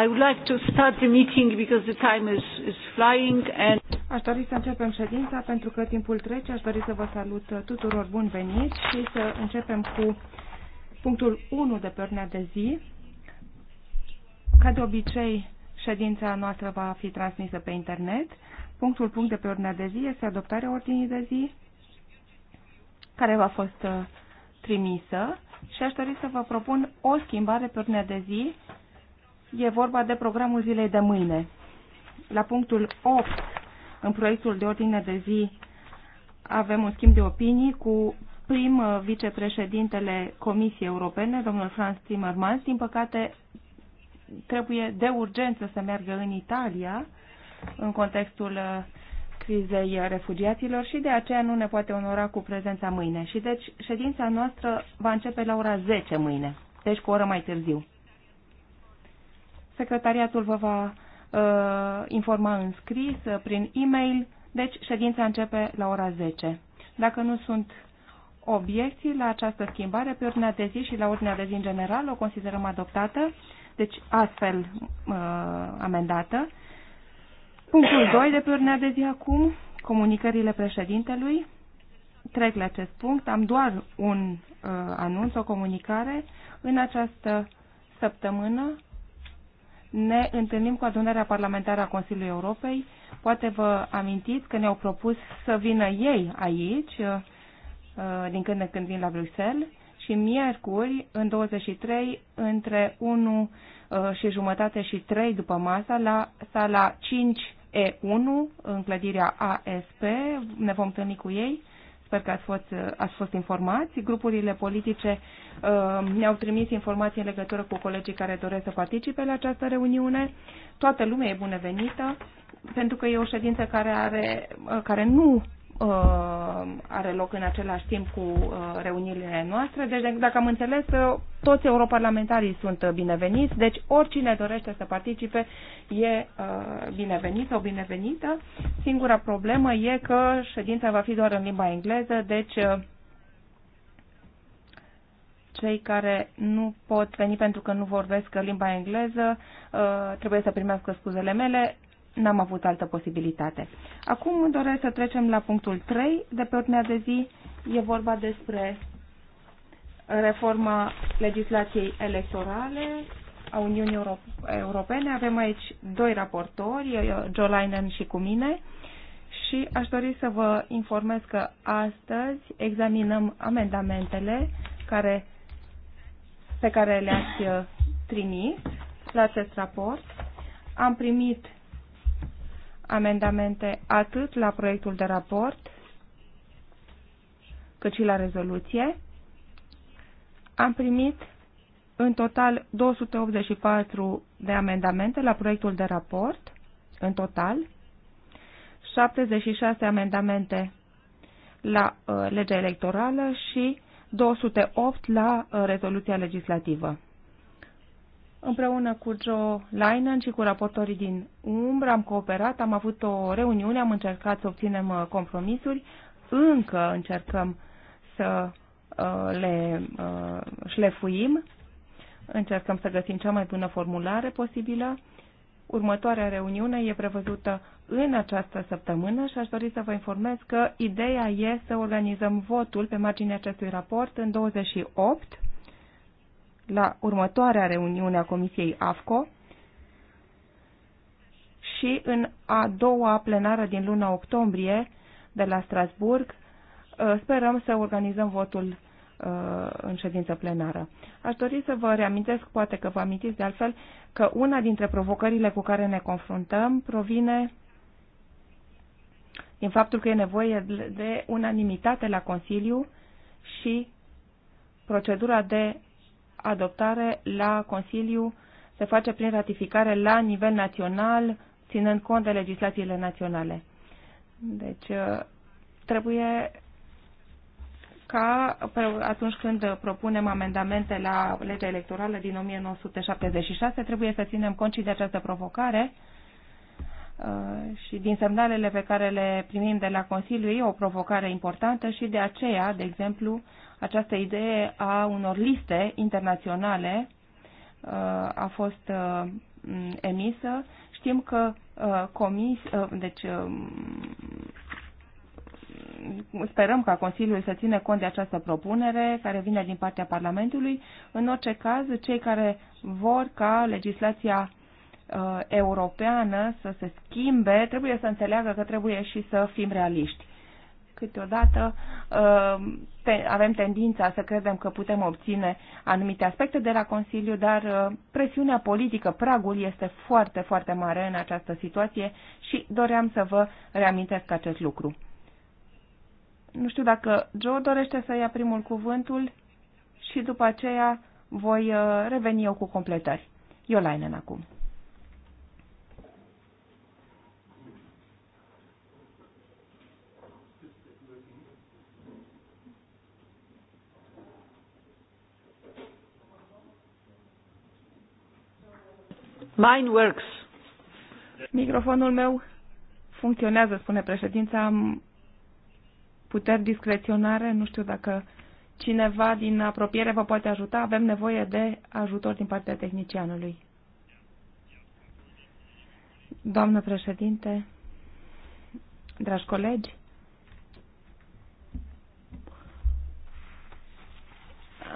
I would like to start the meeting because the time is, is flying and Aș dori să începem ședința pentru că timpul trece. Aș dori să vă salut tuturor bun venit și să începem cu punctul 1 de pe ordinea de zi. Ca de obicei, ședința noastră va fi transmisă pe internet. Punctul punct de pe ordinea de zi este adoptarea ordinii de zi care v-a fost uh, trimisă și aș dori să vă propun o schimbare pe ordinea de zi E vorba de programul zilei de mâine. La punctul 8, în proiectul de ordine de zi, avem un schimb de opinii cu prim uh, vicepreședintele Comisiei Europene, domnul Franz Timmermans. Din păcate, trebuie de urgență să meargă în Italia în contextul uh, crizei refugiaților și de aceea nu ne poate onora cu prezența mâine. Și deci ședința noastră va începe la ora 10 mâine, deci cu o oră mai târziu. Secretariatul vă va uh, informa în scris, uh, prin e-mail, deci ședința începe la ora 10. Dacă nu sunt obiecții la această schimbare pe ordinea de zi și la ordinea de zi în general, o considerăm adoptată, deci astfel uh, amendată. Punctul 2 de pe ordinea de zi acum, comunicările președintelui. Trec la acest punct, am doar un uh, anunț, o comunicare. În această săptămână ne întâlnim cu adunarea parlamentară a Consiliului Europei. Poate vă amintiți că ne-au propus să vină ei aici, uh, uh, din când în când vin la Bruxelles, și miercuri, în 23, între 1 uh, și jumătate și 3 după masa, la sala 5 E1, în clădirea ASP, ne vom întâlni cu ei Sper că ați fost, ați fost informați. Grupurile politice uh, ne-au trimis informații în legătură cu colegii care doresc să participe la această reuniune. Toată lumea e bunevenită, pentru că e o ședință care, are, uh, care nu Uh, are loc în același timp cu uh, reunirile noastre. Deci, dacă am înțeles, uh, toți europarlamentarii sunt bineveniți, deci oricine dorește să participe e binevenit sau binevenită. Singura problemă e că ședința va fi doar în limba engleză, deci cei care nu pot veni pentru că nu vorbesc limba engleză trebuie să primească scuzele mele n-am avut altă posibilitate. Acum doresc să trecem la punctul 3 de pe ordinea de zi. E vorba despre reforma legislației electorale a Uniunii Europene. Avem aici doi raportori, Joe Leinen și cu mine, și aș dori să vă informez că astăzi examinăm amendamentele care, pe care le-ați trimis la acest raport. Am primit amendamente atât la proiectul de raport, cât și la rezoluție. Am primit în total 284 de amendamente la proiectul de raport, în total, 76 amendamente la uh, legea electorală și 208 la uh, rezoluția legislativă. Împreună cu Joe Linen și cu raportorii din umbră am cooperat, am avut o reuniune, am încercat să obținem uh, compromisuri, încă încercăm să uh, le uh, șlefuim, încercăm să găsim cea mai bună formulare posibilă. Următoarea reuniune e prevăzută în această săptămână și aș dori să vă informez că ideea e să organizăm votul pe marginea acestui raport în 28 la următoarea reuniune a Comisiei AFCO și în a doua plenară din luna octombrie de la Strasburg uh, sperăm să organizăm votul uh, în ședință plenară. Aș dori să vă reamintesc, poate că vă amintiți de altfel, că una dintre provocările cu care ne confruntăm provine din faptul că e nevoie de unanimitate la Consiliu și procedura de adoptare la Consiliu se face prin ratificare la nivel național, ținând cont de legislațiile naționale. Deci, uh, trebuie ca atunci când propunem amendamente la legea electorală din 1976, trebuie să ținem cont și de această provocare uh, și din semnalele pe care le primim de la Consiliu e o provocare importantă și de aceea, de exemplu, această idee a unor liste internaționale uh, a fost uh, emisă. Știm că uh, comis, deci um, sperăm ca Consiliul să ține cont de această propunere care vine din partea Parlamentului. În orice caz, cei care vor ca legislația europeană să se schimbe trebuie să înțeleagă că trebuie și să fim realiști câteodată uh, avem tendința să credem că putem obține anumite aspecte de la Consiliu, dar uh, presiunea politică, pragul este foarte, foarte mare în această situație și doream să vă reamintesc acest lucru. Nu știu dacă Joe dorește să ia primul cuvântul și după aceea voi uh, reveni eu cu completări. Iolainen acum. Mine works. Microfonul meu funcționează, spune președința. Am puteri discreționare, nu știu dacă cineva din apropiere vă poate ajuta. Avem nevoie de ajutor din partea tehnicianului. Doamnă președinte, dragi colegi,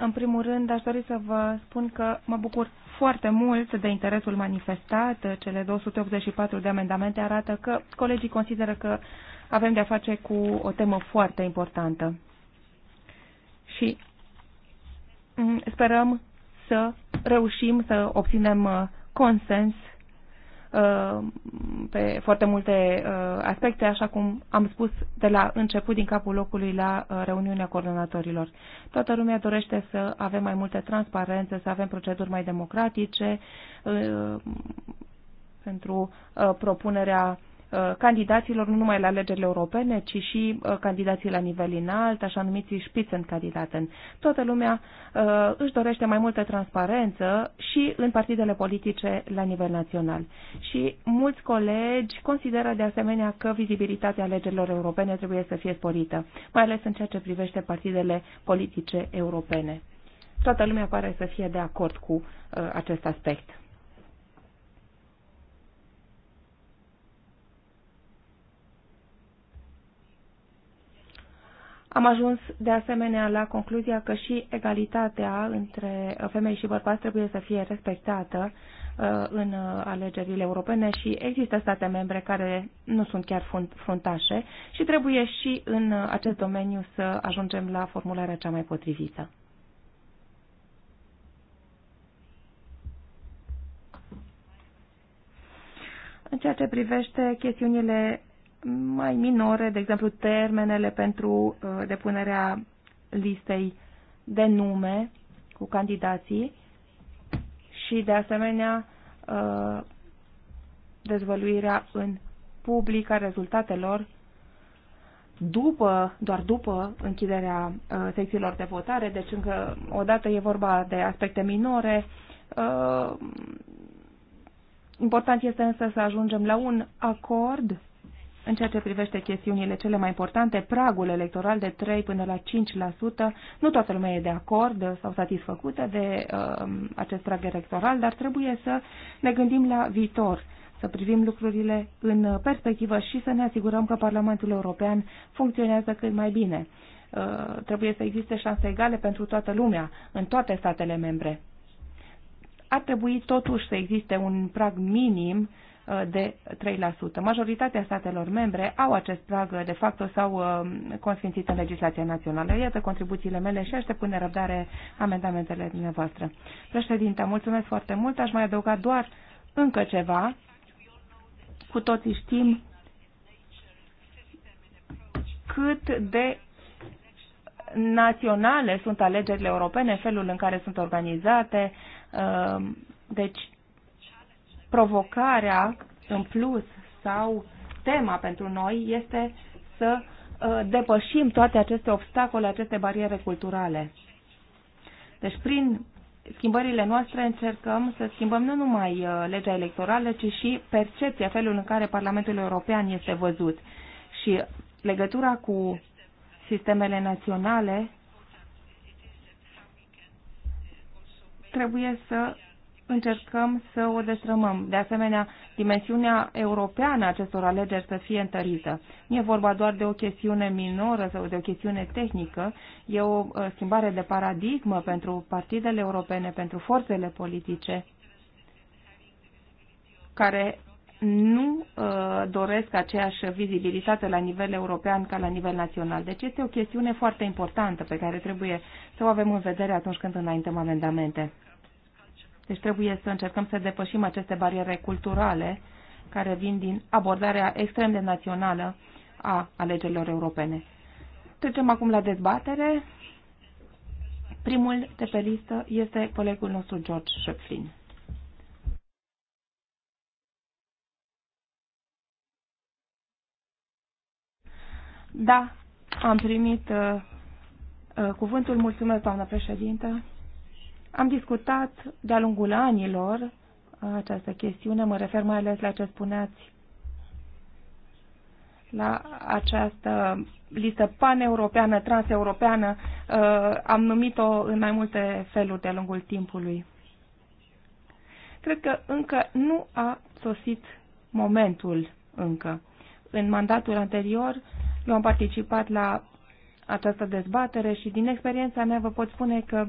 în primul rând aș dori să vă spun că mă bucur foarte mult de interesul manifestat. Cele 284 de amendamente arată că colegii consideră că avem de-a face cu o temă foarte importantă. Și mm, sperăm să reușim să obținem uh, consens Uh, pe foarte multe uh, aspecte, așa cum am spus de la început din capul locului la uh, reuniunea coordonatorilor. Toată lumea dorește să avem mai multe transparențe, să avem proceduri mai democratice pentru propunerea Uh, candidaților nu numai la alegerile europene, ci și uh, candidații la nivel înalt, așa numiții Spitzenkandidaten. Toată lumea uh, își dorește mai multă transparență și în partidele politice la nivel național. Și mulți colegi consideră de asemenea că vizibilitatea alegerilor europene trebuie să fie sporită, mai ales în ceea ce privește partidele politice europene. Toată lumea pare să fie de acord cu uh, acest aspect. Am ajuns de asemenea la concluzia că și egalitatea între femei și bărbați trebuie să fie respectată uh, în uh, alegerile europene și există state membre care nu sunt chiar fruntașe și trebuie și în uh, acest domeniu să ajungem la formularea cea mai potrivită. În ceea ce privește chestiunile mai minore, de exemplu termenele pentru uh, depunerea listei de nume cu candidații și de asemenea uh, dezvăluirea în public a rezultatelor după, doar după închiderea uh, secțiilor de votare, deci încă odată e vorba de aspecte minore. important este însă să ajungem la un acord în ceea ce privește chestiunile cele mai importante, pragul electoral de 3 până la 5%, nu toată lumea e de acord sau satisfăcută de uh, acest prag electoral, dar trebuie să ne gândim la viitor, să privim lucrurile în perspectivă și să ne asigurăm că Parlamentul European funcționează cât mai bine. Uh, trebuie să existe șanse egale pentru toată lumea, în toate statele membre. Ar trebui totuși să existe un prag minim uh, Uh, de 3%. Majoritatea statelor membre au acest prag uh, de fapt sau uh, consfințit în legislația națională. Iată contribuțiile mele și aștept în răbdare amendamentele dumneavoastră. Președinte, mulțumesc foarte mult. Aș mai adăuga doar încă ceva. Cu toții știm cât de naționale sunt alegerile europene, felul în care sunt organizate. Deci, provocarea în plus sau tema pentru noi este să ă, depășim toate aceste obstacole, aceste bariere culturale. Deci prin schimbările noastre încercăm să schimbăm nu numai ă, legea electorală, ci și percepția, felul în care Parlamentul European este văzut. Și legătura cu sistemele naționale trebuie să încercăm să o destrămăm. De asemenea, dimensiunea europeană a acestor alegeri să fie întărită. Nu e vorba doar de o chestiune minoră sau de o chestiune tehnică, e o uh, schimbare de paradigmă pentru partidele europene, pentru forțele politice, care nu uh, doresc aceeași vizibilitate la nivel european ca la nivel național. Deci este o chestiune foarte importantă pe care trebuie să o avem în vedere atunci când înaintăm amendamente. Deci trebuie să încercăm să depășim aceste bariere culturale care vin din abordarea extrem de națională a alegerilor europene. Trecem acum la dezbatere. Primul de pe listă este colegul nostru George Schöpflin. Da, am primit uh, uh, cuvântul. Mulțumesc, doamnă președintă. Am discutat de-a lungul anilor această chestiune, mă refer mai ales la ce spuneați la această listă paneuropeană, transeuropeană, uh, am numit-o în mai multe feluri de-a lungul timpului. Cred că încă nu a sosit momentul încă. În mandatul anterior eu am participat la această dezbatere și din experiența mea vă pot spune că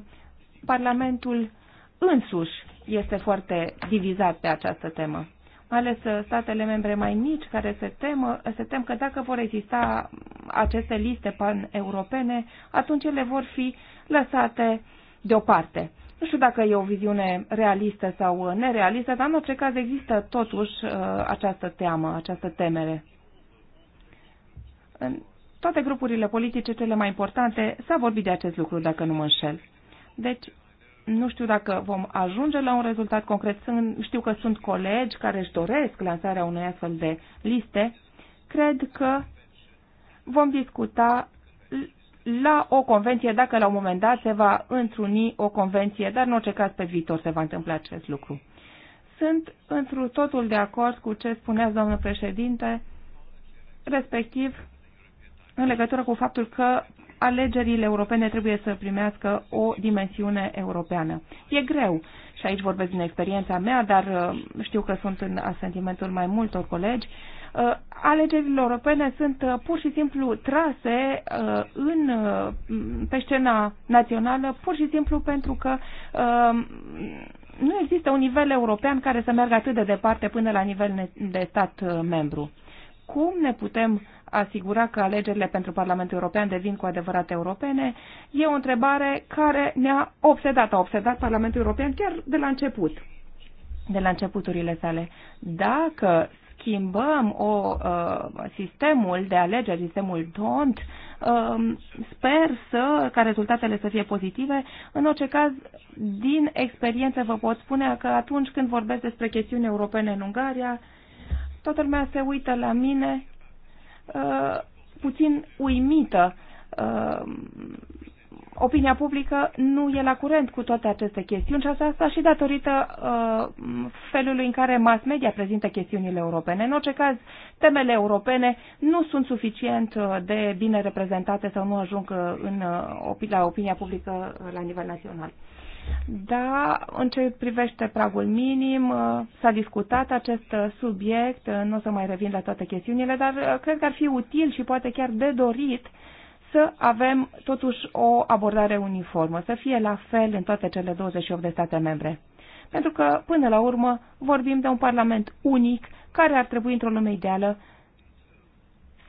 Parlamentul însuși este foarte divizat pe această temă mai ales uh, statele membre mai mici care se, temă, se tem că dacă vor exista aceste liste pan-europene, atunci ele vor fi lăsate deoparte. Nu știu dacă e o viziune realistă sau uh, nerealistă, dar în orice caz există totuși uh, această teamă, această temere. În toate grupurile politice cele mai importante s-a vorbit de acest lucru, dacă nu mă înșel. Deci, nu știu dacă vom ajunge la un rezultat concret. Sunt, știu că sunt colegi care își doresc lansarea unei astfel de liste. Cred că vom discuta la o convenție, dacă la un moment dat se va întruni o convenție, dar în orice caz pe viitor se va întâmpla acest lucru. Sunt întru totul de acord cu ce spuneați, domnul președinte, respectiv în legătură cu faptul că alegerile europene trebuie să primească o dimensiune europeană. E greu și aici vorbesc din experiența mea, dar uh, știu că sunt în asentimentul mai multor colegi. Uh, alegerile europene sunt uh, pur și simplu trase în, pe scena națională, pur și simplu pentru că nu există un nivel european care să meargă atât de departe până la nivel de stat membru cum ne putem asigura că alegerile pentru Parlamentul European devin cu adevărat europene, e o întrebare care ne-a obsedat, a obsedat Parlamentul European chiar de la început, de la începuturile sale. Dacă schimbăm o, uh, sistemul de alegeri, sistemul DONT, uh, sper să, ca rezultatele să fie pozitive. În orice caz, din experiență vă pot spune că atunci când vorbesc despre chestiuni europene în Ungaria, uh, Toată lumea se uită la mine uh, puțin uimită. Uh, opinia publică nu e la curent cu toate aceste chestiuni și asta, asta și datorită uh, felului în care mass media prezintă chestiunile europene. În orice caz, temele europene nu sunt suficient uh, de bine reprezentate sau nu ajung în, uh, la opinia publică la nivel național. Uh, da, în ce privește pragul minim, uh, s-a discutat acest uh, subiect, uh, nu o să mai revin la toate chestiunile, dar cred că ar fi util și poate chiar de dorit să avem totuși o abordare uniformă, să fie la fel în toate cele 28 de state membre. Pentru că, până la urmă, vorbim de un Parlament unic care ar trebui, într-o lume ideală,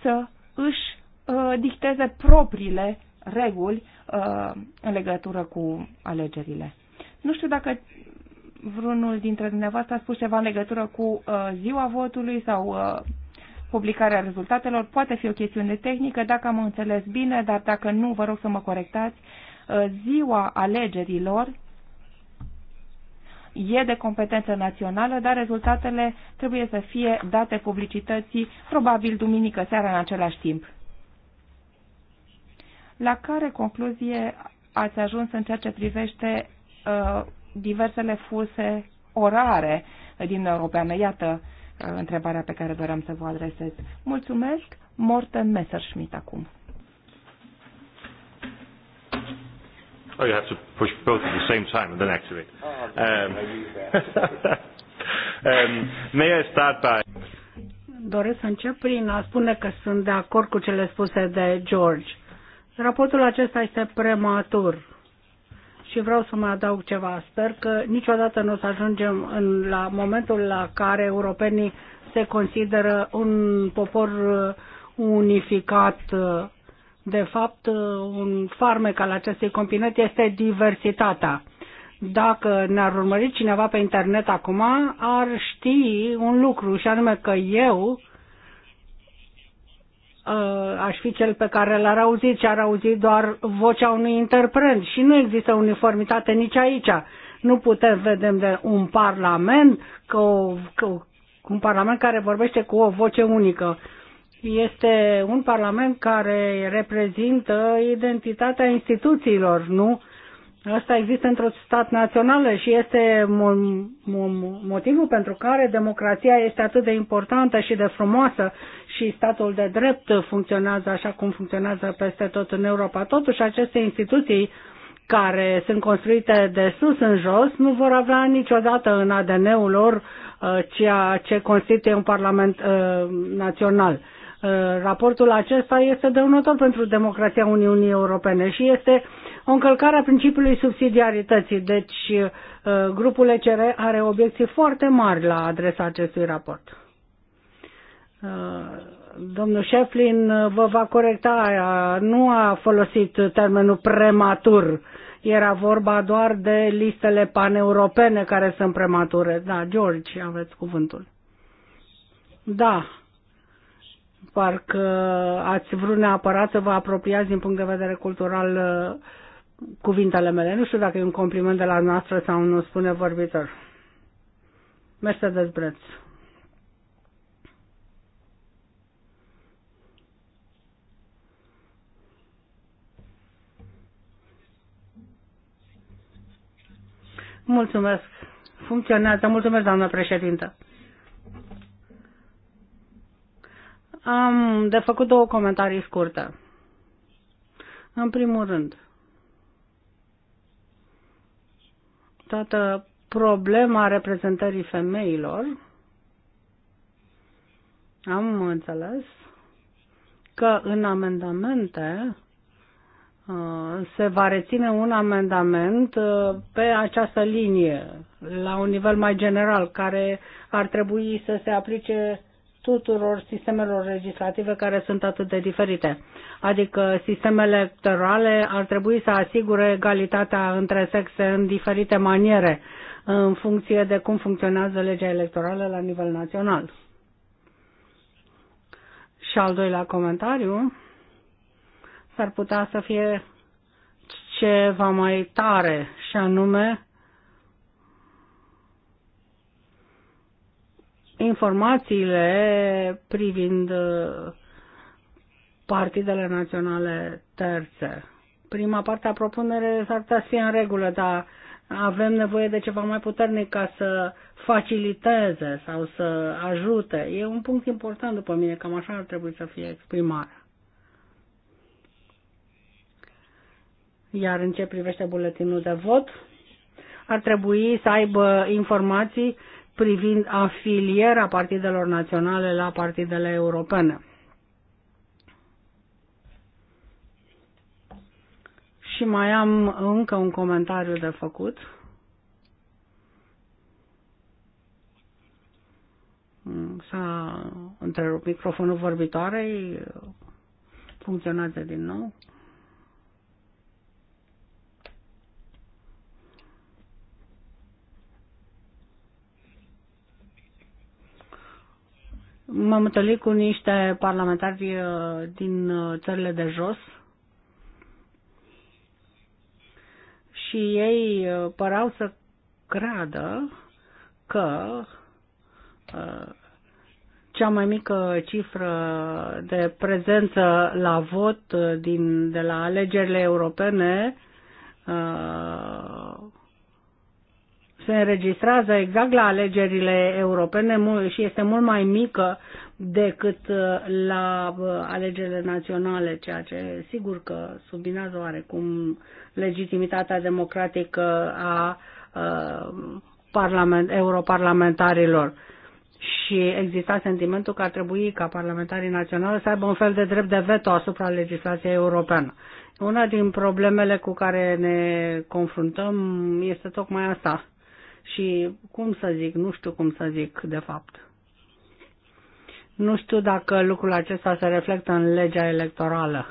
să își uh, dicteze propriile reguli uh, în legătură cu alegerile. Nu știu dacă vreunul dintre dumneavoastră a spus ceva în legătură cu uh, ziua votului sau uh, publicarea rezultatelor. Poate fi o chestiune tehnică, dacă am înțeles bine, dar dacă nu, vă rog să mă corectați. ziua alegerilor e de competență națională, dar rezultatele trebuie să fie date publicității, probabil duminică seara în același timp. La care concluzie ați ajuns în ceea ce privește uh, diversele fuse orare din Europeană? Iată uh, întrebarea pe care doream să vă adresez. Mulțumesc, Morten Messerschmidt acum. Oh, you have to push both at the same time and then activate. Ah, um, um, may I start by... Doresc să încep prin a spune că sunt de acord cu cele spuse de George. Raportul acesta este prematur și vreau să mai adaug ceva. Sper că niciodată nu o să ajungem în, la momentul la care europenii se consideră un popor uh, unificat. Uh, de fapt, uh, un farmec al acestei combinări este diversitatea. Dacă ne-ar urmări cineva pe internet acum, ar ști un lucru și anume că eu Uh, aș fi cel pe care l-ar auzi, și ar auzi doar vocea unui interpret și nu există uniformitate nici aici. Nu putem vedem de un parlament, că o, că, un parlament care vorbește cu o voce unică. Este un parlament care reprezintă identitatea instituțiilor, nu Asta există într o stat națională și este motivul pentru care democrația este atât de importantă și de frumoasă și statul de drept funcționează așa cum funcționează peste tot în Europa. Totuși, aceste instituții care sunt construite de sus în jos nu vor avea niciodată în ADN-ul lor uh, ceea ce constituie un parlament uh, național. Uh, raportul acesta este dăunător pentru democrația Uniunii Europene și este o încălcare a principiului subsidiarității. Deci, uh, grupul ECR are obiecții foarte mari la adresa acestui raport. Uh, domnul Șeflin vă va corecta, nu a folosit termenul prematur. Era vorba doar de listele paneuropene care sunt premature. Da, George, aveți cuvântul. Da, parcă ați vrut neapărat să vă apropiați din punct de vedere cultural uh, cuvintele mele. Nu știu dacă e un compliment de la noastră sau nu, spune vorbitor. Mercedes Breț. Mulțumesc. Funcționează. Mulțumesc, doamnă președintă. Am de făcut două comentarii scurte. În primul rând, toată problema reprezentării femeilor, am înțeles că în amendamente uh, se va reține un amendament uh, pe această linie, la un nivel mai general, care ar trebui să se aplice tuturor sistemelor legislative care sunt atât de diferite. Adică sistemele electorale ar trebui să asigure egalitatea între sexe în diferite maniere, în funcție de cum funcționează legea electorală la nivel național. Și al doilea comentariu s-ar putea să fie ceva mai tare, și anume informațiile privind uh, partidele naționale terțe. Prima parte a propunerii s-ar putea să fie în regulă, dar avem nevoie de ceva mai puternic ca să faciliteze sau să ajute. E un punct important după mine, cam așa ar trebui să fie exprimarea. Iar în ce privește buletinul de vot, ar trebui să aibă informații privind afilierea partidelor naționale la partidele europene. Și mai am încă un comentariu de făcut. S-a întrerupt microfonul vorbitoarei. Funcționează din nou. M-am întâlnit cu niște parlamentari uh, din uh, țările de jos și ei uh, păreau să creadă că cea mai mică cifră de prezență la vot din, de la alegerile europene se înregistrează exact la alegerile europene și este mult mai mică decât uh, la uh, alegerile naționale, ceea ce sigur că subminează oarecum legitimitatea democratică a, a uh, parlament, europarlamentarilor. Și exista sentimentul că ar trebui ca parlamentarii naționali să aibă un fel de drept de veto asupra legislației europeană. Una din problemele cu care ne confruntăm este tocmai asta și, cum să zic, nu știu cum să zic de fapt. Nu știu dacă lucrul acesta se reflectă în legea electorală,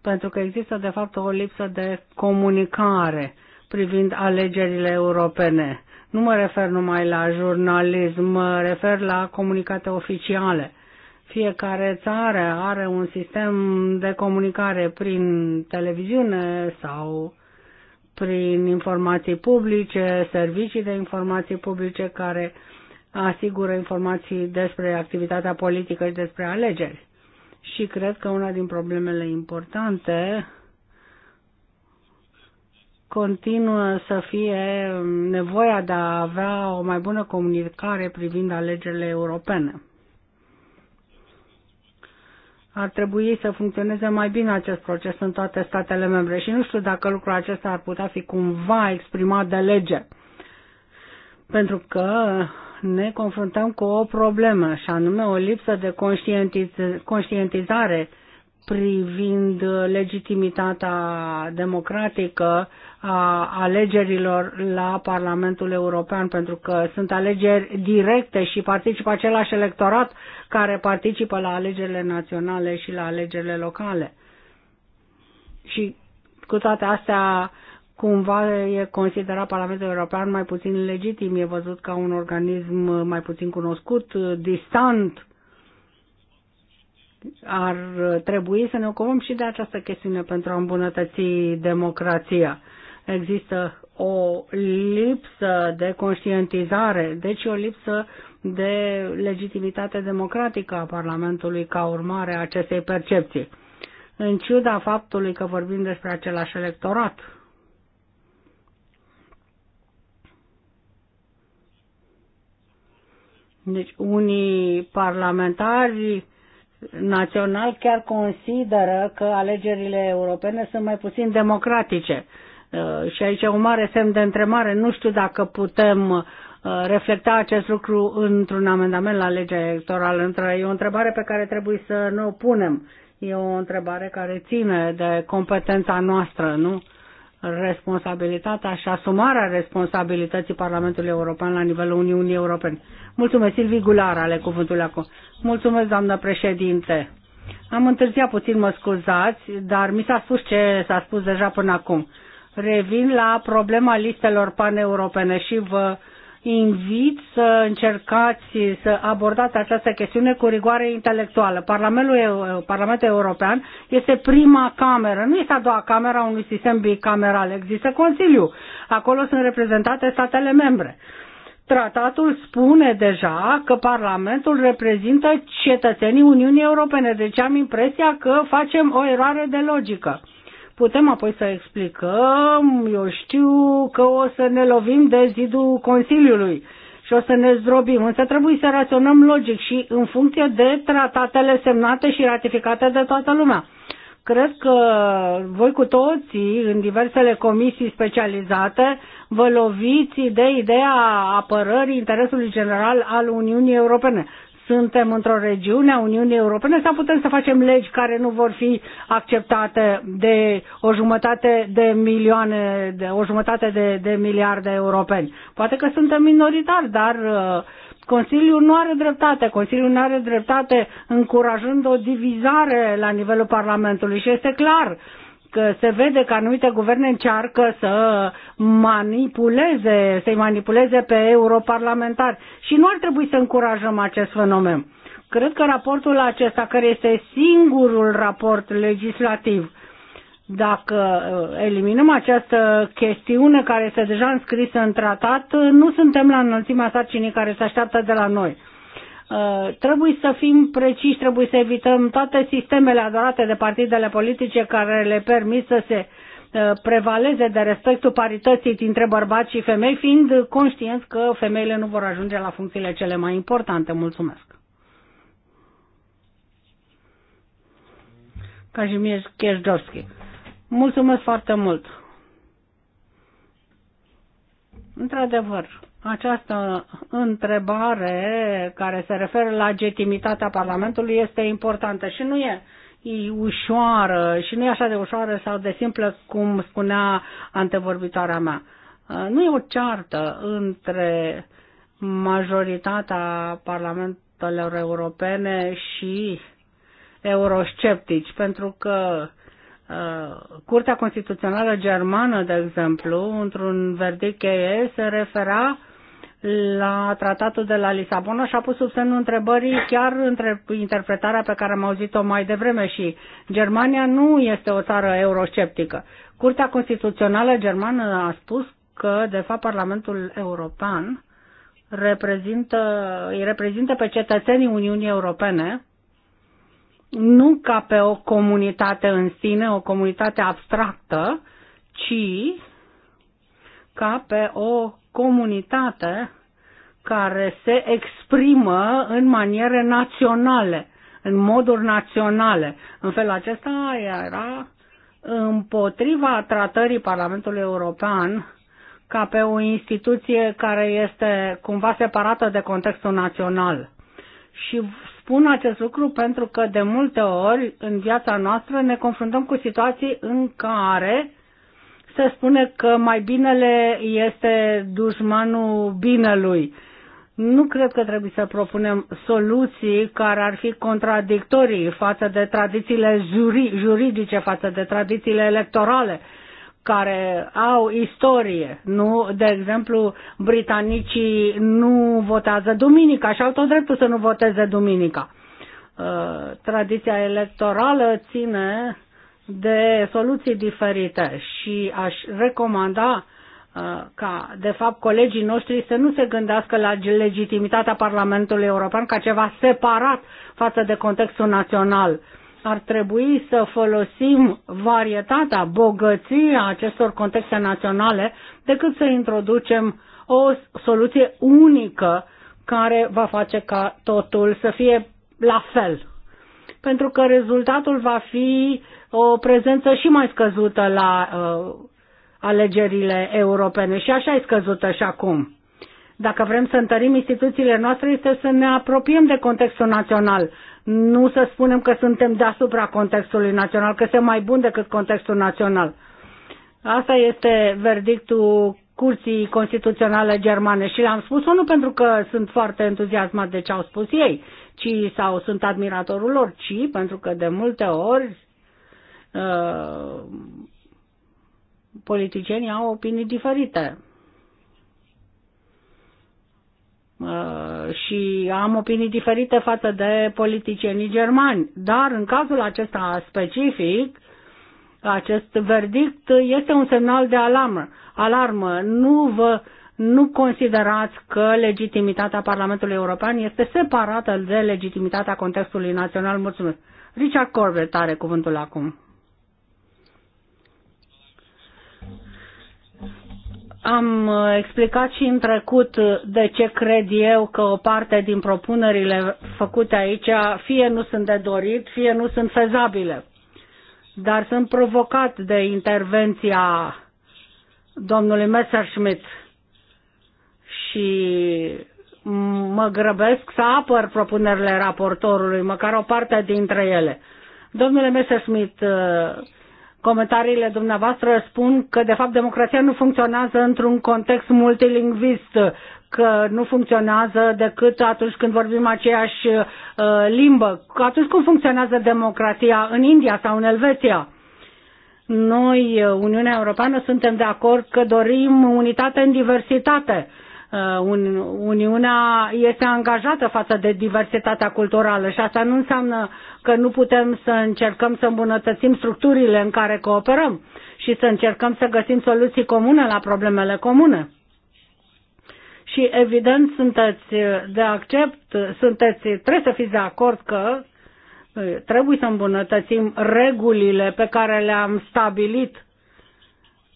pentru că există, de fapt, o lipsă de comunicare privind alegerile europene. Nu mă refer numai la jurnalism, mă refer la comunicate oficiale. Fiecare țară are un sistem de comunicare prin televiziune sau prin informații publice, servicii de informații publice care asigură informații despre activitatea politică și despre alegeri. Și cred că una din problemele importante continuă să fie nevoia de a avea o mai bună comunicare privind alegerile europene ar trebui să funcționeze mai bine acest proces în toate statele membre și nu știu dacă lucrul acesta ar putea fi cumva exprimat de lege. Pentru că ne confruntăm cu o problemă și anume o lipsă de conștientizare privind legitimitatea democratică a alegerilor la Parlamentul European, pentru că sunt alegeri directe și participă același electorat care participă la alegerile naționale și la alegerile locale. Și cu toate astea, cumva e considerat Parlamentul European mai puțin legitim, e văzut ca un organism mai puțin cunoscut, distant. Ar trebui să ne ocupăm și de această chestiune pentru a îmbunătăți democrația există o lipsă de conștientizare, deci o lipsă de legitimitate democratică a Parlamentului ca urmare a acestei percepții, în ciuda faptului că vorbim despre același electorat. Deci unii parlamentari național chiar consideră că alegerile europene sunt mai puțin democratice. Uh, și aici e un mare semn de întrebare. Nu știu dacă putem uh, reflecta acest lucru într-un amendament la legea electorală. E o întrebare pe care trebuie să ne o punem. E o întrebare care ține de competența noastră, nu? responsabilitatea și asumarea responsabilității Parlamentului European la nivelul Uniunii Europene. Mulțumesc, Silvi Gular, ale cuvântului acum. Mulțumesc, doamnă președinte. Am întârziat puțin, mă scuzați, dar mi s-a spus ce s-a spus deja până acum revin la problema listelor paneuropene și vă invit să încercați să abordați această chestiune cu rigoare intelectuală. Parlamentul, Parlamentul European este prima cameră, nu este a doua cameră a unui sistem bicameral, există Consiliu. Acolo sunt reprezentate statele membre. Tratatul spune deja că Parlamentul reprezintă cetățenii Uniunii Europene, deci am impresia că facem o eroare de logică Putem apoi să explicăm, eu știu că o să ne lovim de zidul Consiliului și o să ne zdrobim, însă trebuie să raționăm logic și în funcție de tratatele semnate și ratificate de toată lumea. Cred că voi cu toții, în diversele comisii specializate, vă loviți de ideea apărării interesului general al Uniunii Europene suntem într-o regiune a Uniunii Europene sau putem să facem legi care nu vor fi acceptate de o jumătate de milioane, de o jumătate de, de miliarde europeni. Poate că suntem minoritari, dar uh, Consiliul nu are dreptate. Consiliul nu are dreptate încurajând o divizare la nivelul Parlamentului și este clar că se vede că anumite guverne încearcă să manipuleze, să-i manipuleze pe europarlamentari și nu ar trebui să încurajăm acest fenomen. Cred că raportul acesta, care este singurul raport legislativ, dacă uh, eliminăm această chestiune care este deja înscrisă în tratat, nu suntem la înălțimea sarcinii care se așteaptă de la noi Uh, trebuie să fim preciși, trebuie să evităm toate sistemele adorate de partidele politice care le permit să se uh, prevaleze de respectul parității dintre bărbați și femei, fiind conștienți că femeile nu vor ajunge la funcțiile cele mai importante. Mulțumesc! Casimir Kierzdorski. Mulțumesc foarte mult! Într-adevăr, această întrebare care se referă la legitimitatea Parlamentului este importantă și nu e e ușoară și nu e așa de ușoară sau de simplă cum spunea antevorbitoarea mea. Nu e o ceartă între majoritatea parlamentelor europene și eurosceptici, pentru că uh, Curtea Constituțională Germană, de exemplu, într-un verdict cheie, se refera la tratatul de la Lisabona și a pus sub semnul întrebării chiar între interpretarea pe care am auzit-o mai devreme și Germania nu este o țară eurosceptică. Curtea Constituțională Germană a spus că, de fapt, Parlamentul European reprezintă, îi reprezintă pe cetățenii Uniunii Europene nu ca pe o comunitate în sine, o comunitate abstractă, ci ca pe o comunitate care se exprimă în maniere naționale, în moduri naționale. În felul acesta era împotriva tratării Parlamentului European ca pe o instituție care este cumva separată de contextul național. Și spun acest lucru pentru că de multe ori în viața noastră ne confruntăm cu situații în care se spune că mai binele este dușmanul binelui. Nu cred că trebuie să propunem soluții care ar fi contradictorii față de tradițiile juri, juridice, față de tradițiile electorale, care au istorie. Nu, de exemplu, britanicii nu votează duminica și au tot dreptul să nu voteze duminica. Uh, tradiția electorală ține de soluții diferite și aș recomanda uh, ca, de fapt, colegii noștri să nu se gândească la legitimitatea Parlamentului European ca ceva separat față de contextul național. Ar trebui să folosim varietatea, bogăția acestor contexte naționale, decât să introducem o soluție unică care va face ca totul să fie la fel. Pentru că rezultatul va fi o prezență și mai scăzută la uh, alegerile europene și așa e scăzută și acum. Dacă vrem să întărim instituțiile noastre, este să ne apropiem de contextul național. Nu să spunem că suntem deasupra contextului național, că suntem mai bun decât contextul național. Asta este verdictul Curții Constituționale Germane și le-am spus nu pentru că sunt foarte entuziasmat de ce au spus ei, ci sau sunt admiratorul lor, ci pentru că de multe ori Uh, politicienii au opinii diferite. Uh, și am opinii diferite față de politicienii germani. Dar în cazul acesta specific, acest verdict este un semnal de alarmă. alarmă. Nu vă nu considerați că legitimitatea Parlamentului European este separată de legitimitatea contextului național. Mulțumesc. Richard Corbett are cuvântul acum. Am uh, explicat și în trecut uh, de ce cred eu că o parte din propunerile făcute aici fie nu sunt de dorit, fie nu sunt fezabile. Dar sunt provocat de intervenția domnului Messerschmidt și mă grăbesc să apăr propunerile raportorului, măcar o parte dintre ele. Domnule Messerschmidt, uh, Comentariile dumneavoastră spun că, de fapt, democrația nu funcționează într-un context multilingvist, că nu funcționează decât atunci când vorbim aceeași uh, limbă. Atunci cum funcționează democrația în India sau în Elveția? Noi, Uniunea Europeană, suntem de acord că dorim unitate în diversitate. Uh, Uh, Uniunea este angajată față de diversitatea culturală și asta nu înseamnă că nu putem să încercăm să îmbunătățim structurile în care cooperăm și să încercăm să găsim soluții comune la problemele comune. Și evident sunteți de accept, sunteți, trebuie să fiți de acord că uh, trebuie să îmbunătățim regulile pe care le-am stabilit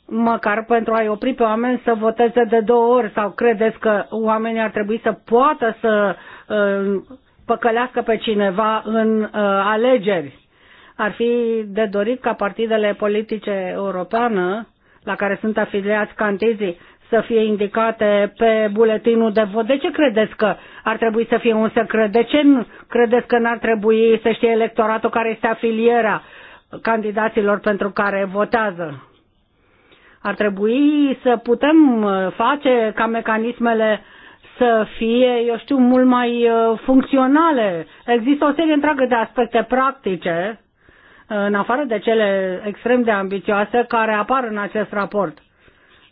măcar pentru a-i opri pe oameni să voteze de două ori sau credeți că oamenii ar trebui să poată să uh, păcălească pe cineva în uh, alegeri. Ar fi de dorit ca partidele politice europeană la care sunt afiliați cantezii să fie indicate pe buletinul de vot. De ce credeți că ar trebui să fie un secret? De ce nu credeți că n-ar trebui să știe electoratul care este afilierea candidaților pentru care votează? Ar trebui să putem uh, face ca mecanismele să fie, eu știu, mult mai uh, funcționale. Există o serie întreagă de aspecte practice, uh, în afară de cele extrem de ambițioase, care apar în acest raport.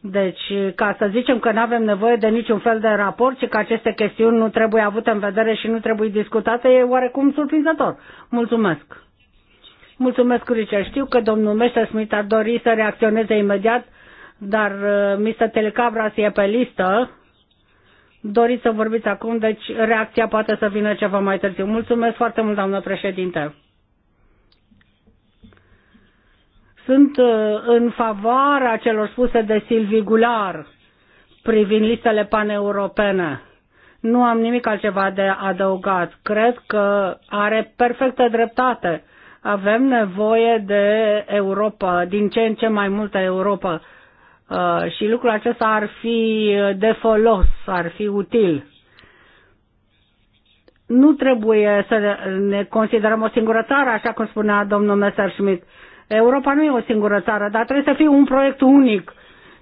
Deci, ca să zicem că nu avem nevoie de niciun fel de raport și că aceste chestiuni nu trebuie avute în vedere și nu trebuie discutate, e oarecum surprinzător. Mulțumesc! Mulțumesc, Curice. Știu că domnul Meșa Smith ar dori să reacționeze imediat dar uh, Mr. Telecabras e pe listă. Doriți să vorbiți acum, deci reacția poate să vină ceva mai târziu. Mulțumesc foarte mult, doamnă președinte. Sunt uh, în favoarea celor spuse de Silvi Gular privind listele paneuropene. Nu am nimic altceva de adăugat. Cred că are perfectă dreptate. Avem nevoie de Europa, din ce în ce mai multă Europa Uh, și lucrul acesta ar fi de folos, ar fi util. Nu trebuie să ne considerăm o singură țară, așa cum spunea domnul Messerschmidt. Europa nu e o singură țară, dar trebuie să fie un proiect unic,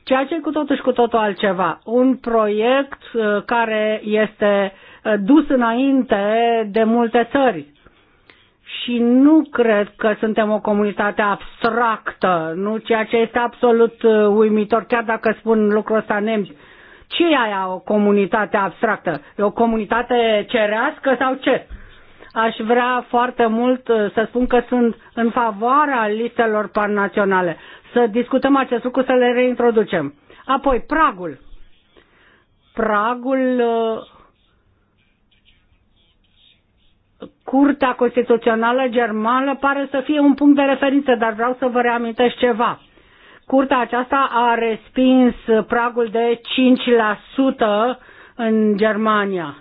ceea ce e cu totul și cu totul altceva. Un proiect uh, care este uh, dus înainte de multe țări și nu cred că suntem o comunitate abstractă, nu ceea ce este absolut uh, uimitor, chiar dacă spun lucrul ăsta nemci. Ce e aia o comunitate abstractă? E o comunitate cerească sau ce? Aș vrea foarte mult uh, să spun că sunt în favoarea listelor pannaționale. Să discutăm acest lucru, să le reintroducem. Apoi, pragul. Pragul uh, Curtea Constituțională Germană pare să fie un punct de referință, dar vreau să vă reamintesc ceva. Curtea aceasta a respins pragul de 5% în Germania.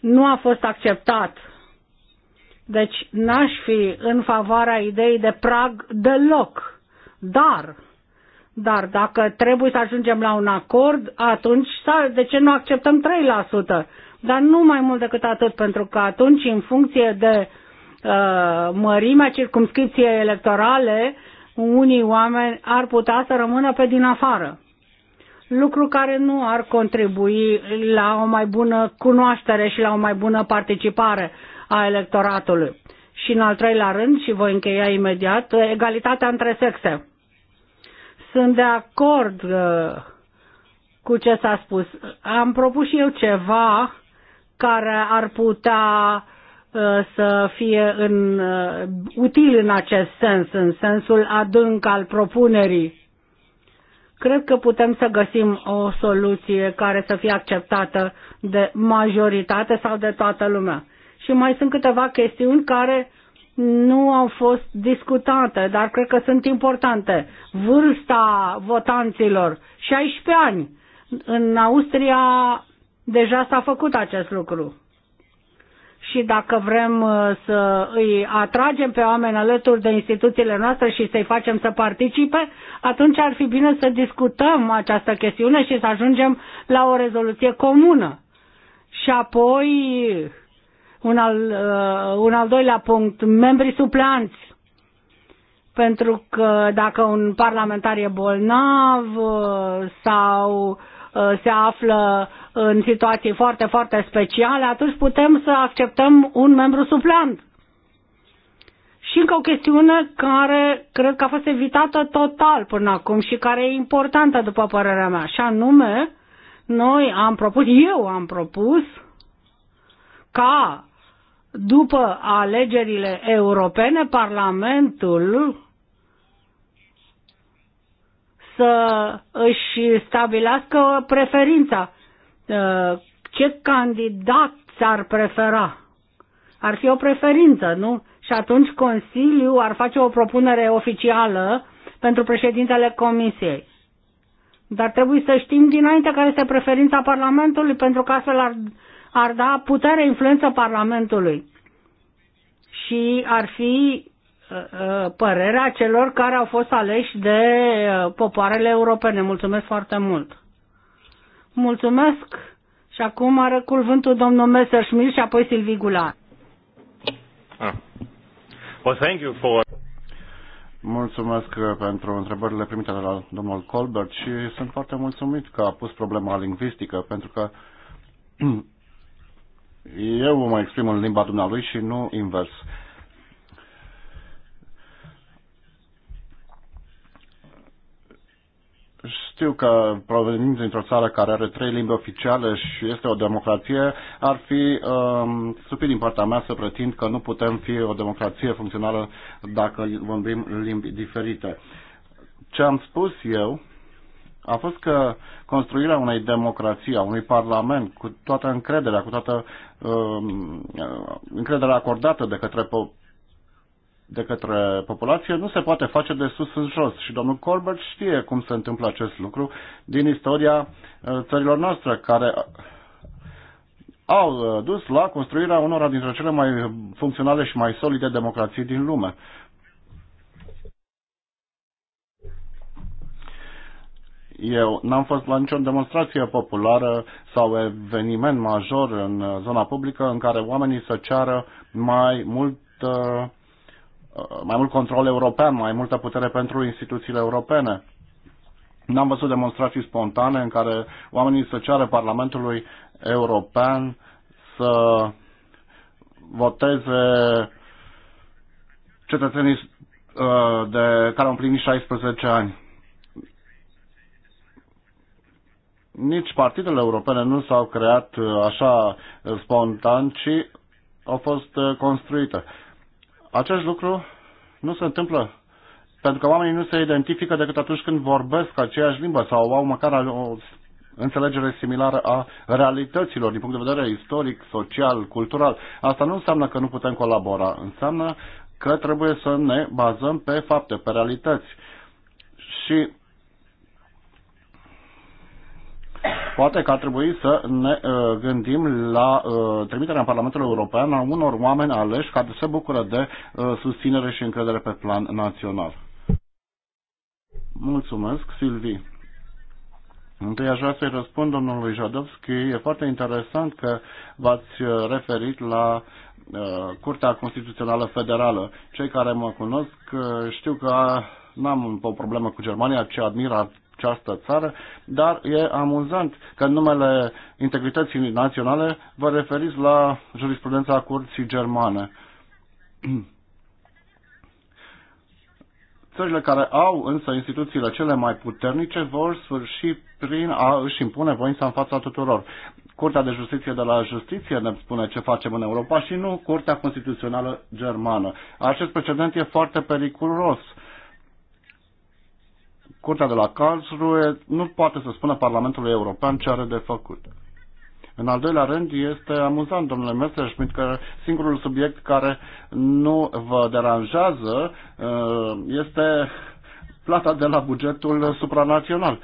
Nu a fost acceptat. Deci n-aș fi în favoarea ideii de prag deloc. Dar, dar dacă trebuie să ajungem la un acord, atunci de ce nu acceptăm 3%? dar nu mai mult decât atât, pentru că atunci, în funcție de uh, mărimea circumscripției electorale, unii oameni ar putea să rămână pe din afară lucru care nu ar contribui la o mai bună cunoaștere și la o mai bună participare a electoratului. Și în al treilea rând, și voi încheia imediat, egalitatea între sexe. Sunt de acord uh, cu ce s-a spus. Am propus și eu ceva care ar putea uh, să fie în, uh, util în acest sens, în sensul adânc al propunerii. Cred că putem să găsim o soluție care să fie acceptată de majoritate sau de toată lumea. Și mai sunt câteva chestiuni care nu au fost discutate, dar cred că sunt importante. Vârsta votanților, 16 ani. În Austria Deja s-a făcut acest lucru. Și dacă vrem uh, să îi atragem pe oameni alături de instituțiile noastre și să-i facem să participe, atunci ar fi bine să discutăm această chestiune și să ajungem la o rezoluție comună. Și apoi, un al, uh, un al doilea punct, membrii supleanți pentru că dacă un parlamentar e bolnav uh, sau se află în situații foarte, foarte speciale, atunci putem să acceptăm un membru suplant. Și încă o chestiune care cred că a fost evitată total până acum și care e importantă după părerea mea, și anume, noi am propus, eu am propus ca după alegerile europene, Parlamentul să își stabilească preferința Uh, ce candidat ți-ar prefera. Ar fi o preferință, nu? Și atunci Consiliu ar face o propunere oficială pentru președintele Comisiei. Dar trebuie să știm dinainte care este preferința Parlamentului, pentru că astfel ar, ar da putere, influență Parlamentului. Și ar fi uh, uh, părerea celor care au fost aleși de popoarele europene. Mulțumesc foarte mult! Mulțumesc! Și acum are cuvântul domnul Messerschmidt și apoi Silvi Gula. Ah. Well, thank you for... Mulțumesc pentru întrebările primite de la domnul Colbert și sunt foarte mulțumit că a pus problema lingvistică, pentru că eu mă exprim în limba dumnealui și nu invers. Uh, Știu că provenind dintr-o țară care are trei limbi oficiale și este o democrație, ar fi um, stupid din partea mea să pretind că nu putem fi o democrație funcțională dacă vorbim limbi diferite. Ce am spus eu a fost că construirea unei democrații, a unui parlament, cu toată încrederea, cu toată um, încrederea acordată de către de către populație nu se poate face de sus în jos. Și domnul Colbert știe cum se întâmplă acest lucru din istoria uh, țărilor noastre, care uh, au uh, dus la construirea unora dintre cele mai funcționale și mai solide democrații din lume. Eu n-am fost la nicio demonstrație populară sau eveniment major în zona publică în care oamenii să ceară mai mult uh, Uh, mai mult control european, mai multă putere pentru instituțiile europene. N-am văzut demonstrații spontane în care oamenii să ceară Parlamentului European să voteze cetățenii uh, de care au împlinit 16 ani. Nici partidele europene nu s-au creat uh, așa spontan, ci au fost construite. Acest lucru nu se întâmplă pentru că oamenii nu se identifică decât atunci când vorbesc aceeași limbă sau au măcar o înțelegere similară a realităților din punct de vedere istoric, social, cultural. Asta nu înseamnă că nu putem colabora, înseamnă că trebuie să ne bazăm pe fapte, pe realități. Și Poate că ar trebui să ne uh, gândim la uh, trimiterea în Parlamentul European a unor oameni aleși care se bucură de uh, susținere și încredere pe plan național. Mulțumesc, Silvi. Întâi aș vrea să-i răspund domnului Jadovski. E foarte interesant că v-ați referit la Curtea Constituțională Federală. Cei care mă cunosc știu că n-am o problemă cu Germania, ci admir această țară, dar e amuzant că în numele integrității naționale vă referiți la jurisprudența curții germane. Țările care au însă instituțiile cele mai puternice vor sfârși prin a își impune voința în fața tuturor. Curtea de Justiție de la Justiție ne spune ce facem în Europa și nu Curtea Constituțională Germană. Acest precedent e foarte periculos. Uh, Curtea de la Karlsruhe nu poate să spună Parlamentului European ce are de făcut. În al doilea rând, este amuzant, domnule Messerschmidt, că singurul subiect care nu vă deranjează uh, este plata de la bugetul supranațional.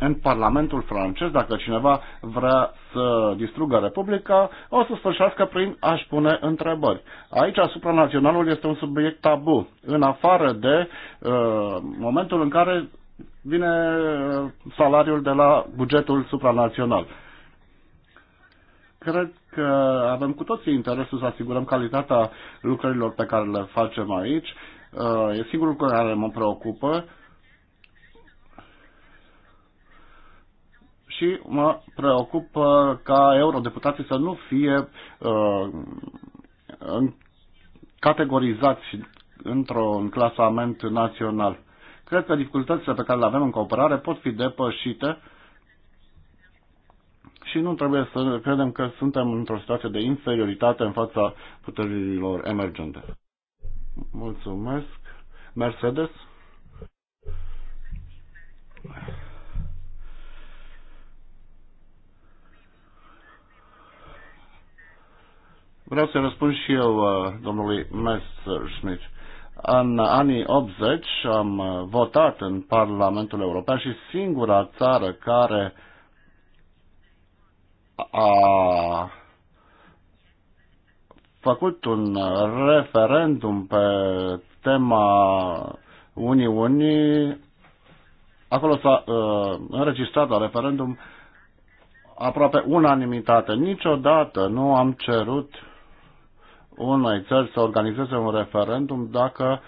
în Parlamentul francez, dacă cineva vrea să distrugă Republica, o să sfârșească prin a-și pune întrebări. Aici, asupra naționalul este un subiect tabu, în afară de uh, momentul în care vine uh, salariul de la bugetul supranațional. Cred că avem cu toții interesul să asigurăm calitatea lucrărilor pe care le facem aici. Uh, e singurul care mă preocupă și mă preocupă ca eurodeputații să nu fie uh, categorizați într-un clasament național. Cred că dificultățile pe care le avem în cooperare pot fi depășite și nu trebuie să credem că suntem într-o situație de inferioritate în fața puterilor emergente. Mulțumesc. Mercedes? Vreau să răspund și eu uh, domnului Messerschmidt. În anii 80 am uh, votat în Parlamentul European și singura țară care a făcut un referendum pe tema Uniunii. Acolo s-a uh, înregistrat la referendum aproape unanimitate. Niciodată nu am cerut unei țări să organizeze un referendum dacă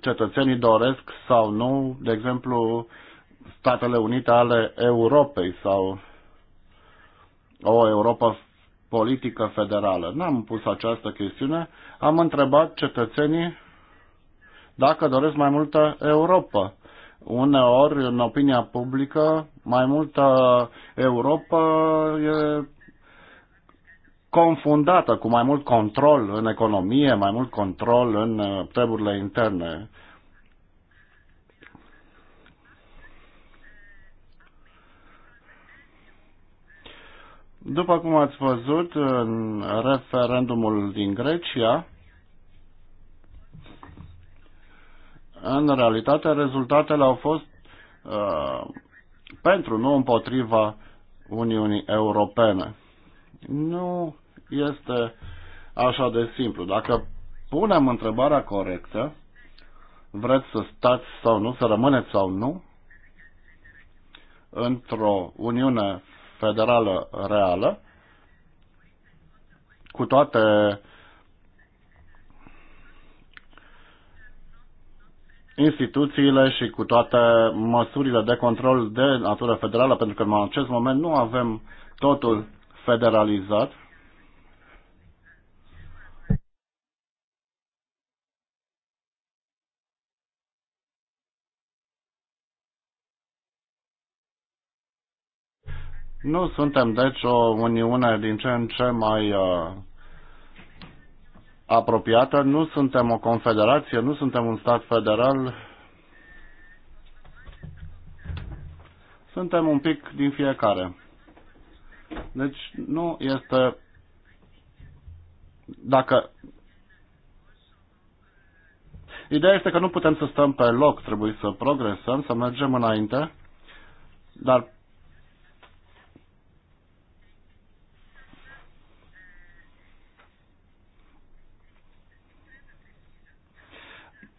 cetățenii doresc sau nu, de exemplu, Statele Unite ale Europei sau o Europa politică federală. N-am pus această chestiune, am întrebat cetățenii dacă doresc mai multă Europa. Uneori, în opinia publică, mai multă Europa e confundată cu mai mult control în economie, mai mult control în uh, treburile interne. După cum ați văzut în referendumul din Grecia, în realitate rezultatele au fost uh, pentru, nu împotriva Uniunii Europene nu este așa de simplu. Dacă punem întrebarea corectă, vreți să stați sau nu, să rămâneți sau nu, într-o Uniune Federală reală, cu toate instituțiile și cu toate măsurile de control de natură federală, pentru că în acest moment nu avem totul federalizat Nu suntem, deci, o uniune din ce în ce mai uh, apropiată, nu suntem o confederație, nu suntem un stat federal, suntem un pic din fiecare. Deci nu este dacă Ideea este că nu putem să stăm pe loc, trebuie să progresăm, să mergem înainte, dar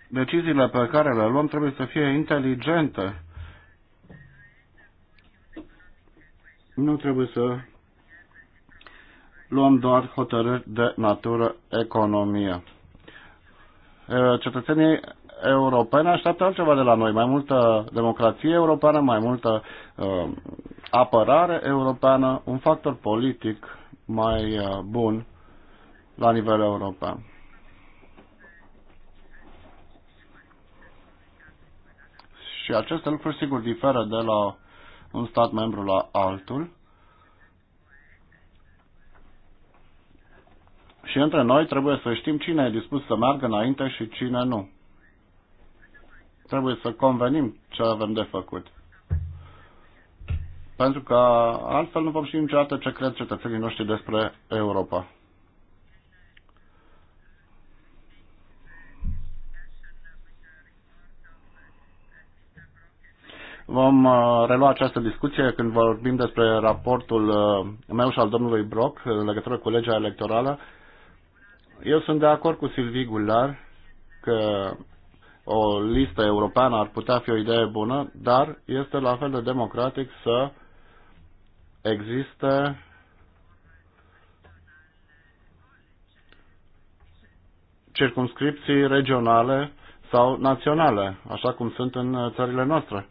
deciziile pe care le luăm trebuie să fie inteligente nu trebuie să luăm doar hotărâri de natură economie. Cetățenii europeni așteaptă altceva de la noi, mai multă democrație europeană, mai multă uh, apărare europeană, un factor politic mai uh, bun la nivel european. Și aceste lucruri, sigur, diferă de la un stat membru la altul și între noi trebuie să știm cine e dispus să meargă înainte și cine nu. Trebuie să convenim ce avem de făcut. Pentru că altfel nu vom ști niciodată ce cred cetățenii noștri despre Europa. Vom uh, relua această discuție când vorbim despre raportul uh, meu și al domnului Brock în legătură cu legea electorală. Eu sunt de acord cu Silvi Gular că o listă europeană ar putea fi o idee bună, dar este la fel de democratic să existe circumscripții regionale sau naționale, așa cum sunt în uh, țările noastre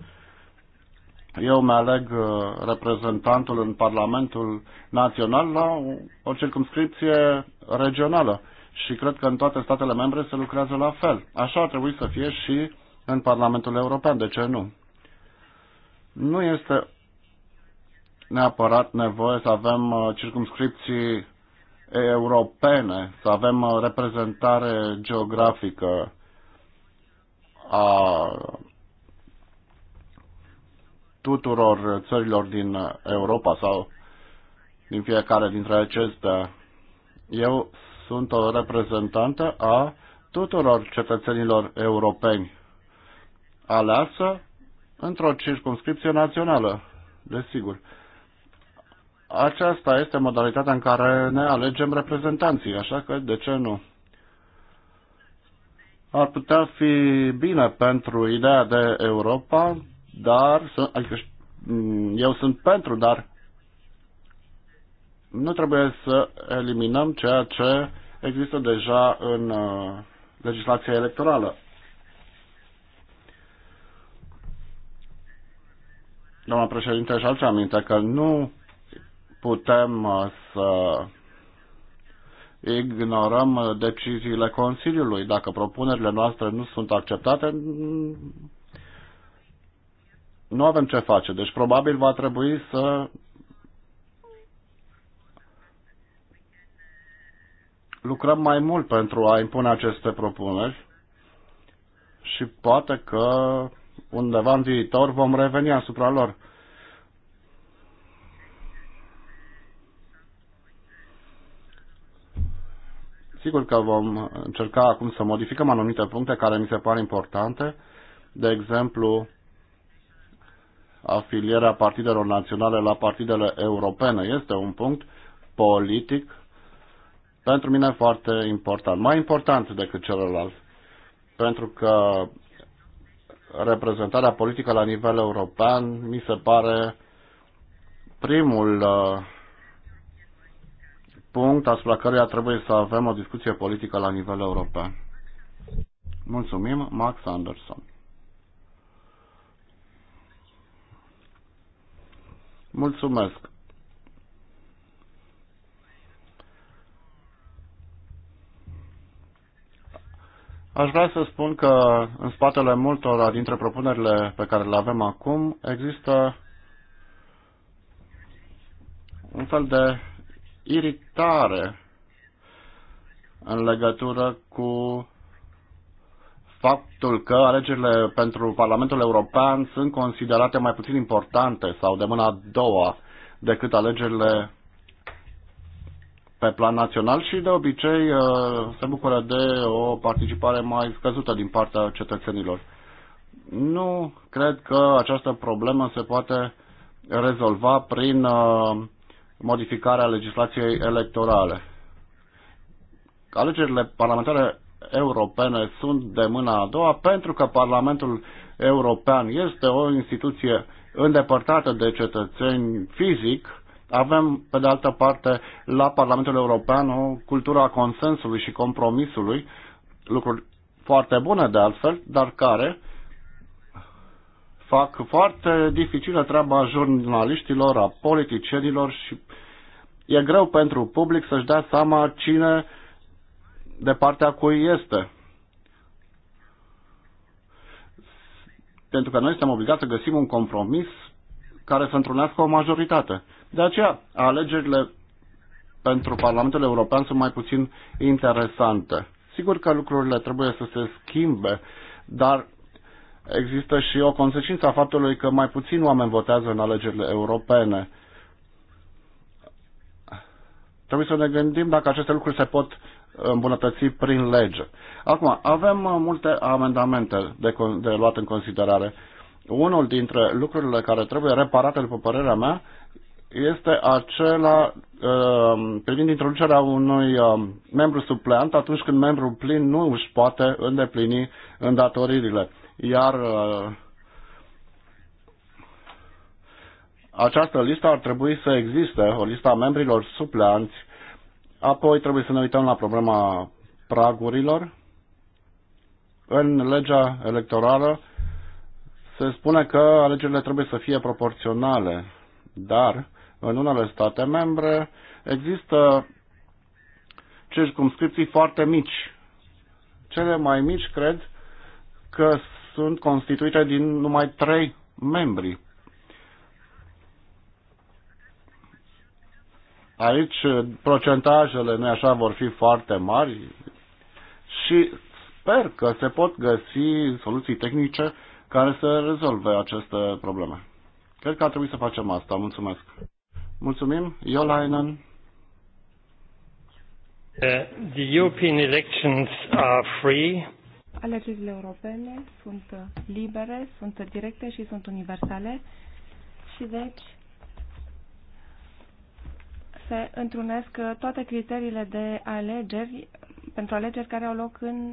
eu mă aleg uh, reprezentantul în Parlamentul Național la o circumscripție regională și cred că în toate statele membre se lucrează la fel. Așa ar trebui să fie și în Parlamentul European, de ce nu? Nu este neapărat nevoie să avem uh, circumscripții europene, să avem uh, reprezentare geografică a tuturor țărilor din Europa sau din fiecare dintre acestea. Eu sunt o reprezentantă a tuturor cetățenilor europeni aleasă într-o circunscripție națională, desigur. Aceasta este modalitatea în care ne alegem reprezentanții, așa că de ce nu? Ar putea fi bine pentru ideea de Europa dar, adică mm, eu sunt pentru, dar nu trebuie să eliminăm ceea ce există deja în uh, legislația electorală. Doamna președinte, și alții aminte că nu putem uh, să ignorăm deciziile Consiliului. Dacă propunerile noastre nu sunt acceptate, nu avem ce face. Deci probabil va trebui să lucrăm mai mult pentru a impune aceste propuneri și poate că undeva în viitor vom reveni asupra lor. Sigur că vom încerca acum să modificăm anumite puncte care mi se par importante, de exemplu, afilierea partidelor naționale la partidele europene. Este un punct politic pentru mine foarte important, mai important decât celălalt, pentru că reprezentarea politică la nivel european mi se pare primul uh, punct asupra căruia trebuie să avem o discuție politică la nivel european. Mulțumim, Max Anderson. Mulțumesc! Aș vrea să spun că în spatele multora dintre propunerile pe care le avem acum există un fel de iritare în legătură cu faptul că alegerile pentru Parlamentul European sunt considerate mai puțin importante sau de mâna a doua decât alegerile pe plan național și de obicei uh, se bucură de o participare mai scăzută din partea cetățenilor. Nu cred că această problemă se poate rezolva prin uh, modificarea legislației electorale. Alegerile parlamentare europene sunt de mâna a doua pentru că Parlamentul European este o instituție îndepărtată de cetățeni fizic. Avem, pe de altă parte, la Parlamentul European o cultură a consensului și compromisului, lucruri foarte bune de altfel, dar care fac foarte dificilă treaba jurnaliștilor, a politicienilor și e greu pentru public să-și dea seama cine uh, de partea cui este. Pentru că noi suntem obligați să găsim un compromis care să întrunească o majoritate. De aceea, alegerile pentru Parlamentul European sunt mai puțin interesante. Sigur că lucrurile trebuie să se schimbe, dar există și o consecință a faptului că mai puțin oameni votează în alegerile europene. Trebuie să ne gândim dacă aceste lucruri se pot îmbunătăți prin lege. Acum, avem uh, multe amendamente de, de luat în considerare. Unul dintre lucrurile care trebuie reparate, după părerea mea, este acela uh, privind introducerea unui uh, membru supleant atunci când membrul plin nu își poate îndeplini îndatoririle. Iar uh, această listă ar trebui să existe, o listă a membrilor supleanți Apoi trebuie să ne uităm la problema pragurilor. În legea electorală se spune că alegerile trebuie să fie proporționale, dar în unele state membre există circumscripții foarte mici. Cele mai mici cred că sunt constituite din numai trei membri. Aici uh, procentajele, nu așa, vor fi foarte mari și sper că se pot găsi soluții tehnice care să rezolve aceste probleme. Cred că ar trebui să facem asta. Mulțumesc. Mulțumim. Iolainen. Uh, the European elections are free. Alegerile europene sunt libere, sunt directe și sunt universale și deci se întrunesc uh, toate criteriile de alegeri pentru alegeri care au loc în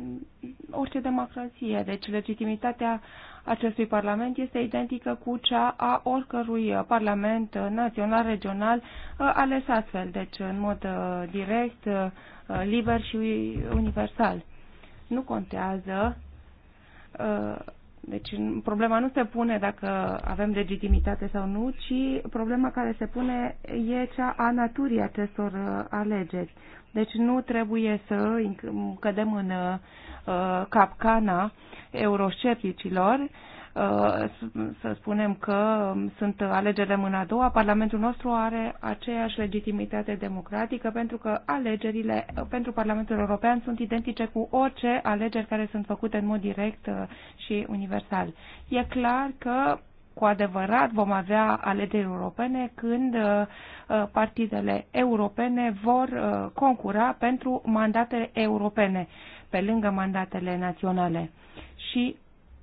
orice democrație. Deci legitimitatea acestui parlament este identică cu cea a oricărui parlament național, regional, uh, ales astfel, deci în mod uh, direct, liber și universal. Nu contează deci problema nu se pune dacă avem legitimitate sau nu, ci problema care se pune e cea a naturii acestor uh, alegeri. Deci nu trebuie să cădem în uh, capcana euroscepticilor să spunem că sunt alegerile mâna a doua, Parlamentul nostru are aceeași legitimitate democratică pentru că alegerile pentru Parlamentul European sunt identice cu orice alegeri care sunt făcute în mod direct uh, și universal. E clar că cu adevărat vom avea alegeri europene când uh, uh, partidele europene vor concura pentru mandate europene pe lângă mandatele naționale. Și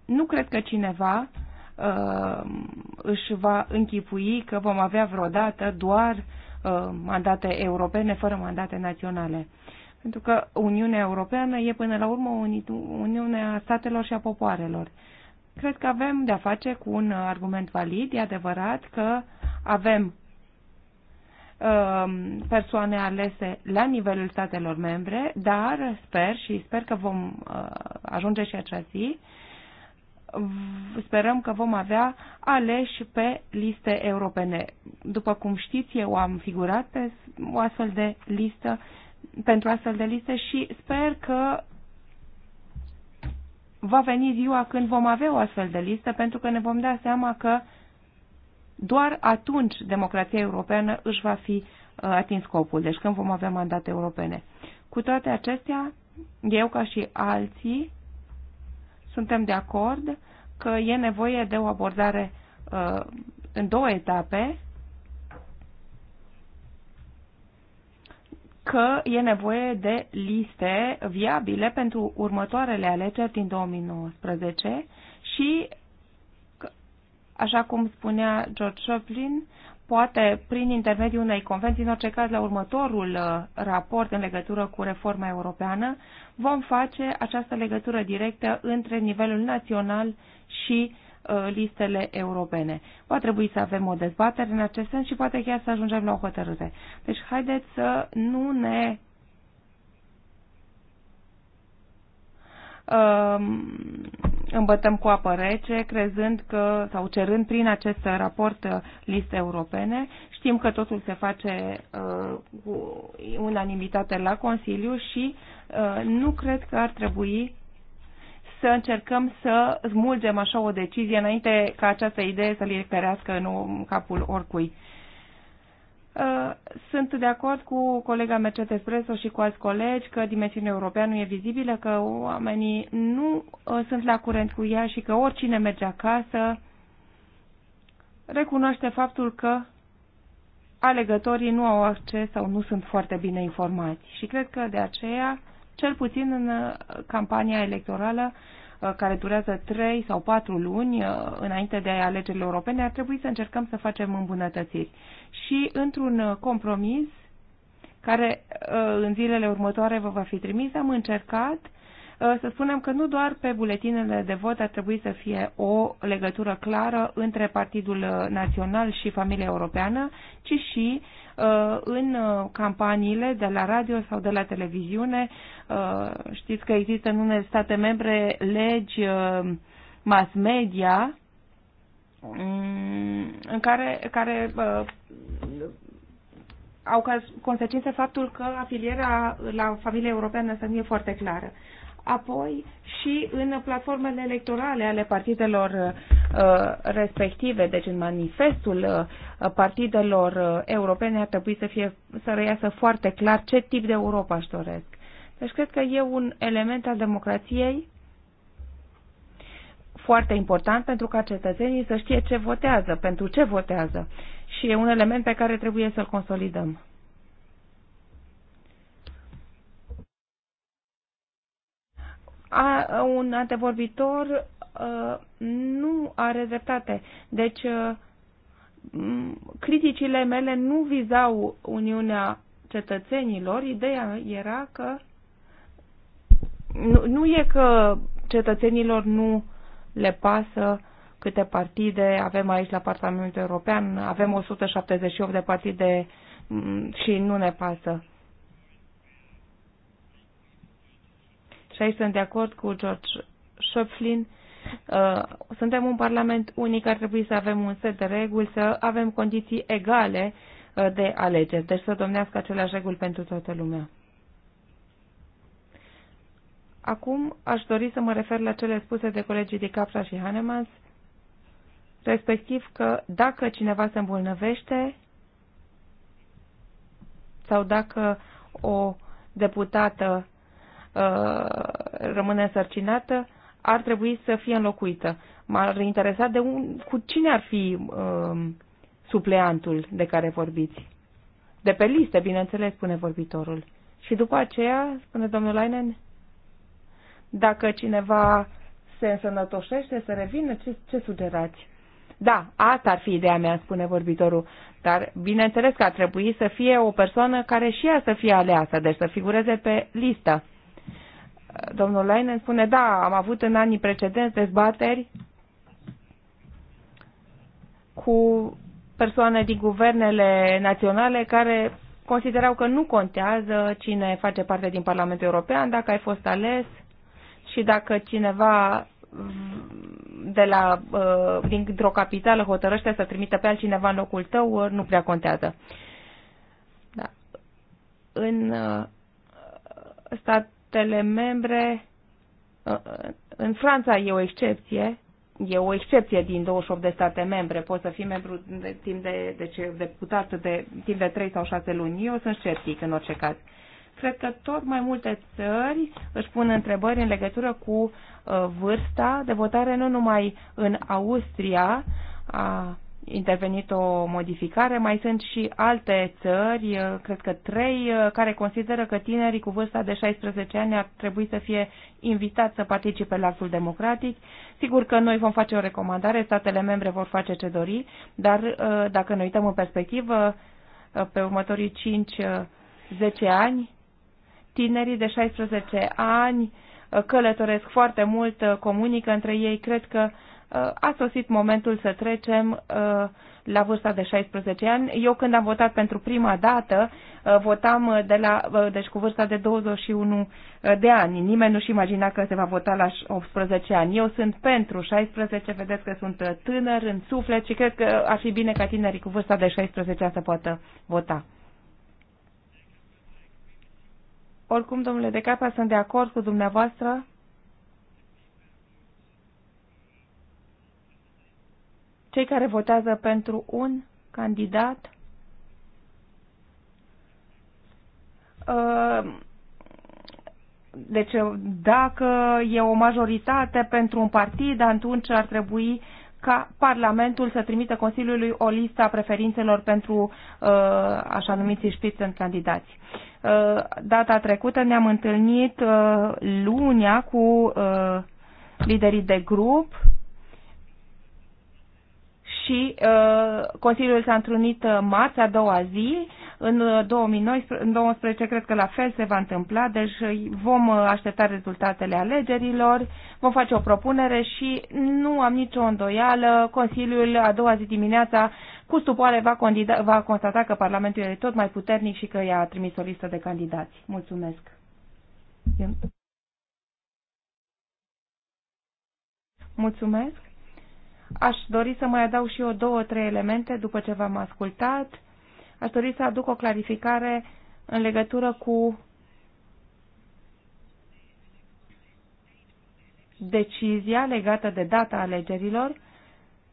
nu cred că cineva uh, își va închipui că vom avea vreodată doar uh, mandate europene fără mandate naționale. Pentru că Uniunea Europeană e până la urmă Uniunea statelor și a popoarelor. Cred că avem de-a face cu un argument valid, e adevărat că avem uh, persoane alese la nivelul statelor membre, dar sper și sper că vom uh, ajunge și acea zi sperăm că vom avea aleși pe liste europene. După cum știți, eu am figurat pe o astfel de listă, pentru astfel de liste și sper că va veni ziua când vom avea o astfel de listă, pentru că ne vom da seama că doar atunci democrația europeană își va fi uh, atins scopul, deci când vom avea mandate europene. Cu toate acestea, eu ca și alții suntem de acord că e nevoie de o abordare uh, în două etape, că e nevoie de liste viabile pentru următoarele alegeri din 2019 și, așa cum spunea George Chaplin, poate prin intermediul unei convenții, în orice caz la următorul uh, raport în legătură cu reforma europeană, vom face această legătură directă între nivelul național și uh, listele europene. Va trebui să avem o dezbatere în acest sens și poate chiar să ajungem la o hotărâre. Deci haideți să nu ne um, îmbătăm cu apă rece, crezând că, sau cerând prin acest raport uh, liste europene. Știm că totul se face uh, cu unanimitate la Consiliu și uh, nu cred că ar trebui să încercăm să smulgem așa o decizie înainte ca această idee să l cărească în capul oricui. Uh, Uh, sunt de acord cu colega Mercedes Preso și cu alți colegi că dimensiunea europeană nu e vizibilă, că oamenii nu uh, sunt la curent cu ea și că oricine merge acasă recunoaște faptul că alegătorii nu au acces sau nu sunt foarte bine informați. Și cred că de aceea, cel puțin în uh, campania electorală, Uh, care durează 3 sau 4 luni uh, înainte de alegerile europene, ar trebui să încercăm să facem îmbunătățiri. Și într-un uh, compromis care în zilele următoare vă va fi trimis, am încercat să spunem că nu doar pe buletinele de vot ar trebui să fie o legătură clară între Partidul Național și familia europeană, ci și uh, Uh, în uh, campaniile de la radio sau de la televiziune. Uh, știți că există în unele state membre legi mass media mm, în care, care au ca consecință faptul că afilierea la familia europeană să nu e foarte clară apoi și în platformele electorale ale partidelor uh, respective, deci în manifestul uh, partidelor uh, europene ar trebui să, fie, să răiasă foarte clar ce tip de Europa își doresc. Deci cred că e un element al democrației foarte important pentru ca cetățenii să știe ce votează, pentru ce votează. Și e un element pe care trebuie să-l consolidăm. a, un antevorbitor uh, nu are dreptate. Deci, uh, criticile mele nu vizau Uniunea Cetățenilor. Ideea era că nu, nu e că cetățenilor nu le pasă câte partide avem aici la Parlamentul European, avem 178 de partide și nu ne pasă. și aici sunt de acord cu George Schöpflin, uh, suntem un parlament unic, ar trebui să avem un set de reguli, să avem condiții egale uh, de alegeri, deci să domnească aceleași reguli pentru toată lumea. Acum aș dori să mă refer la cele spuse de colegii de Capra și Hanemans, respectiv că dacă cineva se îmbolnăvește sau dacă o deputată Uh, rămâne însărcinată, ar trebui să fie înlocuită. M-ar interesa de un, cu cine ar fi uh, supleantul de care vorbiți. De pe listă, bineînțeles, spune vorbitorul. Și după aceea, spune domnul Leinen, dacă cineva se însănătoșește, să revină, ce, ce sugerați? Da, asta ar fi ideea mea, spune vorbitorul, dar bineînțeles că ar trebui să fie o persoană care și ea să fie aleasă, deci să figureze pe listă domnul Leinen spune, da, am avut în anii precedenți dezbateri cu persoane din guvernele naționale care considerau că nu contează cine face parte din Parlamentul European, dacă ai fost ales și dacă cineva de la, uh, dintr-o capitală hotărăște să trimite pe altcineva în locul tău, nu prea contează. Da. În uh, stat, statele membre, uh, în Franța e o excepție, e o excepție din 28 de state membre, poți să fii membru de, timp de, ce, deputat de timp de 3 sau 6 luni. Eu sunt sceptic în orice caz. Cred că tot mai multe țări își pun întrebări în legătură cu uh, vârsta de votare, nu numai în Austria, a intervenit o modificare. Mai sunt și alte țări, uh, cred că trei, uh, care consideră că tinerii cu vârsta de 16 ani ar trebui să fie invitați să participe la actul democratic. Sigur că noi vom face o recomandare, statele membre vor face ce dori, dar uh, dacă ne uităm în perspectivă, pe următorii 5-10 ani, tinerii de 16 ani călătoresc foarte mult, comunică între ei, cred că uh, Uh, a sosit momentul să trecem uh, la vârsta de 16 ani. Eu când am votat pentru prima dată, uh, votam de la, deci cu vârsta de 21 de ani. Nimeni nu-și imagina că se va vota la 18 ani. Eu sunt pentru 16, vedeți că sunt tânăr în suflet și cred că ar fi bine ca tinerii cu vârsta de 16 ani să poată vota. Oricum, domnule de Capa, sunt de acord cu dumneavoastră Cei care votează pentru un candidat uh, deci dacă e o majoritate pentru un partid, atunci ar trebui ca Parlamentul să trimită Consiliului o listă a preferințelor pentru uh, așa șpiți în candidați. Uh, data trecută ne-am întâlnit lunia cu liderii de grup și uh, Consiliul s-a întrunit uh, marți, a doua zi, în 2019 uh, cred că la fel se va întâmpla, deci uh, vom aștepta rezultatele alegerilor, vom face o propunere și nu am nicio îndoială, Consiliul a doua zi dimineața cu stupoare va, condida, va constata că Parlamentul e tot mai puternic și că i-a trimis o listă de candidați. Mulțumesc! Mulțumesc! Aș dori să mai adaug și eu două, trei elemente după ce v-am ascultat. Aș dori să aduc o clarificare în legătură cu decizia legată de data alegerilor.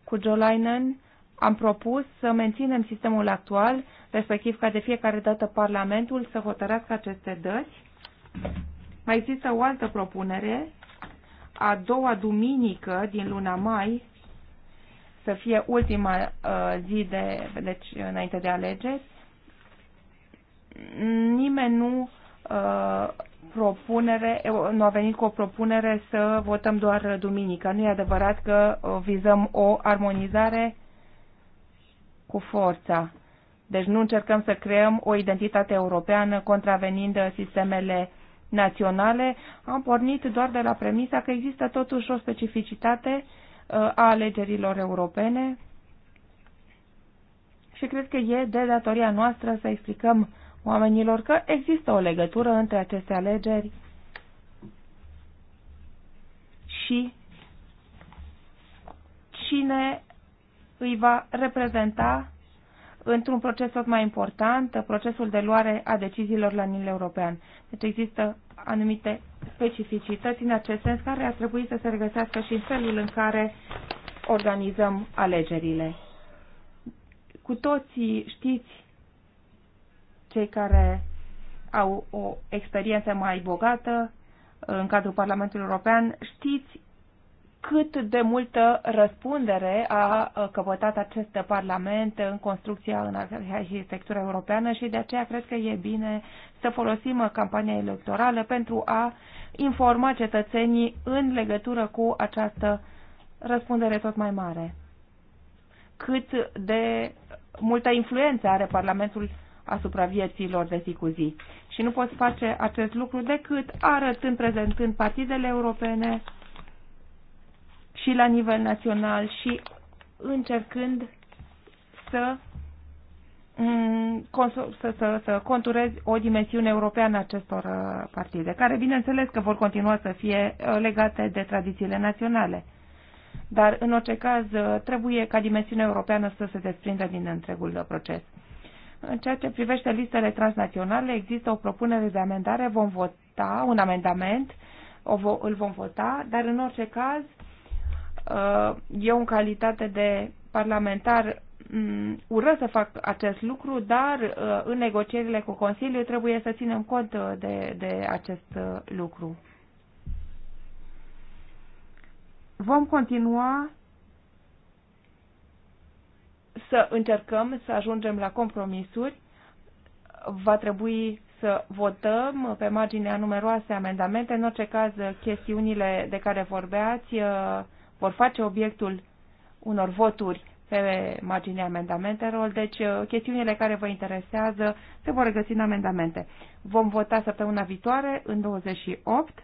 Cu Joe Linen am propus să menținem sistemul actual, respectiv ca de fiecare dată Parlamentul să hotărească aceste dăți. Mai există o altă propunere, a doua duminică din luna mai, să fie ultima uh, zi de, deci înainte de alegeri, nimeni nu uh, propunere, uh, nu a venit cu o propunere să votăm doar duminică. Nu e adevărat că uh, vizăm o armonizare cu forța. Deci nu încercăm să creăm o identitate europeană contravenind sistemele naționale. Am pornit doar de la premisa că există totuși o specificitate uh, Uh, a alegerilor europene și cred că e de datoria noastră să explicăm oamenilor că există o legătură între aceste alegeri și cine îi va reprezenta într-un proces tot mai important, procesul de luare a deciziilor la nivel european. Deci există anumite specificități în acest sens care ar trebui să se regăsească și în felul în care organizăm alegerile. Cu toții știți cei care au o experiență mai bogată în cadrul Parlamentului European, știți cât de multă răspundere a căpătat acest Parlament în construcția, în arhitectura europeană și de aceea cred că e bine să folosim campania electorală pentru a informa cetățenii în legătură cu această răspundere tot mai mare. Cât de multă influență are Parlamentul asupra vieților de zi cu zi. Și nu poți face acest lucru decât arătând, prezentând partidele europene și la nivel național și încercând să Mm, să, să, să conturezi o dimensiune europeană acestor uh, partide, care bineînțeles că vor continua să fie uh, legate de tradițiile naționale. Dar, în orice caz, uh, trebuie ca dimensiunea europeană să se desprindă din întregul proces. În ceea ce privește listele transnaționale, există o propunere de amendare, vom vota un amendament, o vo, îl vom vota, dar în orice caz, eu în calitate de parlamentar Mm, ură să fac acest lucru, dar uh, în negocierile cu Consiliul trebuie să ținem cont uh, de, de acest uh, lucru. Vom continua să încercăm să ajungem la compromisuri. Va trebui să votăm pe marginea numeroase amendamente. În orice caz, chestiunile de care vorbeați vor face obiectul unor voturi pe marginea amendamentelor, deci uh, chestiunile care vă interesează se vor regăsi în amendamente. Vom vota săptămâna viitoare, în 28.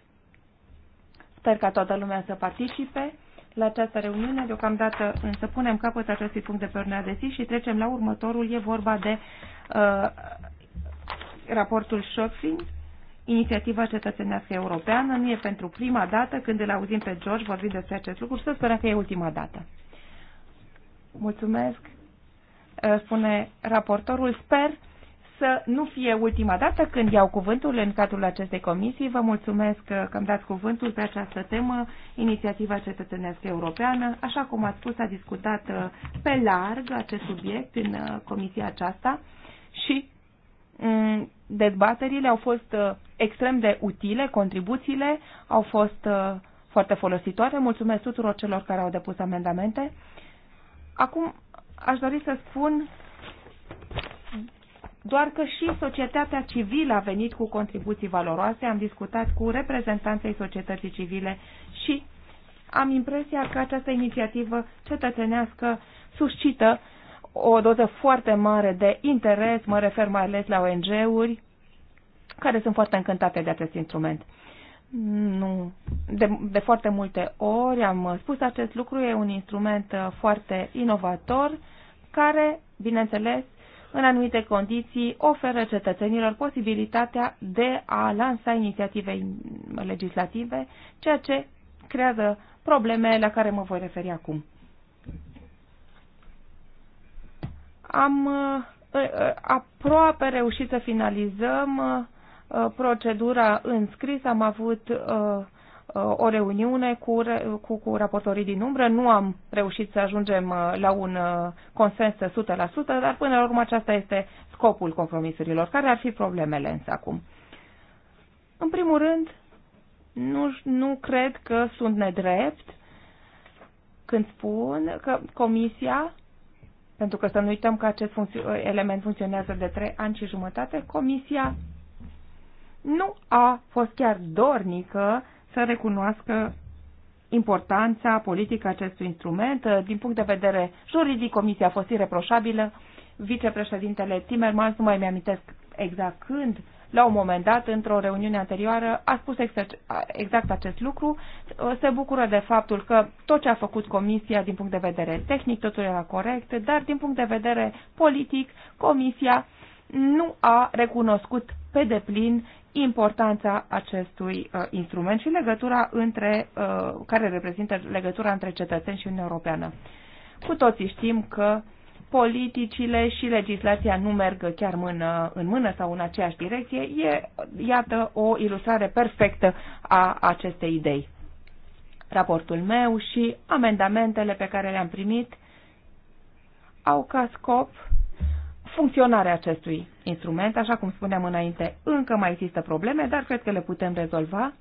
Sper ca toată lumea să participe la această reuniune. Deocamdată însă punem capăt acestui punct de pe ordinea de zi și trecem la următorul. E vorba de uh, raportul Shopping, inițiativa cetățenească europeană. Nu e pentru prima dată când îl auzim pe George vorbind despre acest lucru. Să sperăm că e ultima dată. Mulțumesc, uh, spune raportorul. Sper să nu fie ultima dată când iau cuvântul în cadrul acestei comisii. Vă mulțumesc uh, că îmi dați cuvântul pe această temă, inițiativa cetățenească europeană. Așa cum ați spus, a discutat uh, pe larg acest subiect în comisia aceasta și mm, dezbaterile au fost extrem de utile, contribuțiile au fost foarte folositoare. Mulțumesc tuturor celor care au depus amendamente. Acum aș dori să spun doar că și societatea civilă a venit cu contribuții valoroase, am discutat cu reprezentanții societății civile și am impresia că această inițiativă cetățenească suscită o doză foarte mare de interes, mă refer mai ales la ONG-uri, care sunt foarte încântate de acest instrument nu, de, de foarte multe ori am spus acest lucru, e un instrument uh, foarte inovator care, bineînțeles, în anumite condiții, oferă cetățenilor posibilitatea de a lansa inițiative legislative, ceea ce creează probleme la care mă voi referi acum. Am uh, uh, aproape reușit să finalizăm Uh, procedura în scris. Am avut uh, uh, o reuniune cu, cu, cu raportorii din umbră. Nu am reușit să ajungem la un consens 100%, dar până la urmă aceasta este scopul compromisurilor. Care ar fi problemele însă acum? În primul rând, nu, nu cred că sunt nedrept când spun că Comisia, pentru că să nu uităm că acest element funcționează de trei ani și jumătate, Comisia nu a fost chiar dornică să recunoască importanța politică acestui instrument. Din punct de vedere juridic, comisia a fost ireproșabilă. Vicepreședintele Timmermans, nu mai mi-amintesc exact când, la un moment dat, într-o reuniune anterioară, a spus exact acest lucru. Se bucură de faptul că tot ce a făcut comisia din punct de vedere tehnic, totul era corect, dar din punct de vedere politic, comisia nu a recunoscut pe deplin importanța acestui uh, instrument și legătura între, uh, care reprezintă legătura între cetățeni și Uniunea Europeană. Cu toții știm că politicile și legislația nu merg chiar mână în mână sau în aceeași direcție. E, iată, o ilustrare perfectă a acestei idei. Raportul meu și amendamentele pe care le-am primit au ca scop funcționarea acestui instrument. Așa cum spuneam înainte, încă mai există probleme, dar cred că le putem rezolva.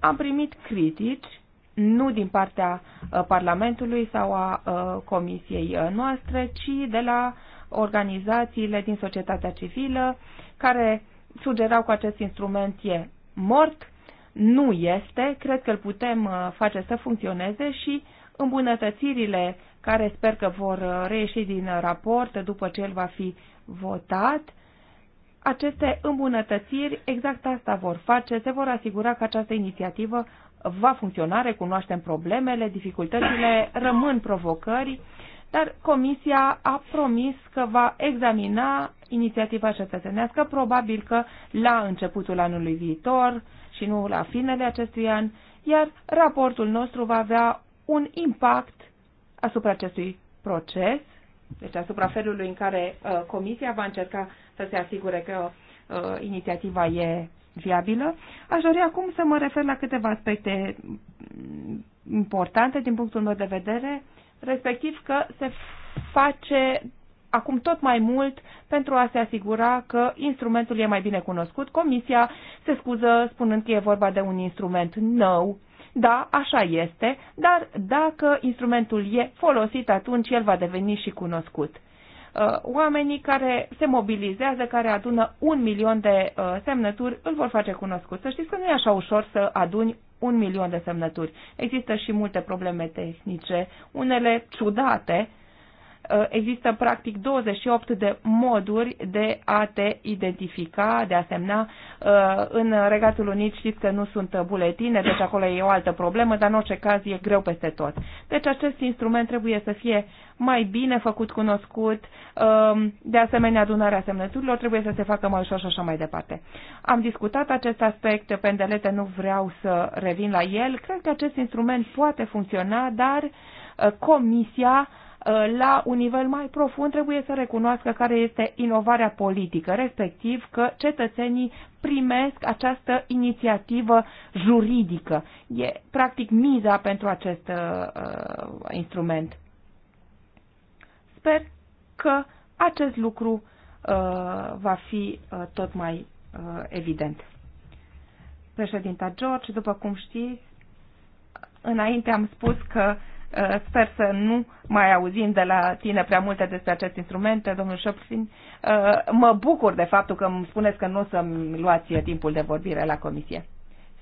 Am primit critici, nu din partea uh, Parlamentului sau a uh, Comisiei uh, noastre, ci de la organizațiile din societatea civilă care sugerau că acest instrument e mort, nu este, cred că îl putem face să funcționeze și îmbunătățirile care sper că vor uh, reieși din uh, raport după ce el va fi votat. Aceste îmbunătățiri, exact asta vor face, se vor asigura că această inițiativă va funcționa, recunoaștem problemele, dificultățile, rămân provocări, dar Comisia a promis că va examina inițiativa cetățenească, probabil că la începutul anului viitor și nu la finele acestui an, iar raportul nostru va avea un impact asupra acestui proces, deci asupra felului în care uh, Comisia va încerca să se asigure că uh, inițiativa e viabilă. Aș dori acum să mă refer la câteva aspecte mm, importante din punctul meu de vedere, respectiv că se face acum tot mai mult pentru a se asigura că instrumentul e mai bine cunoscut. Comisia se scuză spunând că e vorba de un instrument nou da, așa este, dar dacă instrumentul e folosit, atunci el va deveni și cunoscut. Uh, oamenii care se mobilizează, care adună un milion de uh, semnături, îl vor face cunoscut. Să știți că nu e așa ușor să aduni un milion de semnături. Există și multe probleme tehnice, unele ciudate, Uh, există practic 28 de moduri de a te identifica, de a semna. Uh, în Regatul Unit știți că nu sunt buletine, deci acolo e o altă problemă, dar în orice caz e greu peste tot. Deci acest instrument trebuie să fie mai bine făcut cunoscut, um, de asemenea adunarea semnăturilor trebuie să se facă mai ușor și așa mai departe. Am discutat acest aspect, pendelete nu vreau să revin la el, cred că acest instrument poate funcționa, dar uh, Comisia Uh, la un nivel mai profund trebuie să recunoască care este inovarea politică, respectiv că cetățenii primesc această inițiativă juridică. E practic miza pentru acest uh, uh instrument. Sper că acest lucru uh, va fi uh, tot mai uh, evident. Președinta George, după cum știți, înainte am spus că uh, Eh, sper să nu mai auzim de la tine prea multe despre acest instrument, domnul Șopfin. Eh, mă bucur de faptul că îmi spuneți că nu o să-mi luați timpul de vorbire la comisie.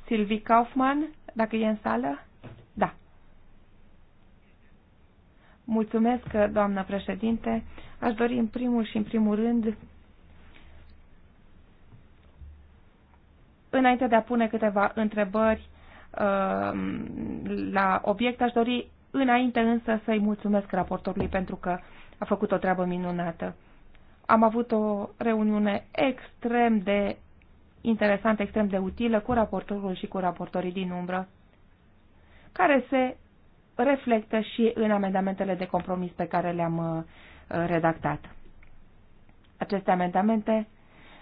Silvi Kaufman, dacă e în sală? Da. Mulțumesc, doamnă președinte. Aș dori în primul și în primul rând, înainte de a pune câteva întrebări, eh, la obiect, aș dori Înainte însă să-i mulțumesc raportorului pentru că a făcut o treabă minunată. Am avut o reuniune extrem de interesantă, extrem de utilă cu raportorul și cu raportorii din umbră, care se reflectă și în amendamentele de compromis pe care le-am uh, redactat. Aceste amendamente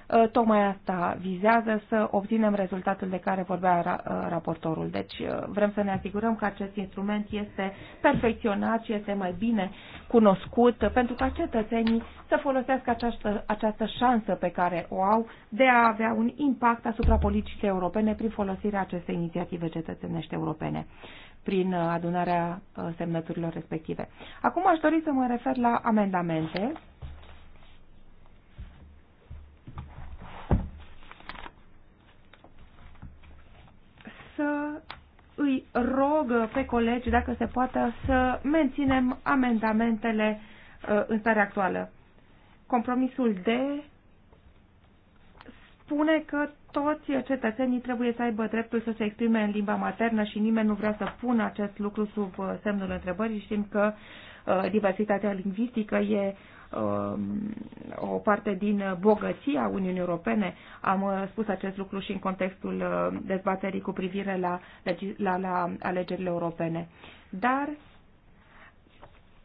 Uh, tocmai asta vizează să obținem rezultatul de care vorbea ra uh, raportorul. Deci uh, vrem să ne asigurăm că acest instrument este perfecționat și este mai bine cunoscut pentru ca cetățenii să folosească această, această șansă pe care o au de a avea un impact asupra politicii europene prin folosirea acestei inițiative cetățenești europene prin adunarea semnăturilor respective. Acum aș dori să mă refer la amendamente să îi rog pe colegi dacă se poate să menținem amendamentele uh, în starea actuală. Compromisul de spune că toți cetățenii trebuie să aibă dreptul să se exprime în limba maternă și nimeni nu vrea să pună acest lucru sub uh, semnul întrebării. Știm că uh, diversitatea lingvistică e um, o parte din bogăția Uniunii Europene. Am uh, spus acest lucru și în contextul dezbaterii cu privire la, la, la alegerile europene. Dar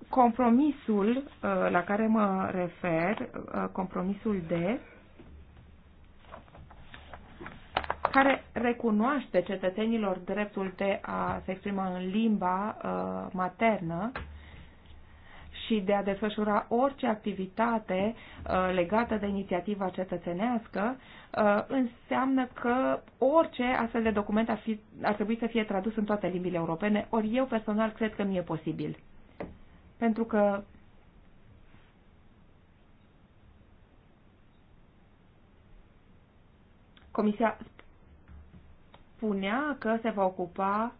compromisul la care mă refer, compromisul de care recunoaște cetățenilor dreptul de a se exprima în limba uh, maternă și de a desfășura orice activitate uh, legată de inițiativa cetățenească, uh, înseamnă că orice astfel de document ar, fi, ar trebui să fie tradus în toate limbile europene, ori eu personal cred că nu e posibil. Pentru că Comisia spunea că se va ocupa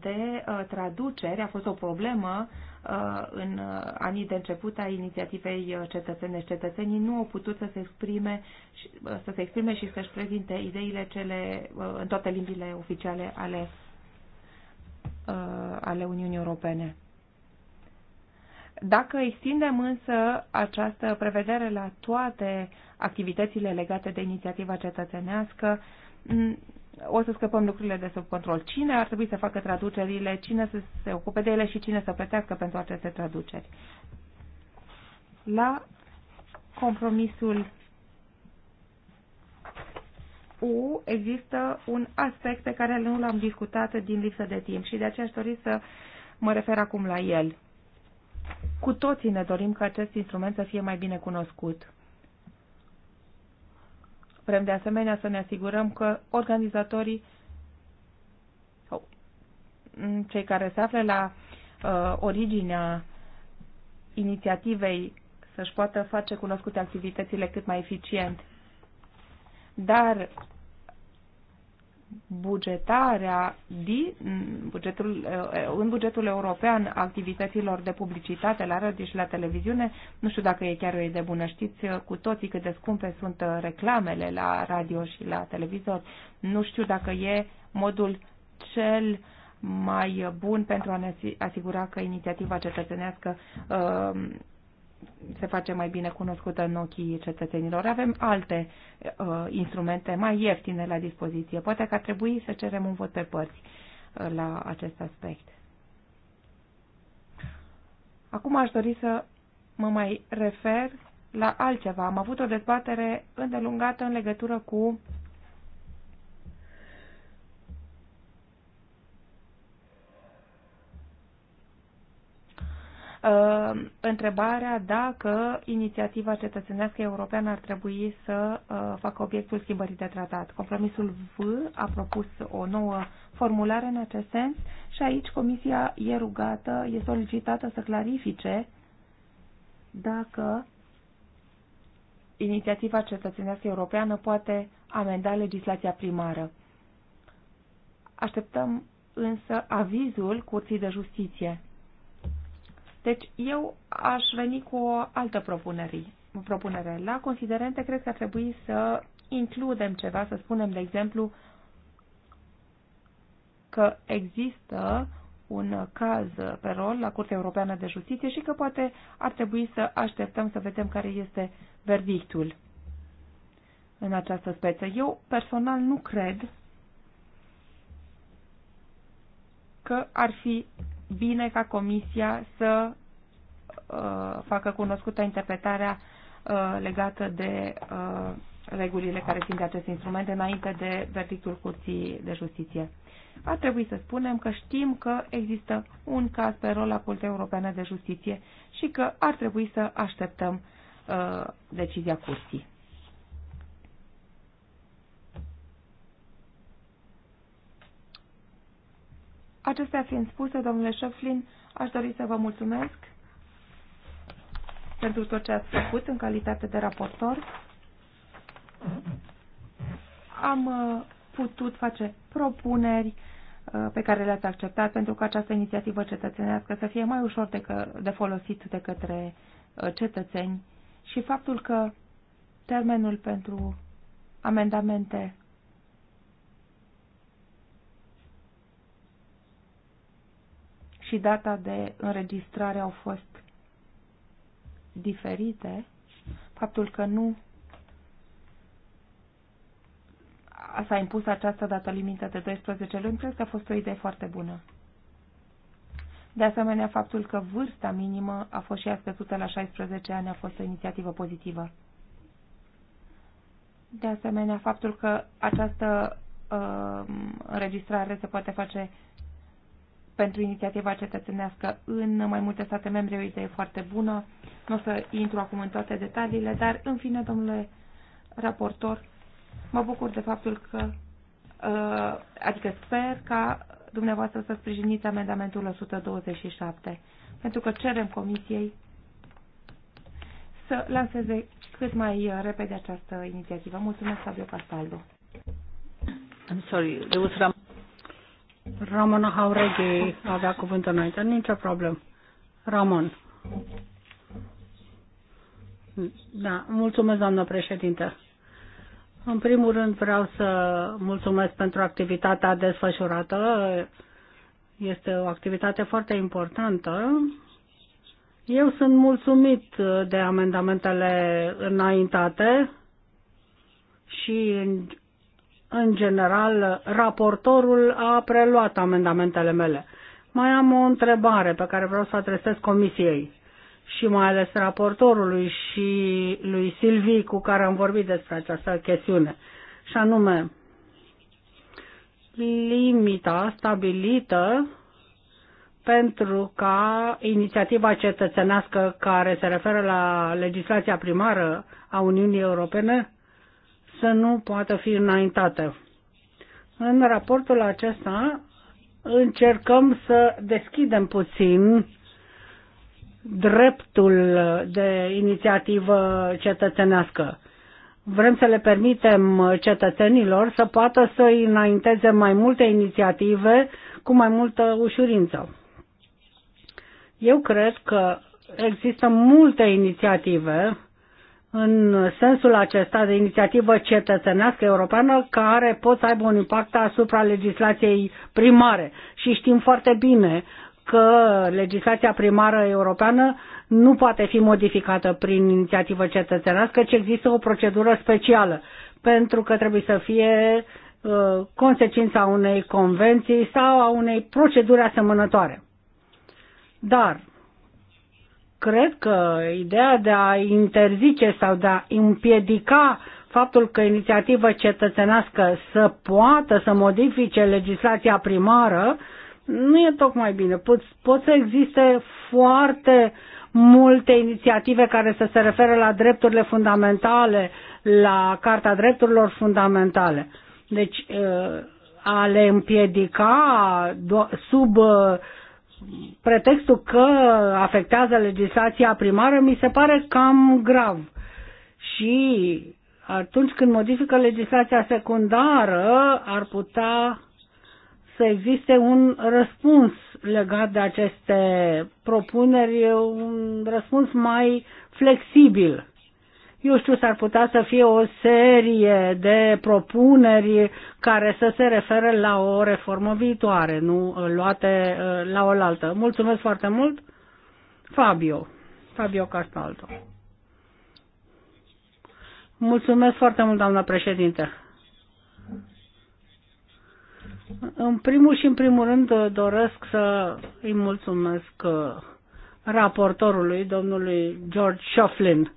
de uh, traducere. A fost o problemă uh, în uh, anii de început a inițiativei cetățenești. Cetățenii nu au putut să se exprime, și să se exprime și să-și prezinte ideile cele în toate limbile oficiale ale, ale Uniunii Europene. Dacă extindem însă această prevedere la toate activitățile legate de inițiativa cetățenească, o să scăpăm lucrurile de sub control. Cine ar trebui să facă traducerile, cine să se ocupe de ele și cine să plătească pentru aceste traduceri. La compromisul U există un aspect pe care nu l-am discutat din lipsă de timp și de aceea aș dori să mă refer acum la el. Cu toții ne dorim ca acest instrument să fie mai bine cunoscut. Vrem de asemenea să ne asigurăm că organizatorii sau cei care se află la uh, originea inițiativei să-și poată face cunoscute activitățile cât mai eficient. Dar bugetarea din bugetul, eh, în bugetul european activităților de publicitate la radio și la televiziune. Nu știu dacă e chiar o idee bună. Știți eh, cu toții cât de scumpe sunt eh, reclamele la radio și la televizor. Nu știu dacă e modul cel mai bun pentru a ne asigura că inițiativa cetățenească se face mai bine cunoscută în ochii cetățenilor. Avem alte uh, instrumente mai ieftine la dispoziție. Poate că ar trebui să cerem un vot pe părți uh, la acest aspect. Acum aș dori să mă mai refer la altceva. Am avut o dezbatere îndelungată în legătură cu uh, întrebarea dacă inițiativa cetățenească europeană ar trebui să uh, facă obiectul schimbării de tratat. Compromisul V a propus o nouă formulare în acest sens și aici Comisia e rugată, e solicitată să clarifice dacă inițiativa cetățenească europeană poate amenda legislația primară. Așteptăm însă avizul Curții de Justiție. Deci eu aș veni cu o altă propunere. propunere. La considerente cred că ar trebui să includem ceva, să spunem, de exemplu, că există un caz pe rol la Curtea Europeană de Justiție și că poate ar trebui să așteptăm să vedem care este verdictul în această speță. Eu personal nu cred că ar fi bine ca Comisia să uh, facă cunoscută interpretarea uh, legată de uh, regulile care țin de acest instrument înainte de verdictul Curții de Justiție. Ar trebui să spunem că știm că există un caz pe rol la Curtea Europeană de Justiție și că ar trebui să așteptăm uh, decizia Curții. Acestea fiind spuse, domnule Șoflin, aș dori să vă mulțumesc pentru tot ce ați făcut în calitate de raportor. Am uh, putut face propuneri uh, pe care le-ați acceptat pentru că această inițiativă cetățenească să fie mai ușor de, că, de folosit de către uh, cetățeni și faptul că termenul pentru amendamente și data de înregistrare au fost diferite, faptul că nu s-a impus această dată limită de 12 luni, cred că a fost o idee foarte bună. De asemenea, faptul că vârsta minimă a fost și ea la 16 ani a fost o inițiativă pozitivă. De asemenea, faptul că această uh, înregistrare se poate face pentru inițiativa cetățenească în mai multe state membre, o idee foarte bună. Nu o să intru acum în toate detaliile, dar în fine, domnule raportor, mă bucur de faptul că, uh, adică sper ca dumneavoastră să sprijiniți amendamentul 127, pentru că cerem Comisiei să lanseze cât mai uh, repede această inițiativă. Mulțumesc, Fabio Castaldo. I'm sorry, there was Ramona Haureghi avea cuvântul înainte, nicio problemă. Ramon. Da, mulțumesc, doamnă președinte. În primul rând vreau să mulțumesc pentru activitatea desfășurată. Este o activitate foarte importantă. Eu sunt mulțumit de amendamentele înaintate și în general, raportorul a preluat amendamentele mele. Mai am o întrebare pe care vreau să o adresez comisiei și mai ales raportorului și lui Silvi cu care am vorbit despre această chestiune. Și anume, limita stabilită pentru ca inițiativa cetățenească care se referă la legislația primară a Uniunii Europene să nu poată fi înaintată. În raportul acesta încercăm să deschidem puțin dreptul de inițiativă cetățenească. Vrem să le permitem cetățenilor să poată să înainteze mai multe inițiative cu mai multă ușurință. Eu cred că există multe inițiative în sensul acesta de inițiativă cetățenească europeană care pot să aibă un impact asupra legislației primare. Și știm foarte bine că legislația primară europeană nu poate fi modificată prin inițiativă cetățenească, ci există o procedură specială, pentru că trebuie să fie uh, consecința unei convenții sau a unei proceduri asemănătoare. Dar cred că ideea de a interzice sau de a împiedica faptul că inițiativă cetățenească să poată să modifice legislația primară nu e tocmai bine. Pot, pot să existe foarte multe inițiative care să se referă la drepturile fundamentale, la Carta Drepturilor Fundamentale. Deci, uh, a le împiedica sub uh, pretextul că afectează legislația primară mi se pare cam grav. Și atunci când modifică legislația secundară, ar putea să existe un răspuns legat de aceste propuneri, un răspuns mai flexibil eu știu, s-ar putea să fie o serie de propuneri care să se referă la o reformă viitoare, nu uh, luate uh, la oaltă. Mulțumesc foarte mult, Fabio. Fabio Castaldo. Mulțumesc foarte mult, doamna președinte. În primul și în primul rând uh, doresc să îi mulțumesc raportorului, domnului George Shoflin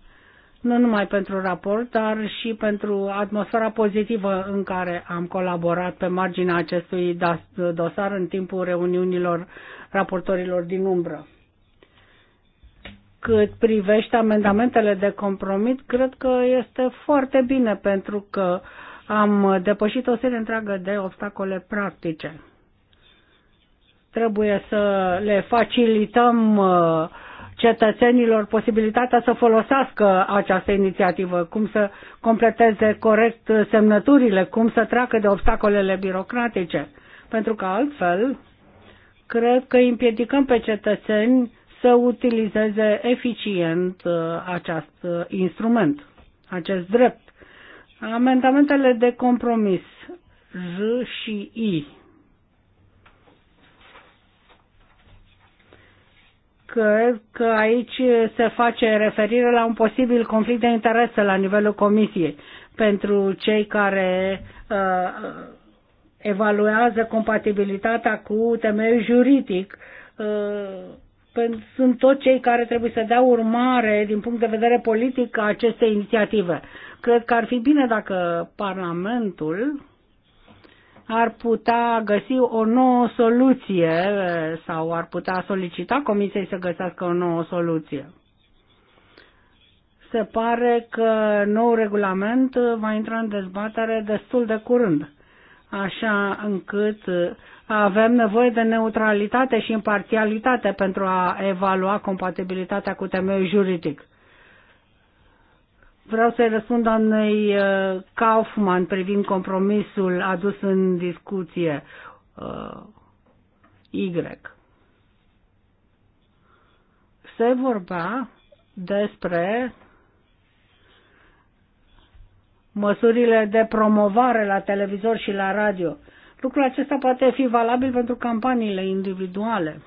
nu numai pentru raport, dar și pentru atmosfera pozitivă în care am colaborat pe marginea acestui dosar în timpul reuniunilor raportorilor din umbră. Cât privește amendamentele de compromit, cred că este foarte bine pentru că am depășit o serie întreagă de obstacole practice. Trebuie să le facilităm uh, cetățenilor posibilitatea să folosească această inițiativă, cum să completeze corect semnăturile, cum să treacă de obstacolele birocratice. Pentru că altfel, cred că împiedicăm pe cetățeni să utilizeze eficient uh, acest uh, instrument, acest drept. Amendamentele de compromis J și I că, că aici se face referire la un posibil conflict de interese la nivelul comisiei pentru cei care uh, evaluează compatibilitatea cu temeiul juridic. Uh, sunt toți cei care trebuie să dea urmare din punct de vedere politic a acestei inițiative. Cred că ar fi bine dacă Parlamentul ar putea găsi o nouă soluție sau ar putea solicita Comisiei să găsească o nouă soluție. Se pare că nou regulament va intra în dezbatere destul de curând, așa încât avem nevoie de neutralitate și imparțialitate pentru a evalua compatibilitatea cu temeiul juridic Vreau să-i răspund doamnei uh, Kaufman privind compromisul adus în discuție uh, Y. Se vorbea despre măsurile de promovare la televizor și la radio. Lucrul acesta poate fi valabil pentru campaniile individuale.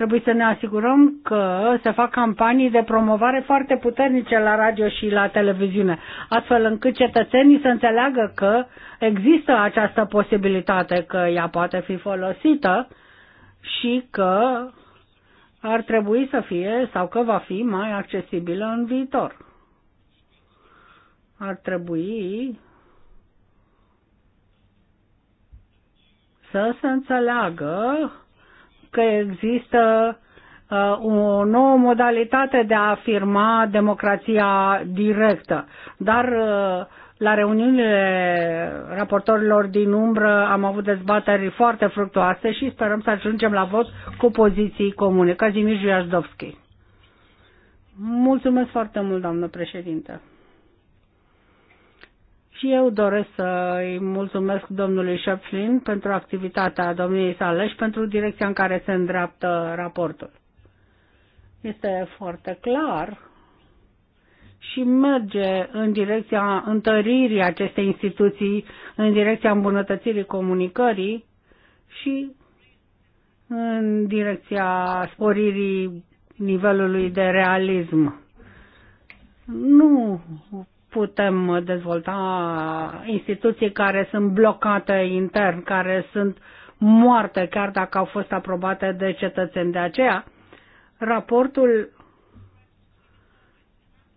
Trebuie să ne asigurăm că se fac campanii de promovare foarte puternice la radio și la televiziune, astfel încât cetățenii să înțeleagă că există această posibilitate, că ea poate fi folosită și că ar trebui să fie sau că va fi mai accesibilă în viitor. Ar trebui să se înțeleagă că există uh, o nouă modalitate de a afirma democrația directă. Dar uh, la reuniunile raportorilor din umbră am avut dezbateri foarte fructuoase și sperăm să ajungem la vot cu poziții comune. Cazimir Juiașdovski. Mulțumesc foarte mult, doamnă președintă. Și eu doresc să îi mulțumesc domnului Șepflin pentru activitatea domniei sale și pentru direcția în care se îndreaptă raportul. Este foarte clar și merge în direcția întăririi acestei instituții, în direcția îmbunătățirii comunicării și în direcția sporirii nivelului de realism. Nu putem dezvolta instituții care sunt blocate intern, care sunt moarte, chiar dacă au fost aprobate de cetățeni. De aceea, raportul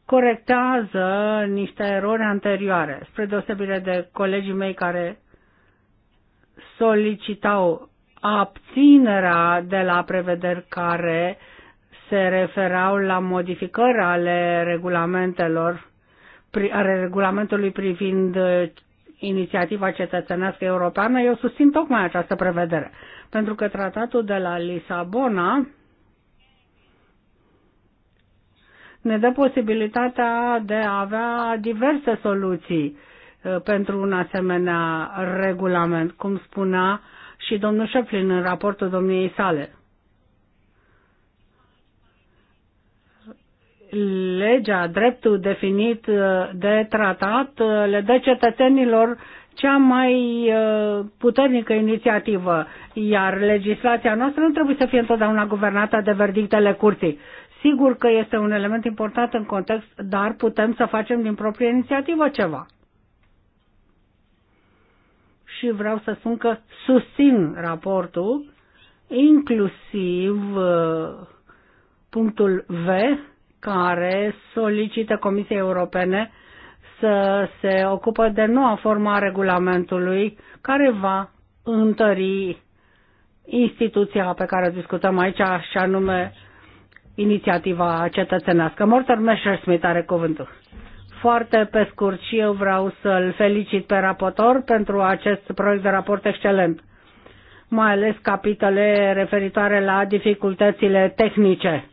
corectează niște erori anterioare, spre deosebire de colegii mei care solicitau abținerea de la prevederi care se referau la modificări ale regulamentelor ale regulamentului privind uh, inițiativa cetățenească europeană, eu susțin tocmai această prevedere. Pentru că tratatul de la Lisabona ne dă posibilitatea de a avea diverse soluții uh, pentru un asemenea regulament, cum spunea și domnul Șeflin în raportul domniei sale. legea, dreptul definit uh, de tratat, uh, le dă cetățenilor cea mai uh, puternică inițiativă, iar legislația noastră nu trebuie să fie întotdeauna guvernată de verdictele curții. Sigur că este un element important în context, dar putem să facem din proprie inițiativă ceva. Și vreau să spun că susțin raportul, inclusiv punctul V, care solicită Comisiei Europene să se ocupă de noua formă a regulamentului care va întări instituția pe care o discutăm aici, și anume inițiativa cetățenească. Mortar Messerschmidt are cuvântul. Foarte pe scurt și eu vreau să-l felicit pe raportor pentru acest proiect de raport excelent, mai ales capitole referitoare la dificultățile tehnice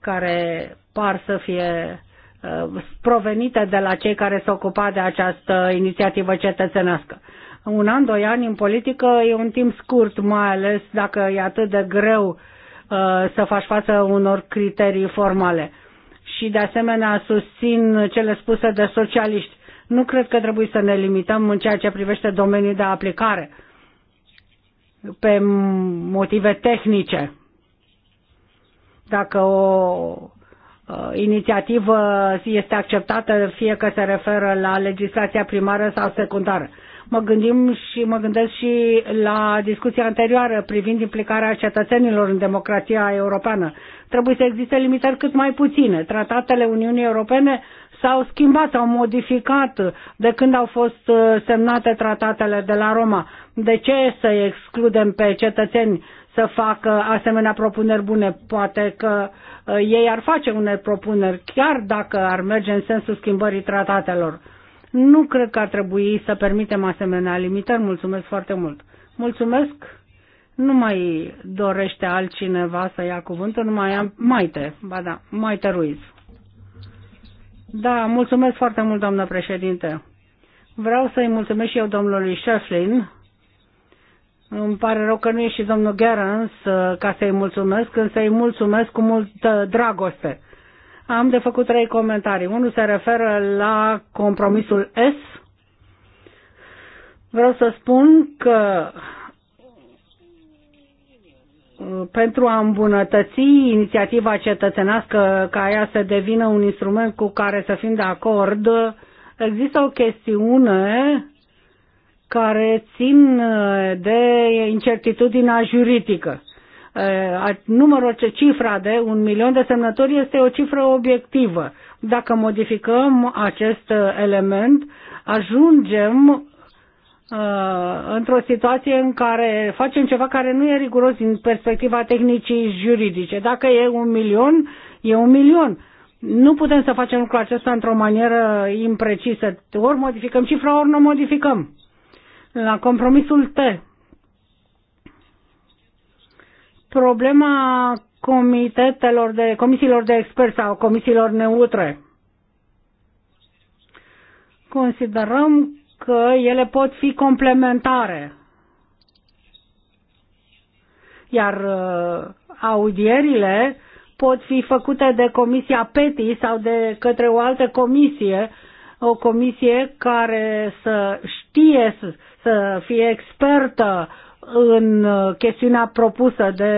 care par să fie uh, provenite de la cei care se ocupa de această inițiativă cetățenească. Un an, doi ani în politică e un timp scurt, mai ales dacă e atât de greu uh, să faci față unor criterii formale. Și de asemenea susțin cele spuse de socialiști. Nu cred că trebuie să ne limităm în ceea ce privește domenii de aplicare pe motive tehnice dacă o uh, inițiativă este acceptată, fie că se referă la legislația primară sau secundară. Mă gândim și mă gândesc și la discuția anterioară privind implicarea cetățenilor în democrația europeană. Trebuie să existe limitări cât mai puține. Tratatele Uniunii Europene s-au schimbat, s-au modificat de când au fost uh, semnate tratatele de la Roma. De ce să excludem pe cetățeni să facă asemenea propuneri bune. Poate că uh, ei ar face unele propuneri, chiar dacă ar merge în sensul schimbării tratatelor. Nu cred că ar trebui să permitem asemenea limitări. Mulțumesc foarte mult. Mulțumesc. Nu mai dorește altcineva să ia cuvântul, nu mai am Maite, ba da, Maite Ruiz. Da, mulțumesc foarte mult, doamnă președinte. Vreau să-i mulțumesc și eu domnului Șeflin îmi pare rău că nu e și domnul Gerens uh, ca să-i mulțumesc, când să-i mulțumesc cu multă dragoste. Am de făcut trei comentarii. Unul se referă la compromisul S. Vreau să spun că uh, pentru a îmbunătăți inițiativa cetățenească ca ea să devină un instrument cu care să fim de acord, există o chestiune care țin uh, de incertitudinea juridică. Uh, numărul, ce cifra de un milion de semnători este o cifră obiectivă. Dacă modificăm acest uh, element, ajungem într-o situație în care facem ceva care nu e riguros din perspectiva tehnicii juridice. Dacă e un milion, e un milion. Nu putem să facem lucrul acesta într-o manieră imprecisă. Ori modificăm cifra, ori nu modificăm la compromisul T. Problema comitetelor de, comisiilor de experți sau comisiilor neutre. Considerăm că ele pot fi complementare. Iar uh, audierile pot fi făcute de Comisia PETI sau de către o altă comisie, o comisie care să știe să să fie expertă în chestiunea propusă de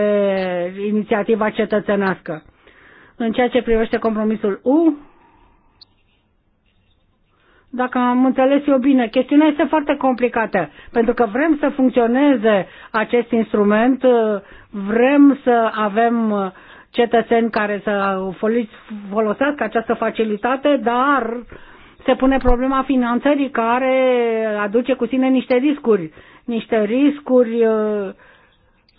inițiativa cetățenească. În ceea ce privește compromisul U, dacă am înțeles eu bine, chestiunea este foarte complicată, pentru că vrem să funcționeze acest instrument, vrem să avem cetățeni care să folosească această facilitate, dar uh, se pune problema finanțării care aduce cu sine niște riscuri, niște riscuri uh,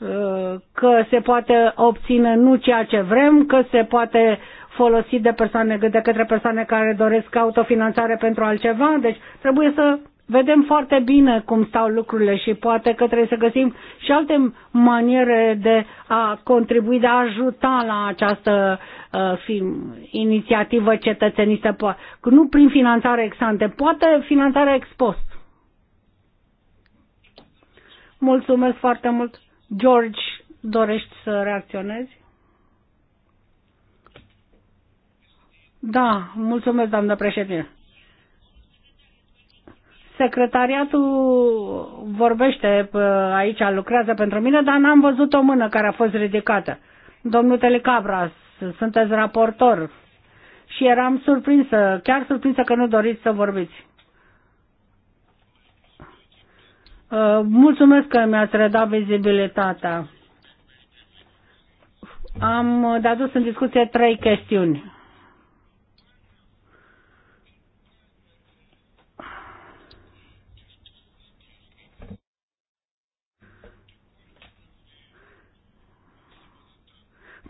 uh, că se poate obține nu ceea ce vrem, că se poate folosi de, persoane, de către persoane care doresc autofinanțare pentru altceva, deci trebuie să vedem foarte bine cum stau lucrurile și poate că trebuie să găsim și alte maniere de a contribui, de a ajuta la această uh, fi, inițiativă cetățenistă, nu prin finanțare ex-ante, poate finanțare ex-post. Mulțumesc foarte mult. George, dorești să reacționezi? Da, mulțumesc, doamnă președinte secretariatul vorbește uh, aici, lucrează pentru mine, dar n-am văzut o mână care a fost ridicată. Domnul Telecabra, sunteți raportor și eram surprinsă, chiar surprinsă că nu doriți să vorbiți. Uh, mulțumesc că mi-ați redat vizibilitatea. Am adus în discuție trei chestiuni.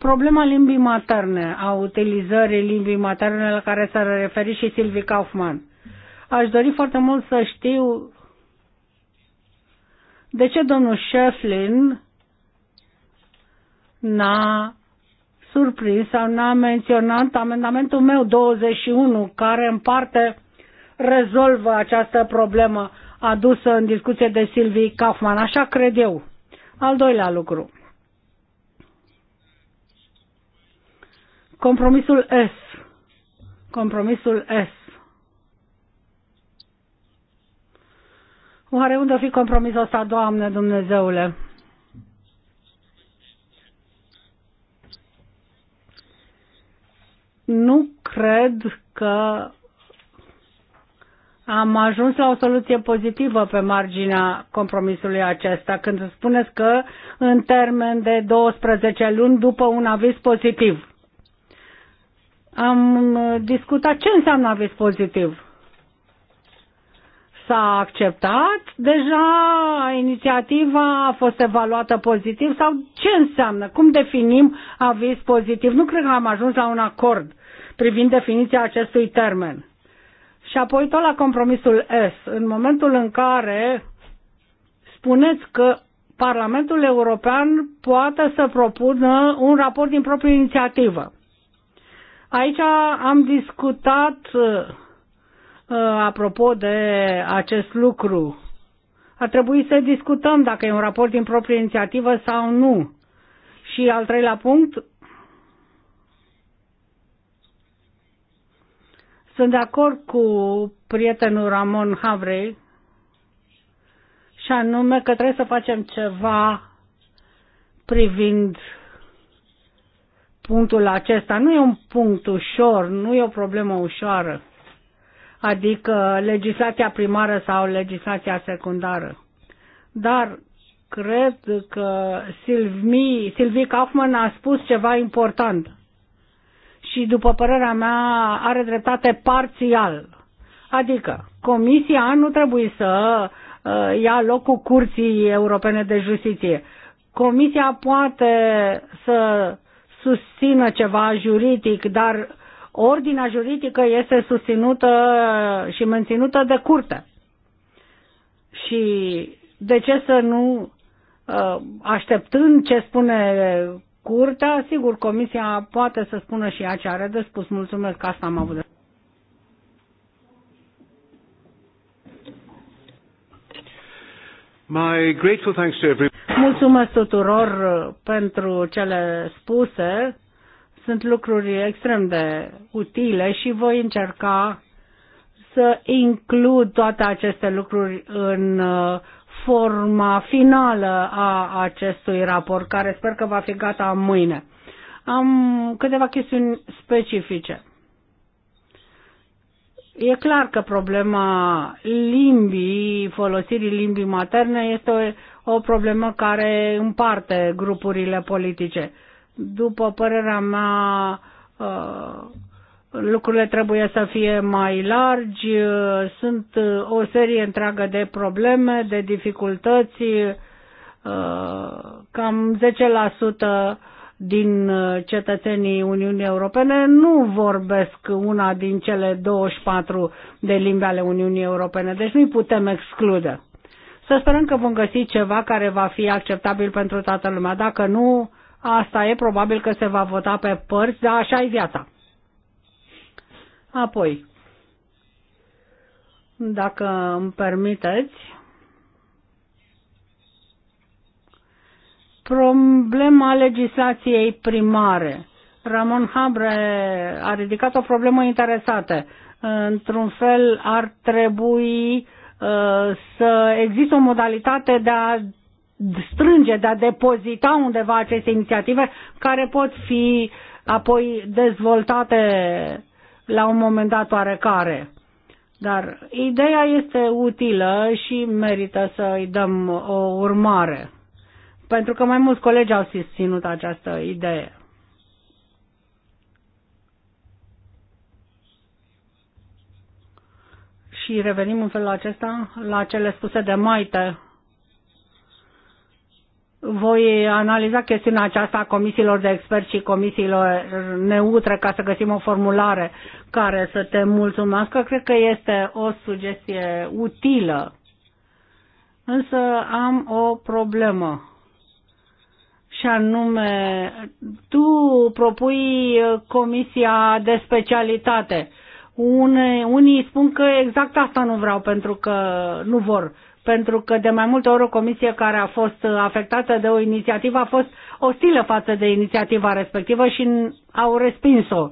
Problema limbii materne, a utilizării limbii materne la care s-a referit și Silvi Kaufman. Aș dori foarte mult să știu de ce domnul Shefflin n-a surprins sau n-a menționat amendamentul meu 21, care în parte rezolvă această problemă adusă în discuție de Silvii Kaufman. Așa cred eu. Al doilea lucru. Compromisul S. Compromisul S. Oare unde o fi compromisul ăsta, Doamne Dumnezeule? Nu cred că am ajuns la o soluție pozitivă pe marginea compromisului acesta, când spuneți că în termen de 12 luni după un aviz pozitiv am uh, discutat ce înseamnă aviz pozitiv. S-a acceptat deja inițiativa, a fost evaluată pozitiv sau ce înseamnă? Cum definim aviz pozitiv? Nu cred că am ajuns la un acord privind definiția acestui termen. Și apoi tot la compromisul S. În momentul în care spuneți că Parlamentul European poate să propună un raport din proprie inițiativă. Aici am discutat uh, uh, apropo de acest lucru. Ar trebui să discutăm dacă e un raport din proprie inițiativă sau nu. Și al treilea punct, sunt de acord cu prietenul Ramon Havrei și anume că trebuie să facem ceva privind punctul acesta nu e un punct ușor, nu e o problemă ușoară, adică legislația primară sau legislația secundară. Dar cred că Silvi, Kaufman a spus ceva important și, după părerea mea, are dreptate parțial. Adică, Comisia nu trebuie să uh, ia locul Curții Europene de Justiție. Comisia poate să susțină ceva juridic, dar ordinea juridică este susținută și menținută de curte. Și de ce să nu, uh, așteptând ce spune curtea, sigur, comisia poate să spună și ea ce are de spus. Mulțumesc că asta am avut de My grateful thanks to everyone. Mulțumesc tuturor uh, pentru cele spuse. Sunt lucruri extrem de utile și voi încerca să includ toate aceste lucruri în uh, forma finală a acestui raport, care sper că va fi gata mâine. Am câteva chestiuni specifice. E clar că problema limbii, folosirii limbii materne, este o, o problemă care împarte grupurile politice. După părerea mea, uh, lucrurile trebuie să fie mai largi, uh, sunt uh, o serie întreagă de probleme, de dificultăți, cam 10% din uh, cetățenii Uniunii Europene nu vorbesc una din cele 24 de limbi ale Uniunii Europene, deci nu-i putem exclude. Să sperăm că vom găsi ceva care va fi acceptabil pentru toată lumea. Dacă nu, asta e probabil că se va vota pe părți, dar așa e viața. Apoi, dacă îmi permiteți, problema legislației primare. Ramon Habre a ridicat o problemă interesată. Într-un fel ar trebui uh, să există o modalitate de a strânge, de a depozita undeva aceste inițiative care pot fi apoi dezvoltate la un moment dat oarecare. Dar ideea este utilă și merită să îi dăm o urmare pentru că mai mulți colegi au susținut această idee. Și revenim în felul acesta la cele spuse de Maite. Voi analiza chestiunea aceasta a comisiilor de experți și comisiilor neutre ca să găsim o formulare care să te mulțumească. Cred că este o sugestie utilă. Însă am o problemă și anume tu propui uh, comisia de specialitate. Une, unii spun că exact asta nu vreau pentru că nu vor pentru că de mai multe ori o comisie care a fost afectată de o inițiativă a fost ostilă față de inițiativa respectivă și au respins-o.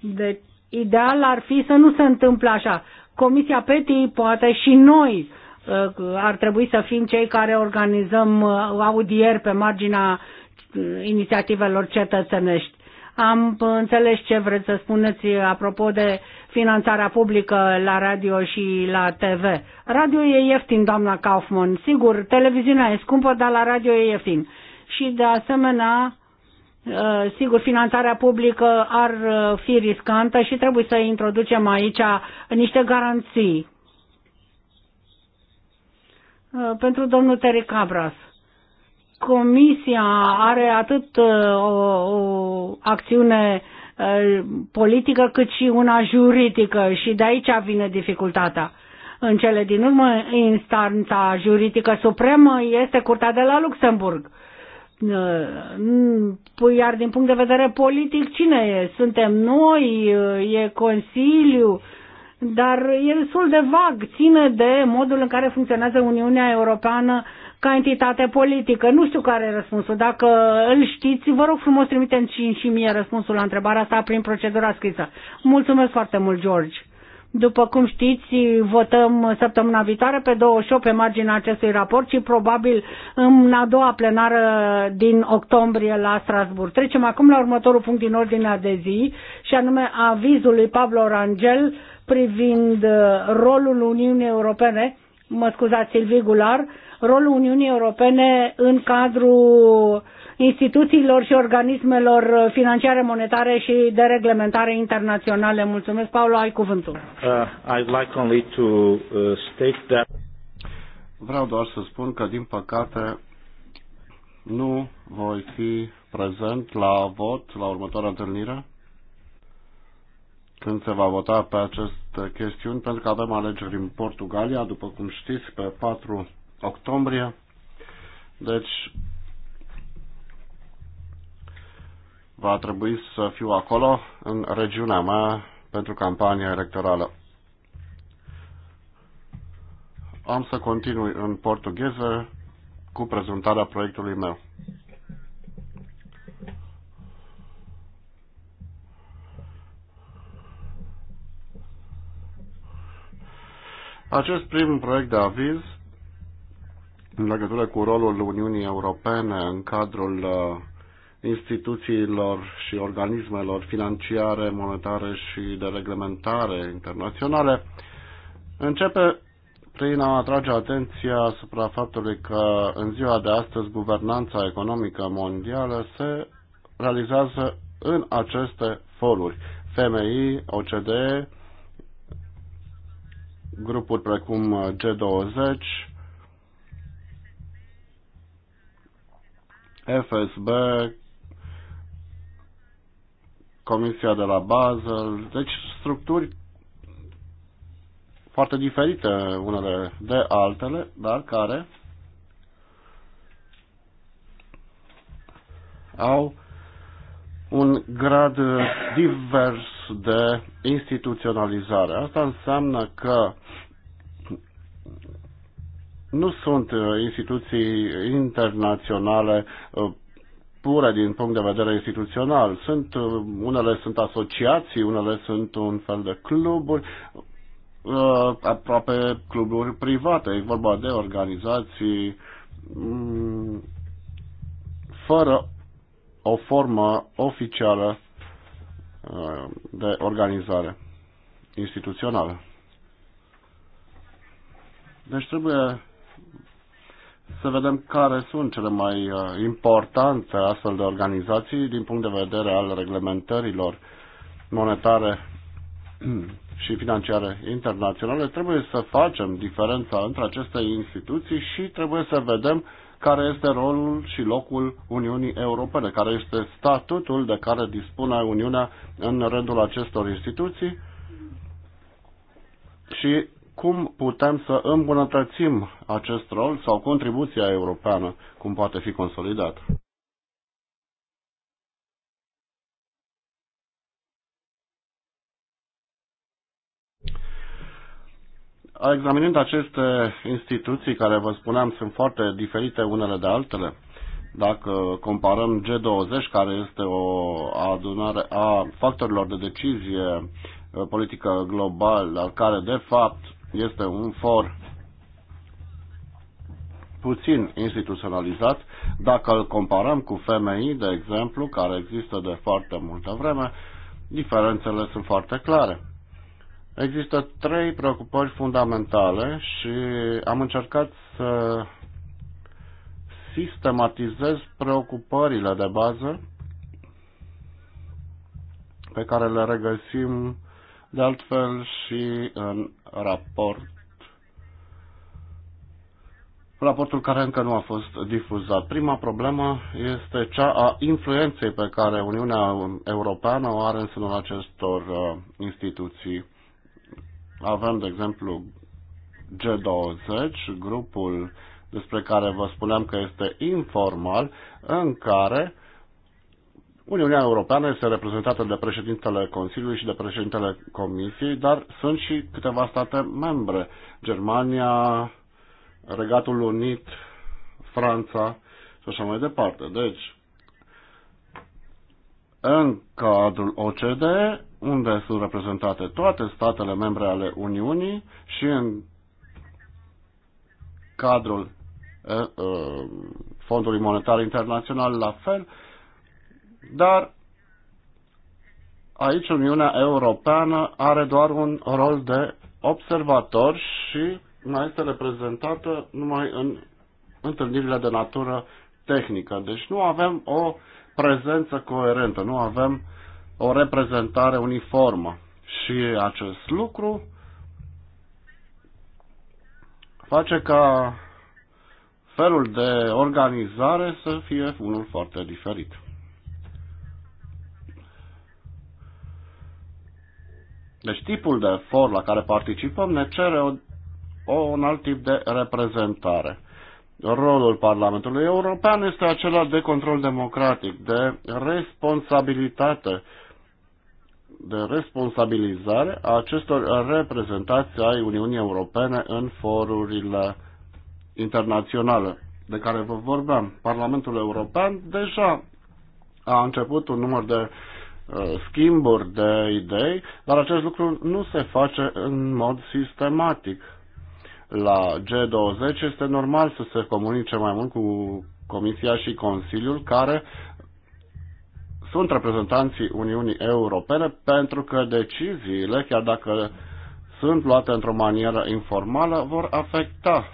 Deci, ideal ar fi să nu se întâmple așa. Comisia PETI poate și noi Uh, ar trebui să fim cei care organizăm uh, audieri pe marginea uh, inițiativelor cetățenești. Am înțeles ce vreți să spuneți apropo de finanțarea publică la radio și la TV. Radio e ieftin, doamna Kaufman. Sigur, televiziunea e scumpă, dar la radio e ieftin. Și de asemenea, sigur, finanțarea publică ar fi riscantă și trebuie să introducem aici niște garanții. Uh, pentru domnul Terry Cabras. Comisia are atât uh, o, o acțiune uh, politică cât și una juridică și de aici vine dificultatea. În cele din urmă, instanța juridică supremă este Curtea de la Luxemburg. Păi iar din punct de vedere politic, cine e? Suntem noi, e Consiliu, dar e destul de vag, ține de modul în care funcționează Uniunea Europeană ca entitate politică. Nu știu care e răspunsul. Dacă îl știți, vă rog frumos trimiteți și, mie răspunsul la întrebarea asta prin procedura scrisă. Mulțumesc foarte mult, George. După cum știți, votăm săptămâna viitoare pe 28 pe marginea acestui raport și probabil în a doua plenară din octombrie la Strasburg. Trecem acum la următorul punct din ordinea de zi și anume avizul lui Pablo Rangel privind uh, rolul Uniunii Europene, mă scuzați, Silvii Gular, rolul Uniunii Europene în cadrul instituțiilor și organismelor financiare, monetare și de reglementare internaționale. Mulțumesc, Paolo, ai cuvântul. Uh, I'd like only to uh, state that... Vreau doar să spun că, din păcate, nu voi fi prezent la vot, la următoarea întâlnire când se va vota pe aceste chestiuni, pentru că avem alegeri în Portugalia, după cum știți, pe 4 octombrie. Deci, va trebui să fiu acolo, în regiunea mea, pentru campania electorală. Am să continui în portugheză cu prezentarea proiectului meu. Acest prim proiect de aviz în legătură cu rolul Uniunii Europene în cadrul uh, instituțiilor și organismelor financiare, monetare și de reglementare internaționale, începe prin a atrage atenția asupra faptului că în ziua de astăzi guvernanța economică mondială se realizează în aceste foruri. FMI, OCDE, grupuri precum uh, G20, FSB, Comisia de la Basel, deci structuri foarte diferite unele de altele, dar care au un grad divers de instituționalizare. Asta înseamnă că nu sunt uh, instituții internaționale uh, pure din punct de vedere instituțional. Sunt, uh, unele sunt asociații, unele sunt un fel de cluburi, aproape cluburi private. E vorba de organizații mm, fără o formă oficială de organizare instituțională. Deci trebuie să vedem care sunt cele mai uh, importante astfel de organizații din punct de vedere al reglementărilor monetare și financiare internaționale. Trebuie să facem diferența între aceste instituții și trebuie să vedem uh, care este rolul și locul Uniunii Europene, care este statutul de care dispune Uniunea în rândul acestor instituții și cum putem să îmbunătățim acest rol sau contribuția europeană, cum poate fi consolidată? Examinând aceste instituții care, vă spuneam, sunt foarte diferite unele de altele, dacă comparăm G20, care este o adunare a factorilor de decizie uh, politică globală, care de fapt este un for puțin instituționalizat, dacă îl comparăm cu FMI, de exemplu, care există de foarte multă vreme, diferențele sunt foarte clare. Există trei preocupări fundamentale și am încercat să sistematizez preocupările de bază pe care le regăsim de altfel și în raport raportul care încă nu a fost difuzat. Prima problemă este cea a influenței pe care Uniunea Europeană o are în sânul acestor uh, instituții avem, de exemplu, G20, grupul despre care vă spuneam că este informal, în care Uniunea Europeană este reprezentată de președintele Consiliului și de președintele Comisiei, dar sunt și câteva state membre. Germania, Regatul Unit, Franța și așa mai departe. Deci, în cadrul OCDE unde sunt reprezentate toate statele membre ale Uniunii și în cadrul Fondului Monetar Internațional la fel, dar aici Uniunea Europeană are doar un rol de observator și mai este reprezentată numai în întâlnirile de natură tehnică. Deci nu avem o prezență coerentă, nu avem uh, o reprezentare uniformă. Și acest lucru face ca felul de organizare să fie unul foarte diferit. Deci tipul de for la care participăm ne cere o, o, un alt tip de reprezentare. Rolul Parlamentului European este acela de control democratic, de responsabilitate de responsabilizare a acestor reprezentații ai Uniunii Europene în forurile internaționale de care vă vorbeam. Parlamentul European deja a început un număr de uh, schimburi de idei, dar acest lucru nu se face în mod sistematic. La G20 este normal să se comunice mai mult cu Comisia și Consiliul, care sunt reprezentanții Uniunii Europene pentru că deciziile, chiar dacă sunt luate într-o manieră informală, vor afecta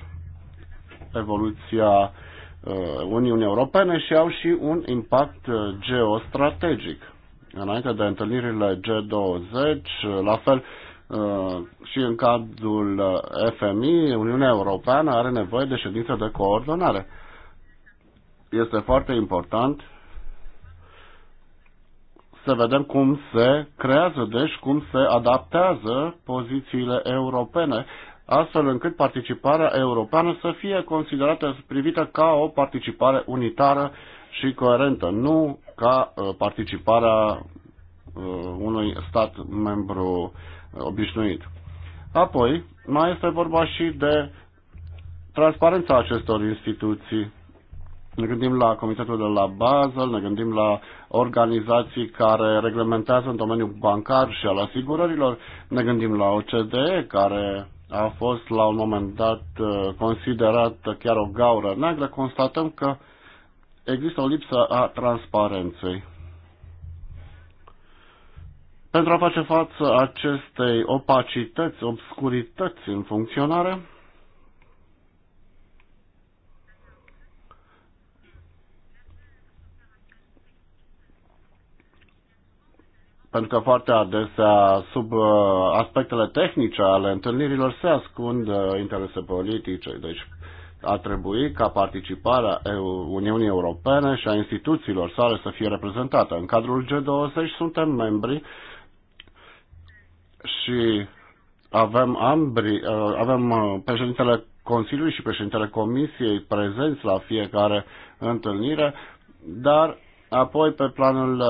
evoluția uh, Uniunii Europene și au și un impact uh, geostrategic. Înainte de întâlnirile G20, la fel uh, și în cadrul FMI, Uniunea Europeană are nevoie de ședință de coordonare. Este foarte important să vedem cum se creează, deci cum se adaptează pozițiile europene, astfel încât participarea europeană să fie considerată, privită ca o participare unitară și coerentă, nu ca uh, participarea uh, unui stat membru uh, obișnuit. Apoi, mai este vorba și de transparența acestor instituții. Ne gândim la comitetul de la Basel, ne gândim la organizații care reglementează în domeniul bancar și al asigurărilor, ne gândim la OCDE, care a fost la un moment dat uh, considerat chiar o gaură neagră, constatăm că există o lipsă a transparenței. Pentru a face față acestei opacități, obscurități în funcționare, pentru că foarte adesea sub uh, aspectele tehnice ale întâlnirilor se ascund uh, interese politice. Deci a trebui ca participarea Uniunii Europene și a instituțiilor sale să fie reprezentată. În cadrul G20 suntem membri și avem ambri, uh, avem președintele Consiliului și președintele Comisiei prezenți la fiecare întâlnire, dar apoi pe planul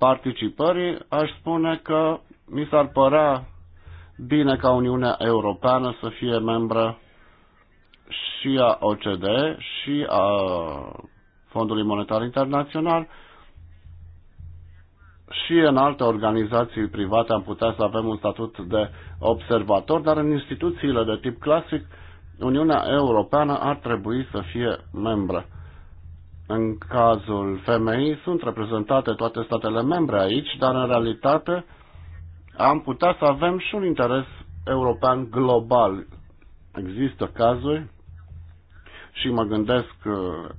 participării, aș spune că mi s-ar părea bine ca Uniunea Europeană să fie membră și a OCDE și a Fondului Monetar Internațional și în alte organizații private am putea să avem un statut de observator, dar în instituțiile de tip clasic Uniunea Europeană ar trebui să fie membră. În cazul femeii sunt reprezentate toate statele membre aici, dar în realitate am putea să avem și un interes european global. Există cazuri și mă gândesc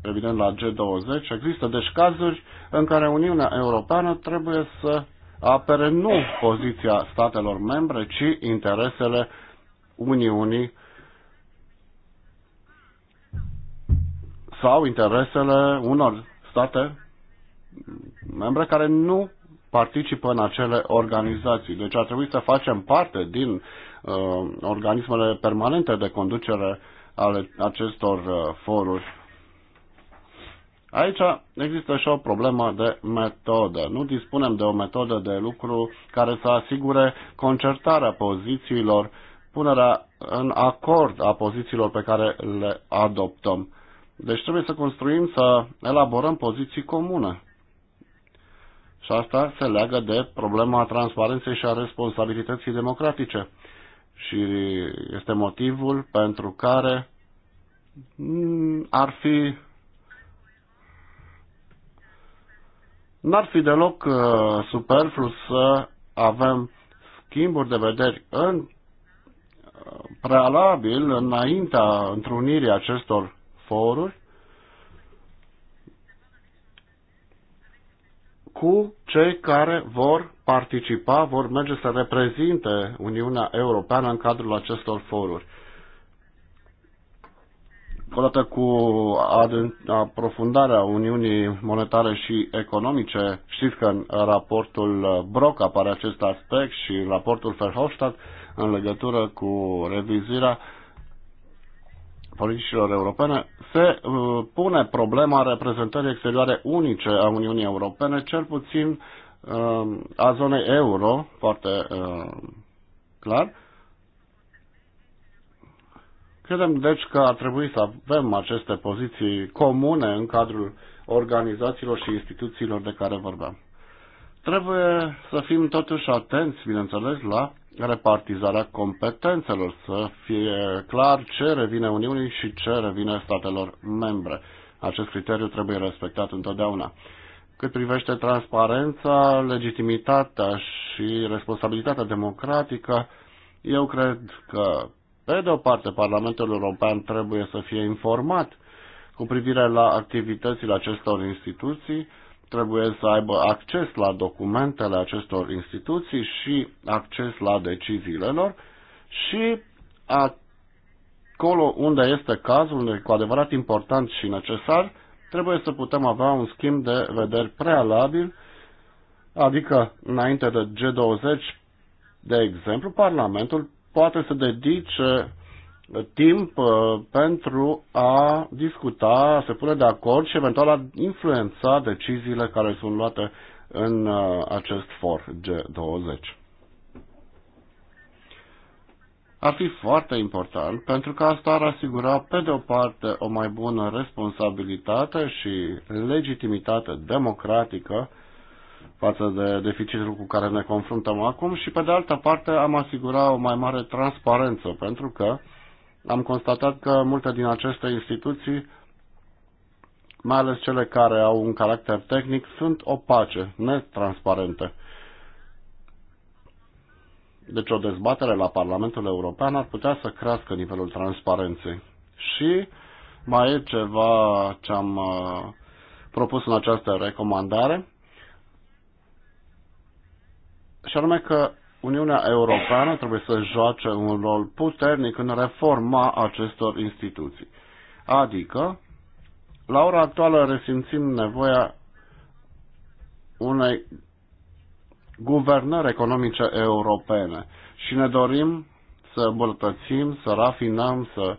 evident la G20, există deci cazuri în care Uniunea Europeană trebuie să apere nu poziția statelor membre, ci interesele Uniunii sau interesele unor state membre care nu participă în acele organizații. Deci ar trebui să facem parte din uh, organismele permanente de conducere ale acestor uh, foruri. Aici există și o problemă de metodă. Nu dispunem de o metodă de lucru care să asigure concertarea pozițiilor, punerea în acord a pozițiilor pe care le adoptăm. Deci trebuie să construim, să elaborăm poziții comune. Și asta se leagă de problema transparenței și a responsabilității democratice. Și este motivul pentru care ar fi n-ar fi deloc uh, superflu să avem schimburi de vederi în uh, prealabil înaintea întrunirii acestor foruri cu cei care vor participa, vor merge să reprezinte Uniunea Europeană în cadrul acestor foruri. Odată cu aprofundarea Uniunii Monetare și Economice, știți că în raportul Brock apare acest aspect și în raportul Verhofstadt în legătură cu revizirea uh, politicilor europene, se uh, pune problema reprezentării exterioare unice a Uniunii Europene, cel puțin uh, a zonei euro, foarte uh, clar. Credem, deci, că ar trebui să avem aceste poziții comune în cadrul organizațiilor și instituțiilor de care vorbeam. Trebuie să fim totuși atenți, bineînțeles, la repartizarea competențelor, să fie clar ce revine Uniunii și ce revine statelor membre. Acest criteriu trebuie respectat întotdeauna. Cât privește transparența, legitimitatea și responsabilitatea democratică, eu cred că, pe de o parte, Parlamentul European trebuie să fie informat cu privire la activitățile acestor instituții, trebuie să aibă acces la documentele acestor instituții și acces la deciziile lor și acolo unde este cazul cu adevărat important și necesar, trebuie să putem avea un schimb de vederi prealabil, adică înainte de G20, de exemplu, Parlamentul poate să dedice timp uh, pentru a discuta, a se pune de acord și eventual a influența deciziile care sunt luate în uh, acest for G20. Ar fi foarte important pentru că asta ar asigura, pe de o parte, o mai bună responsabilitate și legitimitate democratică față de deficitul cu care ne confruntăm acum și, pe de altă parte, am asigura o mai mare transparență pentru că uh, am constatat că multe din aceste instituții, mai ales cele care au un caracter tehnic, sunt opace, netransparente. Deci o dezbatere la Parlamentul European ar putea să crească nivelul transparenței. Și mai e ceva ce am uh, propus în această recomandare, și anume că Uniunea Europeană trebuie să joace un rol puternic în reforma acestor instituții. Adică, la ora actuală resimțim nevoia unei guvernări economice europene și ne dorim să îmbunătățim, să rafinăm, să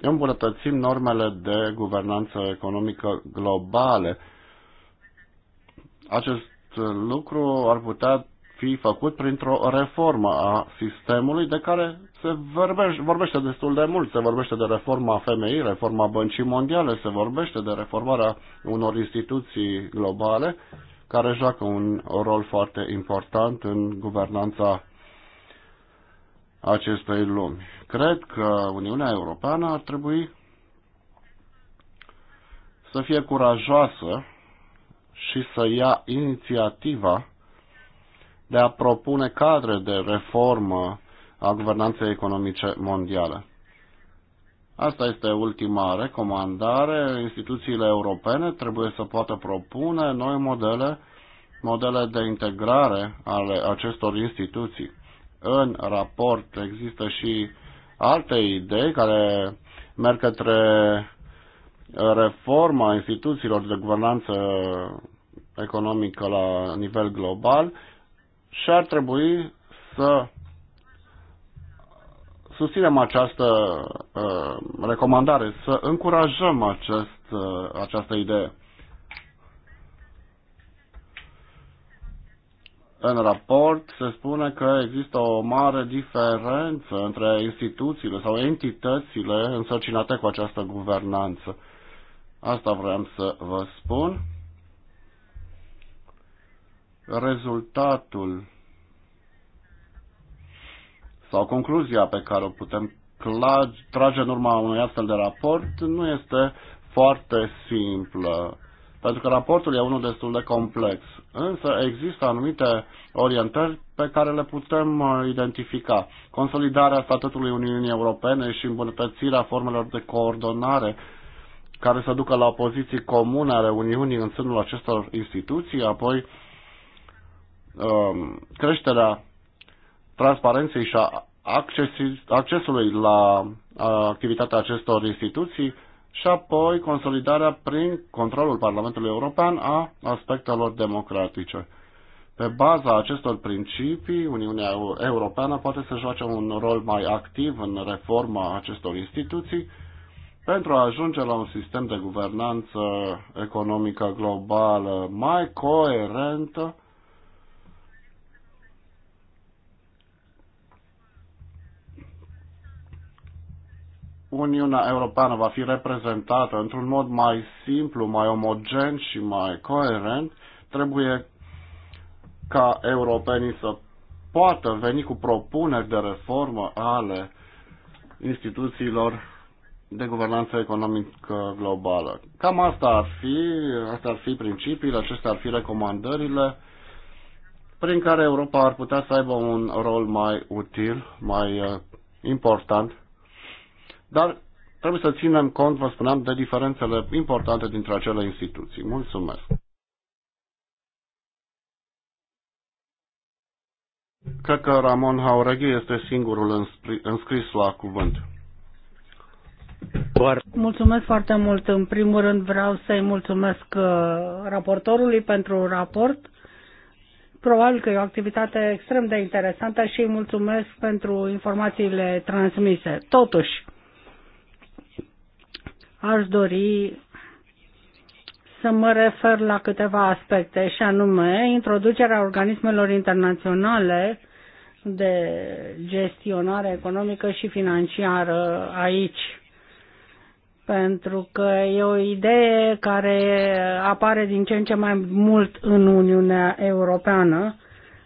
îmbunătățim normele de guvernanță economică globale acest lucru ar putea fi făcut printr-o reformă a sistemului de care se vorbește, vorbește destul de mult. Se vorbește de reforma FMI, reforma Băncii Mondiale, se vorbește de reformarea unor instituții globale care joacă un rol foarte important în guvernanța acestei lumi. Cred că Uniunea Europeană ar trebui să fie curajoasă și să ia inițiativa de a propune cadre de reformă a guvernanței economice mondiale. Asta este ultima recomandare. Instituțiile europene trebuie să poată propune noi modele, modele de integrare ale acestor instituții. În raport există și alte idei care merg către reforma instituțiilor de guvernanță economică la nivel global și ar trebui să susținem această uh, recomandare, să încurajăm acest, uh, această idee. În raport se spune că există o mare diferență între instituțiile sau entitățile însărcinate cu această guvernanță. Asta vreau să vă spun. Rezultatul sau concluzia pe care o putem trage în urma unui astfel de raport nu este foarte simplă, pentru că raportul e unul destul de complex. Însă există anumite orientări pe care le putem uh, identifica. Consolidarea statutului Uniunii Europene și îmbunătățirea formelor de coordonare care să ducă la poziții comune ale Uniunii în sânul acestor instituții, apoi um, creșterea transparenței și a accesului la activitatea acestor instituții și apoi consolidarea prin controlul Parlamentului European a aspectelor democratice. Pe baza acestor principii, Uniunea Europeană poate să joace un rol mai activ în reforma acestor instituții pentru a ajunge la un sistem de guvernanță economică globală mai coerentă Uniunea Europeană va fi reprezentată într-un mod mai simplu, mai omogen și mai coerent, trebuie ca europenii să poată veni cu propuneri de reformă ale instituțiilor de guvernanță economică globală. Cam asta ar fi, astea ar fi principiile, acestea ar fi recomandările prin care Europa ar putea să aibă un rol mai util, mai uh, important, dar trebuie să ținem cont, vă spuneam, de diferențele importante dintre acele instituții. Mulțumesc! Cred că Ramon Haureghi este singurul înscris la cuvânt. Mulțumesc foarte mult. În primul rând vreau să-i mulțumesc uh, raportorului pentru raport. Probabil că e o activitate extrem de interesantă și îi mulțumesc pentru informațiile transmise. Totuși, aș dori să mă refer la câteva aspecte, și anume introducerea organismelor internaționale de gestionare economică și financiară aici pentru că e o idee care apare din ce în ce mai mult în Uniunea Europeană,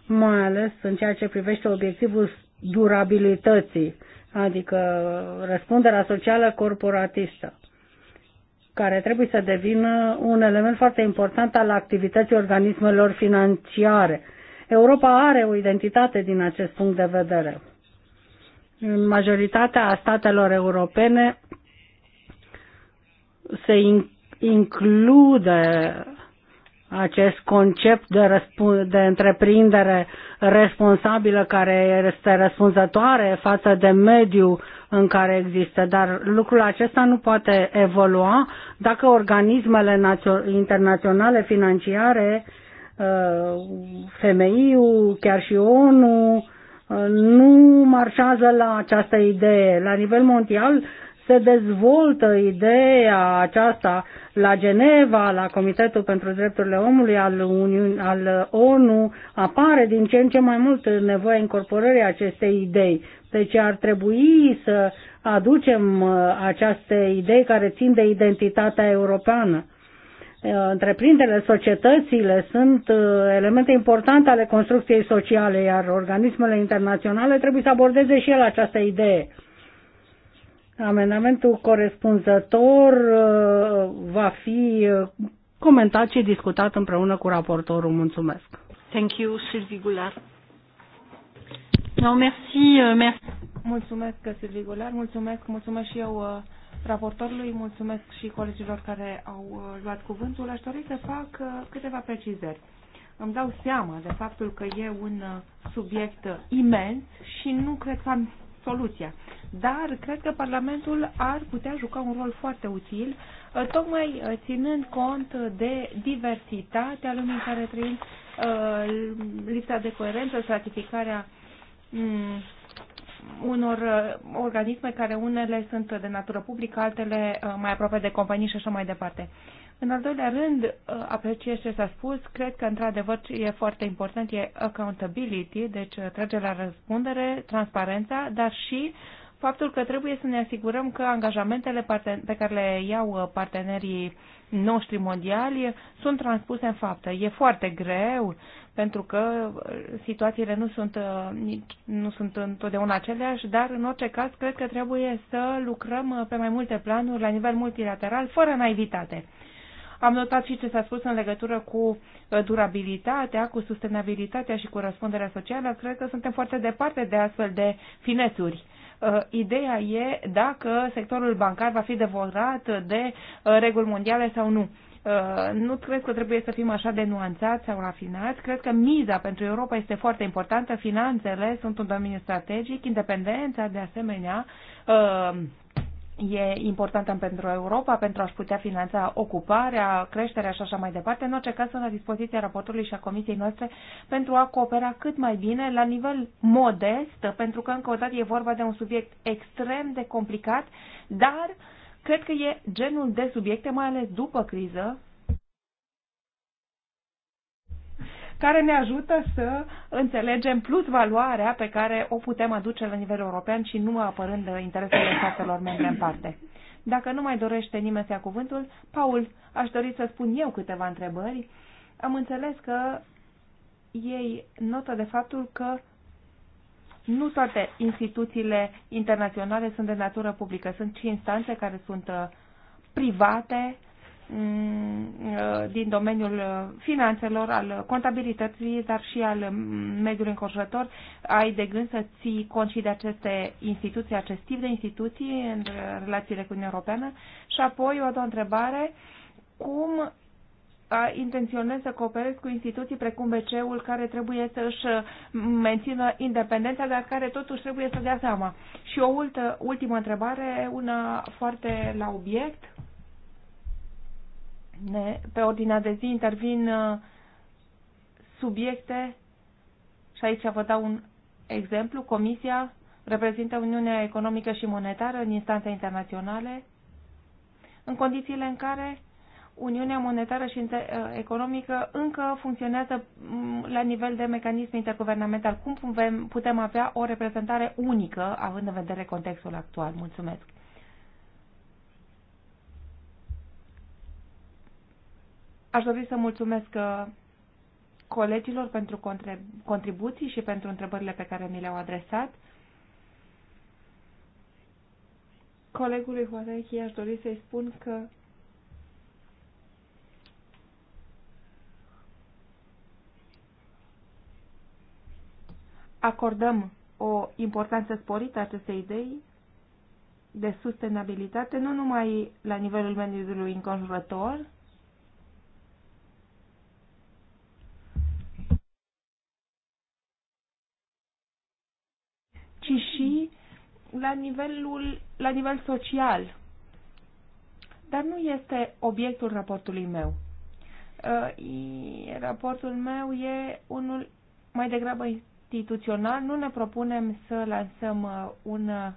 mai ales în ceea ce privește obiectivul durabilității, adică răspunderea socială corporatistă, care trebuie să devină un element foarte important al activității organismelor financiare. Europa are o identitate din acest punct de vedere. În majoritatea statelor europene se include acest concept de, de întreprindere responsabilă care este răspunzătoare față de mediu în care există, dar lucrul acesta nu poate evolua dacă organismele internaționale financiare, uh, FMI-ul, chiar și ONU, uh, nu marșează la această idee. La nivel mondial, se dezvoltă ideea aceasta la Geneva, la Comitetul pentru Drepturile Omului al, Uniun, al ONU, apare din ce în ce mai mult nevoia incorporării acestei idei. Deci ar trebui să aducem uh, aceste idei care țin de identitatea europeană. Uh, întreprinderile, societățile sunt uh, elemente importante ale construcției sociale, iar organismele internaționale trebuie să abordeze și el această idee Amendamentul corespunzător uh, va fi uh, comentat și discutat împreună cu raportorul. Mulțumesc. Thank you, Sylvie Goulart. No, merci, euh, merci. Mulțumesc, Sylvie Goulart. Mulțumesc, mulțumesc și eu uh, raportorului, mulțumesc și colegilor care au luat cuvântul. Aș dori să fac câteva precizări. Îmi dau seama de faptul că e un subiect imens și nu cred că am soluția. Dar cred că Parlamentul ar putea juca un rol foarte util, uh, tocmai uh, ținând cont de diversitatea lumii în care trăim, uh, lipsa de coerență, stratificarea mm, unor organisme care unele sunt de natură publică, altele mai aproape de companii și așa mai departe. În al doilea rând, uh, apreciez ce s-a spus, cred că într-adevăr e foarte important, e accountability, deci uh, trage la răspundere, transparența, dar și faptul că trebuie să ne asigurăm că angajamentele pe care le iau uh, partenerii noștri mondiali sunt transpuse în faptă. E foarte greu pentru că situațiile nu sunt, nu sunt întotdeauna aceleași, dar în orice caz cred că trebuie să lucrăm pe mai multe planuri la nivel multilateral, fără naivitate. Am notat și ce s-a spus în legătură cu uh, durabilitatea, cu sustenabilitatea și cu răspunderea socială. Cred că suntem foarte departe de astfel de finețuri. Uh, ideea e dacă sectorul bancar va fi devorat de uh, reguli mondiale sau nu nu cred că trebuie să fim așa de nuanțați sau rafinați. Cred că miza pentru Europa este foarte importantă. Finanțele sunt un domeniu strategic, independența de asemenea e importantă pentru Europa, pentru a-și putea finanța ocuparea, creșterea și așa mai departe. În orice caz, sunt la dispoziția raportului și a comisiei noastre pentru a coopera cât mai bine, la nivel modest, pentru că, încă o dată, e vorba de un subiect extrem de complicat, dar cred că e genul de subiecte, mai ales după criză, care ne ajută să înțelegem plus valoarea pe care o putem aduce la nivel european și nu apărând interesele statelor membre în parte. Dacă nu mai dorește nimeni să ia cuvântul, Paul, aș dori să spun eu câteva întrebări. Am înțeles că ei notă de faptul că nu toate instituțiile internaționale sunt de natură publică. Sunt și instanțe care sunt uh, private, Mm, uh, din domeniul uh, finanțelor, al contabilității, dar și al mm, mediului înconjurător, ai de gând să ții cont și de aceste instituții, acest tip de instituții în relațiile cu Uniunea Europeană? Și apoi o întrebare, cum intenționez să cooperez cu instituții precum BC-ul, care trebuie să își mm, mențină independența, dar care totuși trebuie să dea seama. Și o ultă, ultimă întrebare, una foarte la obiect ne, pe ordinea de zi intervin uh, subiecte și aici vă dau un exemplu. Comisia reprezintă Uniunea Economică și Monetară în instanțe internaționale, în condițiile în care Uniunea Monetară și uh, Economică încă funcționează mm, la nivel de mecanism interguvernamental. Cum putem avea o reprezentare unică, având în vedere contextul actual? Mulțumesc! Aș dori să mulțumesc uh, colegilor pentru contribuții și pentru întrebările pe care mi le-au adresat. Colegului Hoarehi aș dori să-i spun că acordăm o importanță sporită acestei idei de sustenabilitate, nu numai la nivelul mediului înconjurător, la nivelul, la nivel social. Dar nu este obiectul raportului meu. Uh, raportul meu e unul mai degrabă instituțional. Nu ne propunem să lansăm uh, un uh,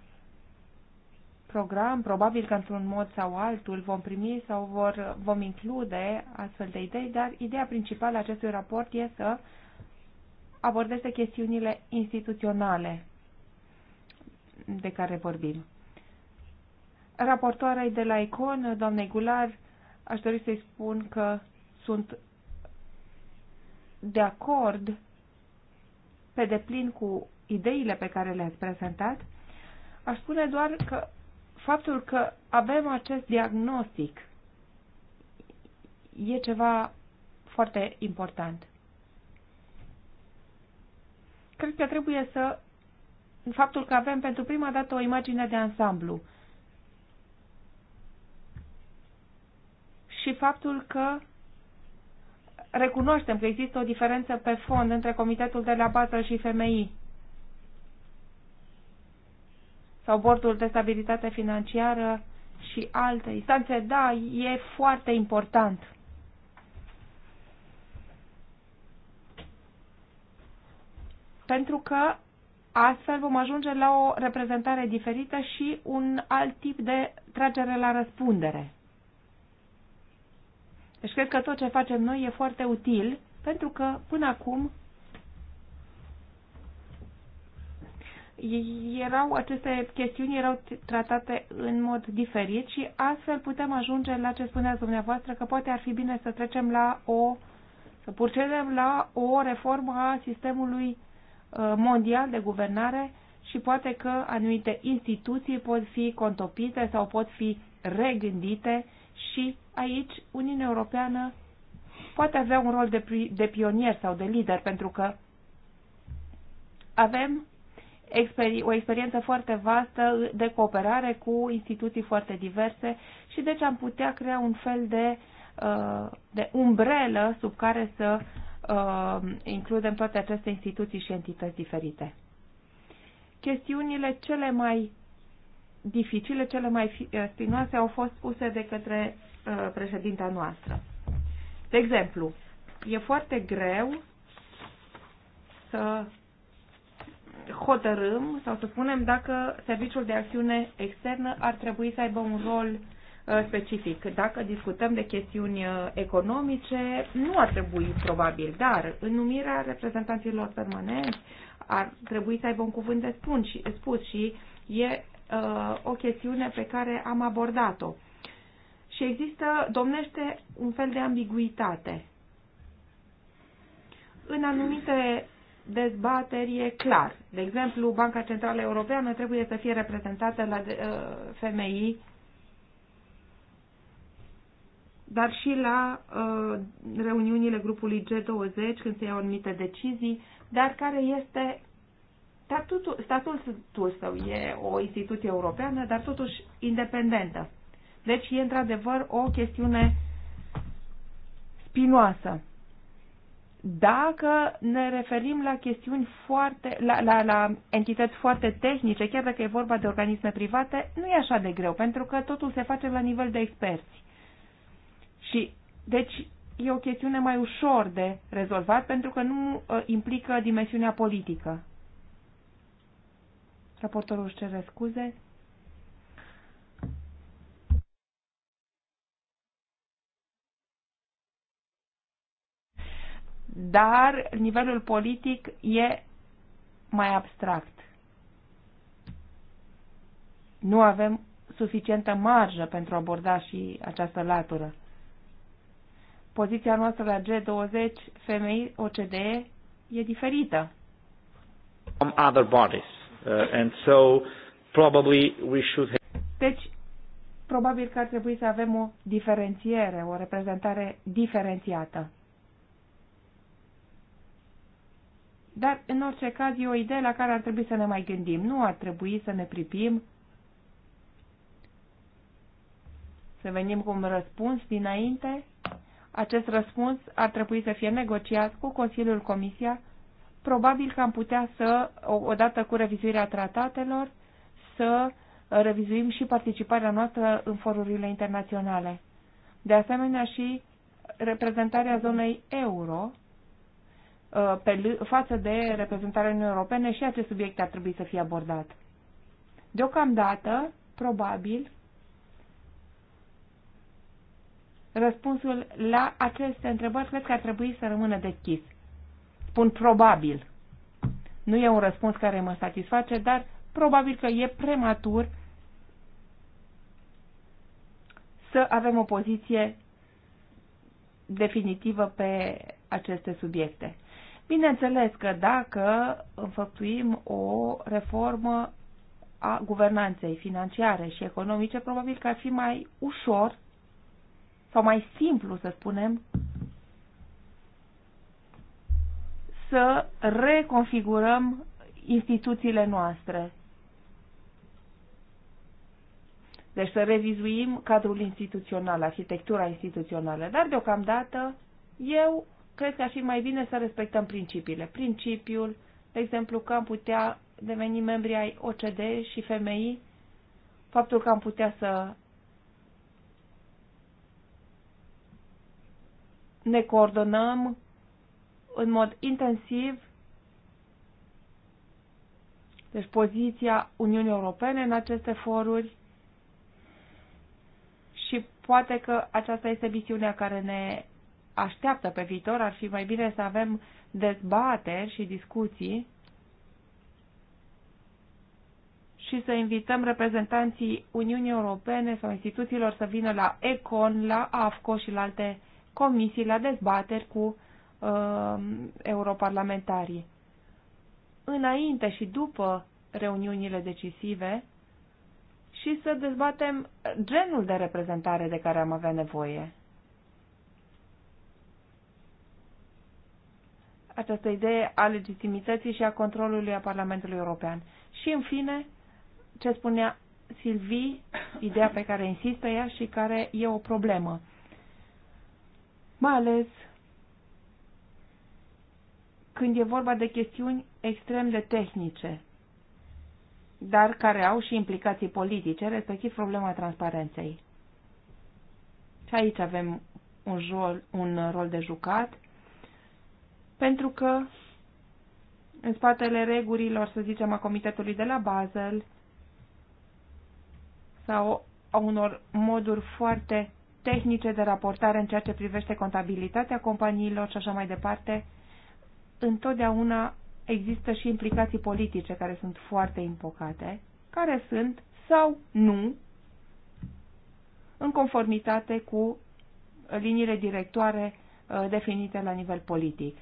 program, probabil că într-un mod sau altul vom primi sau vor, vom include astfel de idei, dar ideea principală a acestui raport e să abordeze chestiunile instituționale de care vorbim. Raportoarei de la ICON, doamnei Gular, aș dori să-i spun că sunt de acord pe deplin cu ideile pe care le-ați prezentat. Aș spune doar că faptul că avem acest diagnostic e ceva foarte important. Cred că trebuie să faptul că avem pentru prima dată o imagine de ansamblu și faptul că recunoaștem că există o diferență pe fond între comitetul de la bază și FMI sau bordul de stabilitate financiară și alte instanțe, da, e foarte important. Pentru că Astfel vom ajunge la o reprezentare diferită și un alt tip de tragere la răspundere. Deci cred că tot ce facem noi e foarte util, pentru că până acum erau aceste chestiuni erau tratate în mod diferit și astfel putem ajunge la ce spuneați dumneavoastră că poate ar fi bine să trecem la o să purcedem la o reformă a sistemului Uh, mondial de guvernare și poate că anumite instituții pot fi contopite sau pot fi regândite și aici Uniunea Europeană poate avea un rol de, de pionier sau de lider pentru că avem experi o experiență foarte vastă de cooperare cu instituții foarte diverse și deci am putea crea un fel de, uh, de umbrelă sub care să uh, includem toate aceste instituții și entități diferite. Chestiunile cele mai dificile, cele mai uh, spinoase au fost puse de către uh, președinta noastră. De exemplu, e foarte greu să hotărâm sau să spunem dacă serviciul de acțiune externă ar trebui să aibă un rol uh, Uh, specific. Dacă discutăm de chestiuni uh, economice, nu ar trebui, probabil, dar în numirea reprezentanților permanenți ar trebui să aibă un cuvânt de spun și, spus și e uh, o chestiune pe care am abordat-o. Și există, domnește, un fel de ambiguitate. În anumite dezbateri e clar. De exemplu, Banca Centrală Europeană trebuie să fie reprezentată la uh, FMI dar și la uh, reuniunile grupului G20 când se iau anumite decizii, dar care este statutul, statutul său. E o instituție europeană, dar totuși independentă. Deci e într-adevăr o chestiune spinoasă. Dacă ne referim la chestiuni foarte, la, la, la entități foarte tehnice, chiar dacă e vorba de organisme private, nu e așa de greu, pentru că totul se face la nivel de experți și, deci, e o chestiune mai ușor de rezolvat pentru că nu ă, implică dimensiunea politică. Raportorul își cere scuze. Dar nivelul politic e mai abstract. Nu avem suficientă marjă pentru a aborda și această latură poziția noastră la G20, femei, OCDE, e diferită. From other bodies. Uh, and so probably we should have... Deci, probabil că ar trebui să avem o diferențiere, o reprezentare diferențiată. Dar, în orice caz, e o idee la care ar trebui să ne mai gândim. Nu ar trebui să ne pripim, să venim cu un răspuns dinainte, acest răspuns ar trebui să fie negociat cu Consiliul Comisia. Probabil că am putea să, odată cu revizuirea tratatelor, să uh, revizuim și participarea noastră în forurile internaționale. De asemenea și reprezentarea zonei euro uh, pe, față de reprezentarea Uniunii Europene și acest subiect ar trebui să fie abordat. Deocamdată, probabil, răspunsul la aceste întrebări cred că ar trebui să rămână deschis. Spun probabil. Nu e un răspuns care mă satisface, dar probabil că e prematur să avem o poziție definitivă pe aceste subiecte. Bineînțeles că dacă înfăptuim o reformă a guvernanței financiare și economice, probabil că ar fi mai ușor sau mai simplu, să spunem, să reconfigurăm instituțiile noastre. Deci să revizuim cadrul instituțional, arhitectura instituțională. Dar deocamdată eu cred că ar fi mai bine să respectăm principiile. Principiul, de exemplu, că am putea deveni membri ai OCD și femei, faptul că am putea să ne coordonăm în mod intensiv deci poziția Uniunii Europene în aceste foruri și poate că aceasta este misiunea care ne așteaptă pe viitor. Ar fi mai bine să avem dezbateri și discuții și să invităm reprezentanții Uniunii Europene sau instituțiilor să vină la ECON, la AFCO și la alte comisii, la dezbateri cu uh, europarlamentarii. Înainte și după reuniunile decisive și să dezbatem genul de reprezentare de care am avea nevoie. Această idee a legitimității și a controlului a Parlamentului European. Și, în fine, ce spunea Silvi, ideea pe care insistă ea și care e o problemă mai ales când e vorba de chestiuni extrem de tehnice, dar care au și implicații politice, respectiv problema transparenței. Și aici avem un, rol, un rol de jucat, pentru că în spatele regulilor, să zicem, a comitetului de la Basel sau a unor moduri foarte tehnice de raportare în ceea ce privește contabilitatea companiilor și așa mai departe, întotdeauna există și implicații politice care sunt foarte impocate, care sunt sau nu în conformitate cu liniile directoare uh, definite la nivel politic.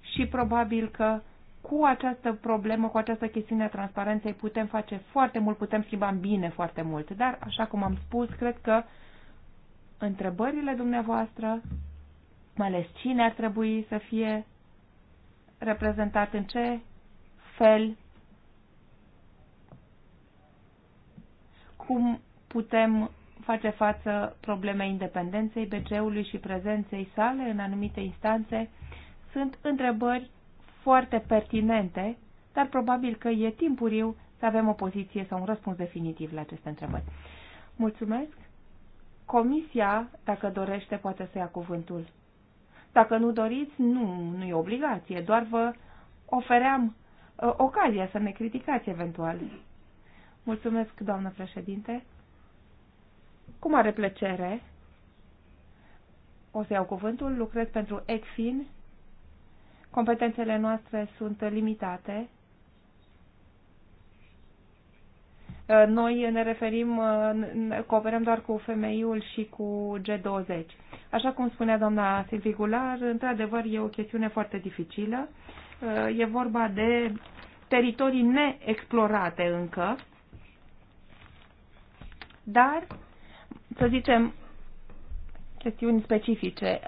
Și probabil că cu această problemă, cu această chestiune a transparenței putem face foarte mult, putem schimba în bine foarte mult, dar, așa cum am spus, cred că uh, întrebările dumneavoastră, mai ales cine ar trebui să fie reprezentat în ce fel, cum putem face față problemei independenței BC-ului și prezenței sale în anumite instanțe, sunt întrebări foarte pertinente, dar probabil că e timpuriu să avem o poziție sau un răspuns definitiv la aceste întrebări. Mulțumesc! Comisia, dacă dorește, poate să ia cuvântul. Dacă nu doriți, nu, nu e obligație, doar vă ofeream uh, ocazia să ne criticați eventual. Mulțumesc, doamnă președinte. Cu mare plăcere. O să iau cuvântul, lucrez pentru ECFIN. Competențele noastre sunt limitate Uh, noi ne referim, uh, cooperăm doar cu femeiul și cu G20. Așa cum spunea doamna Silvi Gular, într-adevăr e o chestiune foarte dificilă. Uh, e vorba de teritorii neexplorate încă, dar, să zicem, chestiuni specifice.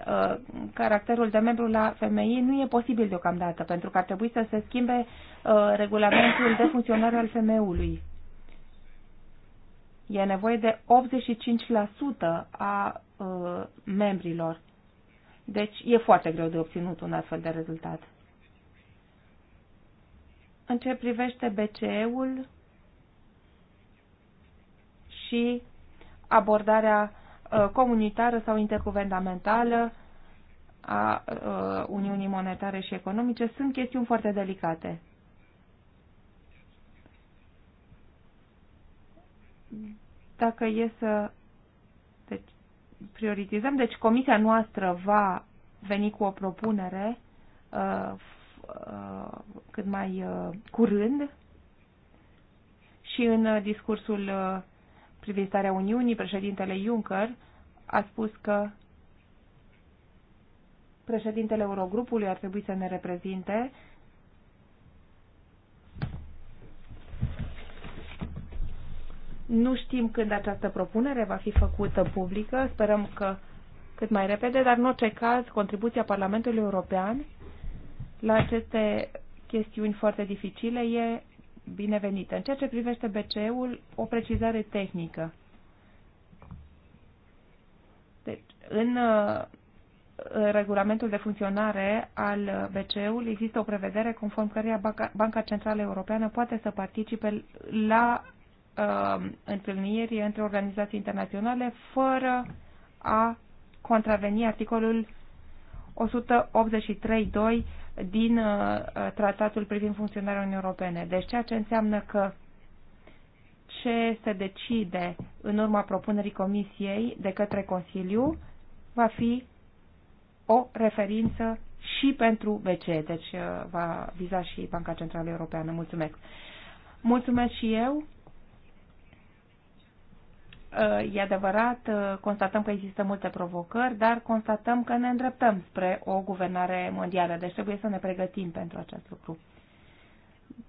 Caracterul de membru la femeie nu e posibil deocamdată, pentru că ar trebui să se schimbe regulamentul de funcționare al femeului. E nevoie de 85% a uh, membrilor. Deci e foarte greu de obținut un astfel de rezultat. În ce privește BCE-ul și abordarea uh, comunitară sau interguvernamentală a uh, Uniunii Monetare și Economice, sunt chestiuni foarte delicate. Dacă e să deci, prioritizăm, deci comisia noastră va veni cu o propunere uh, uh, cât mai uh, curând și în uh, discursul uh, privind starea Uniunii, președintele Juncker a spus că președintele Eurogrupului ar trebui să ne reprezinte Nu știm când această propunere va fi făcută publică, sperăm că cât mai repede, dar în orice caz, contribuția Parlamentului European la aceste chestiuni foarte dificile e binevenită. În ceea ce privește BCE-ul, o precizare tehnică. Deci, în regulamentul de funcționare al BCE-ului există o prevedere conform căreia Banca Centrală Europeană poate să participe la uh, întâlniri între organizații internaționale fără a contraveni articolul 183.2 din uh, tratatul privind funcționarea Uniunii Europene. Deci ceea ce înseamnă că ce se decide în urma propunerii Comisiei de către Consiliu va fi o referință și pentru BCE, deci uh, va viza și Banca Centrală Europeană. Mulțumesc! Mulțumesc și eu! E adevărat, uh, constatăm că există multe provocări, dar constatăm că ne îndreptăm spre o guvernare mondială, deci trebuie să ne pregătim pentru acest lucru.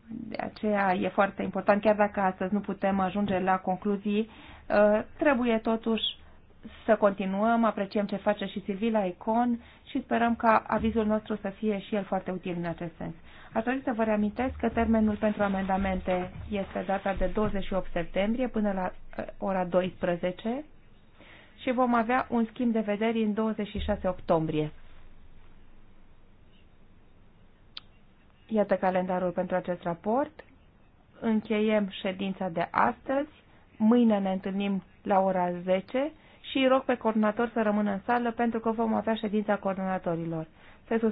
De aceea e foarte important, chiar dacă astăzi nu putem ajunge la concluzii, uh, trebuie totuși să continuăm, apreciem ce face și Silvi la Econ și sperăm ca avizul nostru să fie și el foarte util în acest sens. Aș dori să vă reamintesc că termenul pentru amendamente este data de 28 septembrie până la uh, ora 12 și vom avea un schimb de vederi în 26 octombrie. Iată calendarul pentru acest raport. Încheiem ședința de astăzi. Mâine ne întâlnim la ora 10 și îi rog pe coordonator să rămână în sală pentru că vom avea ședința coordonatorilor. Se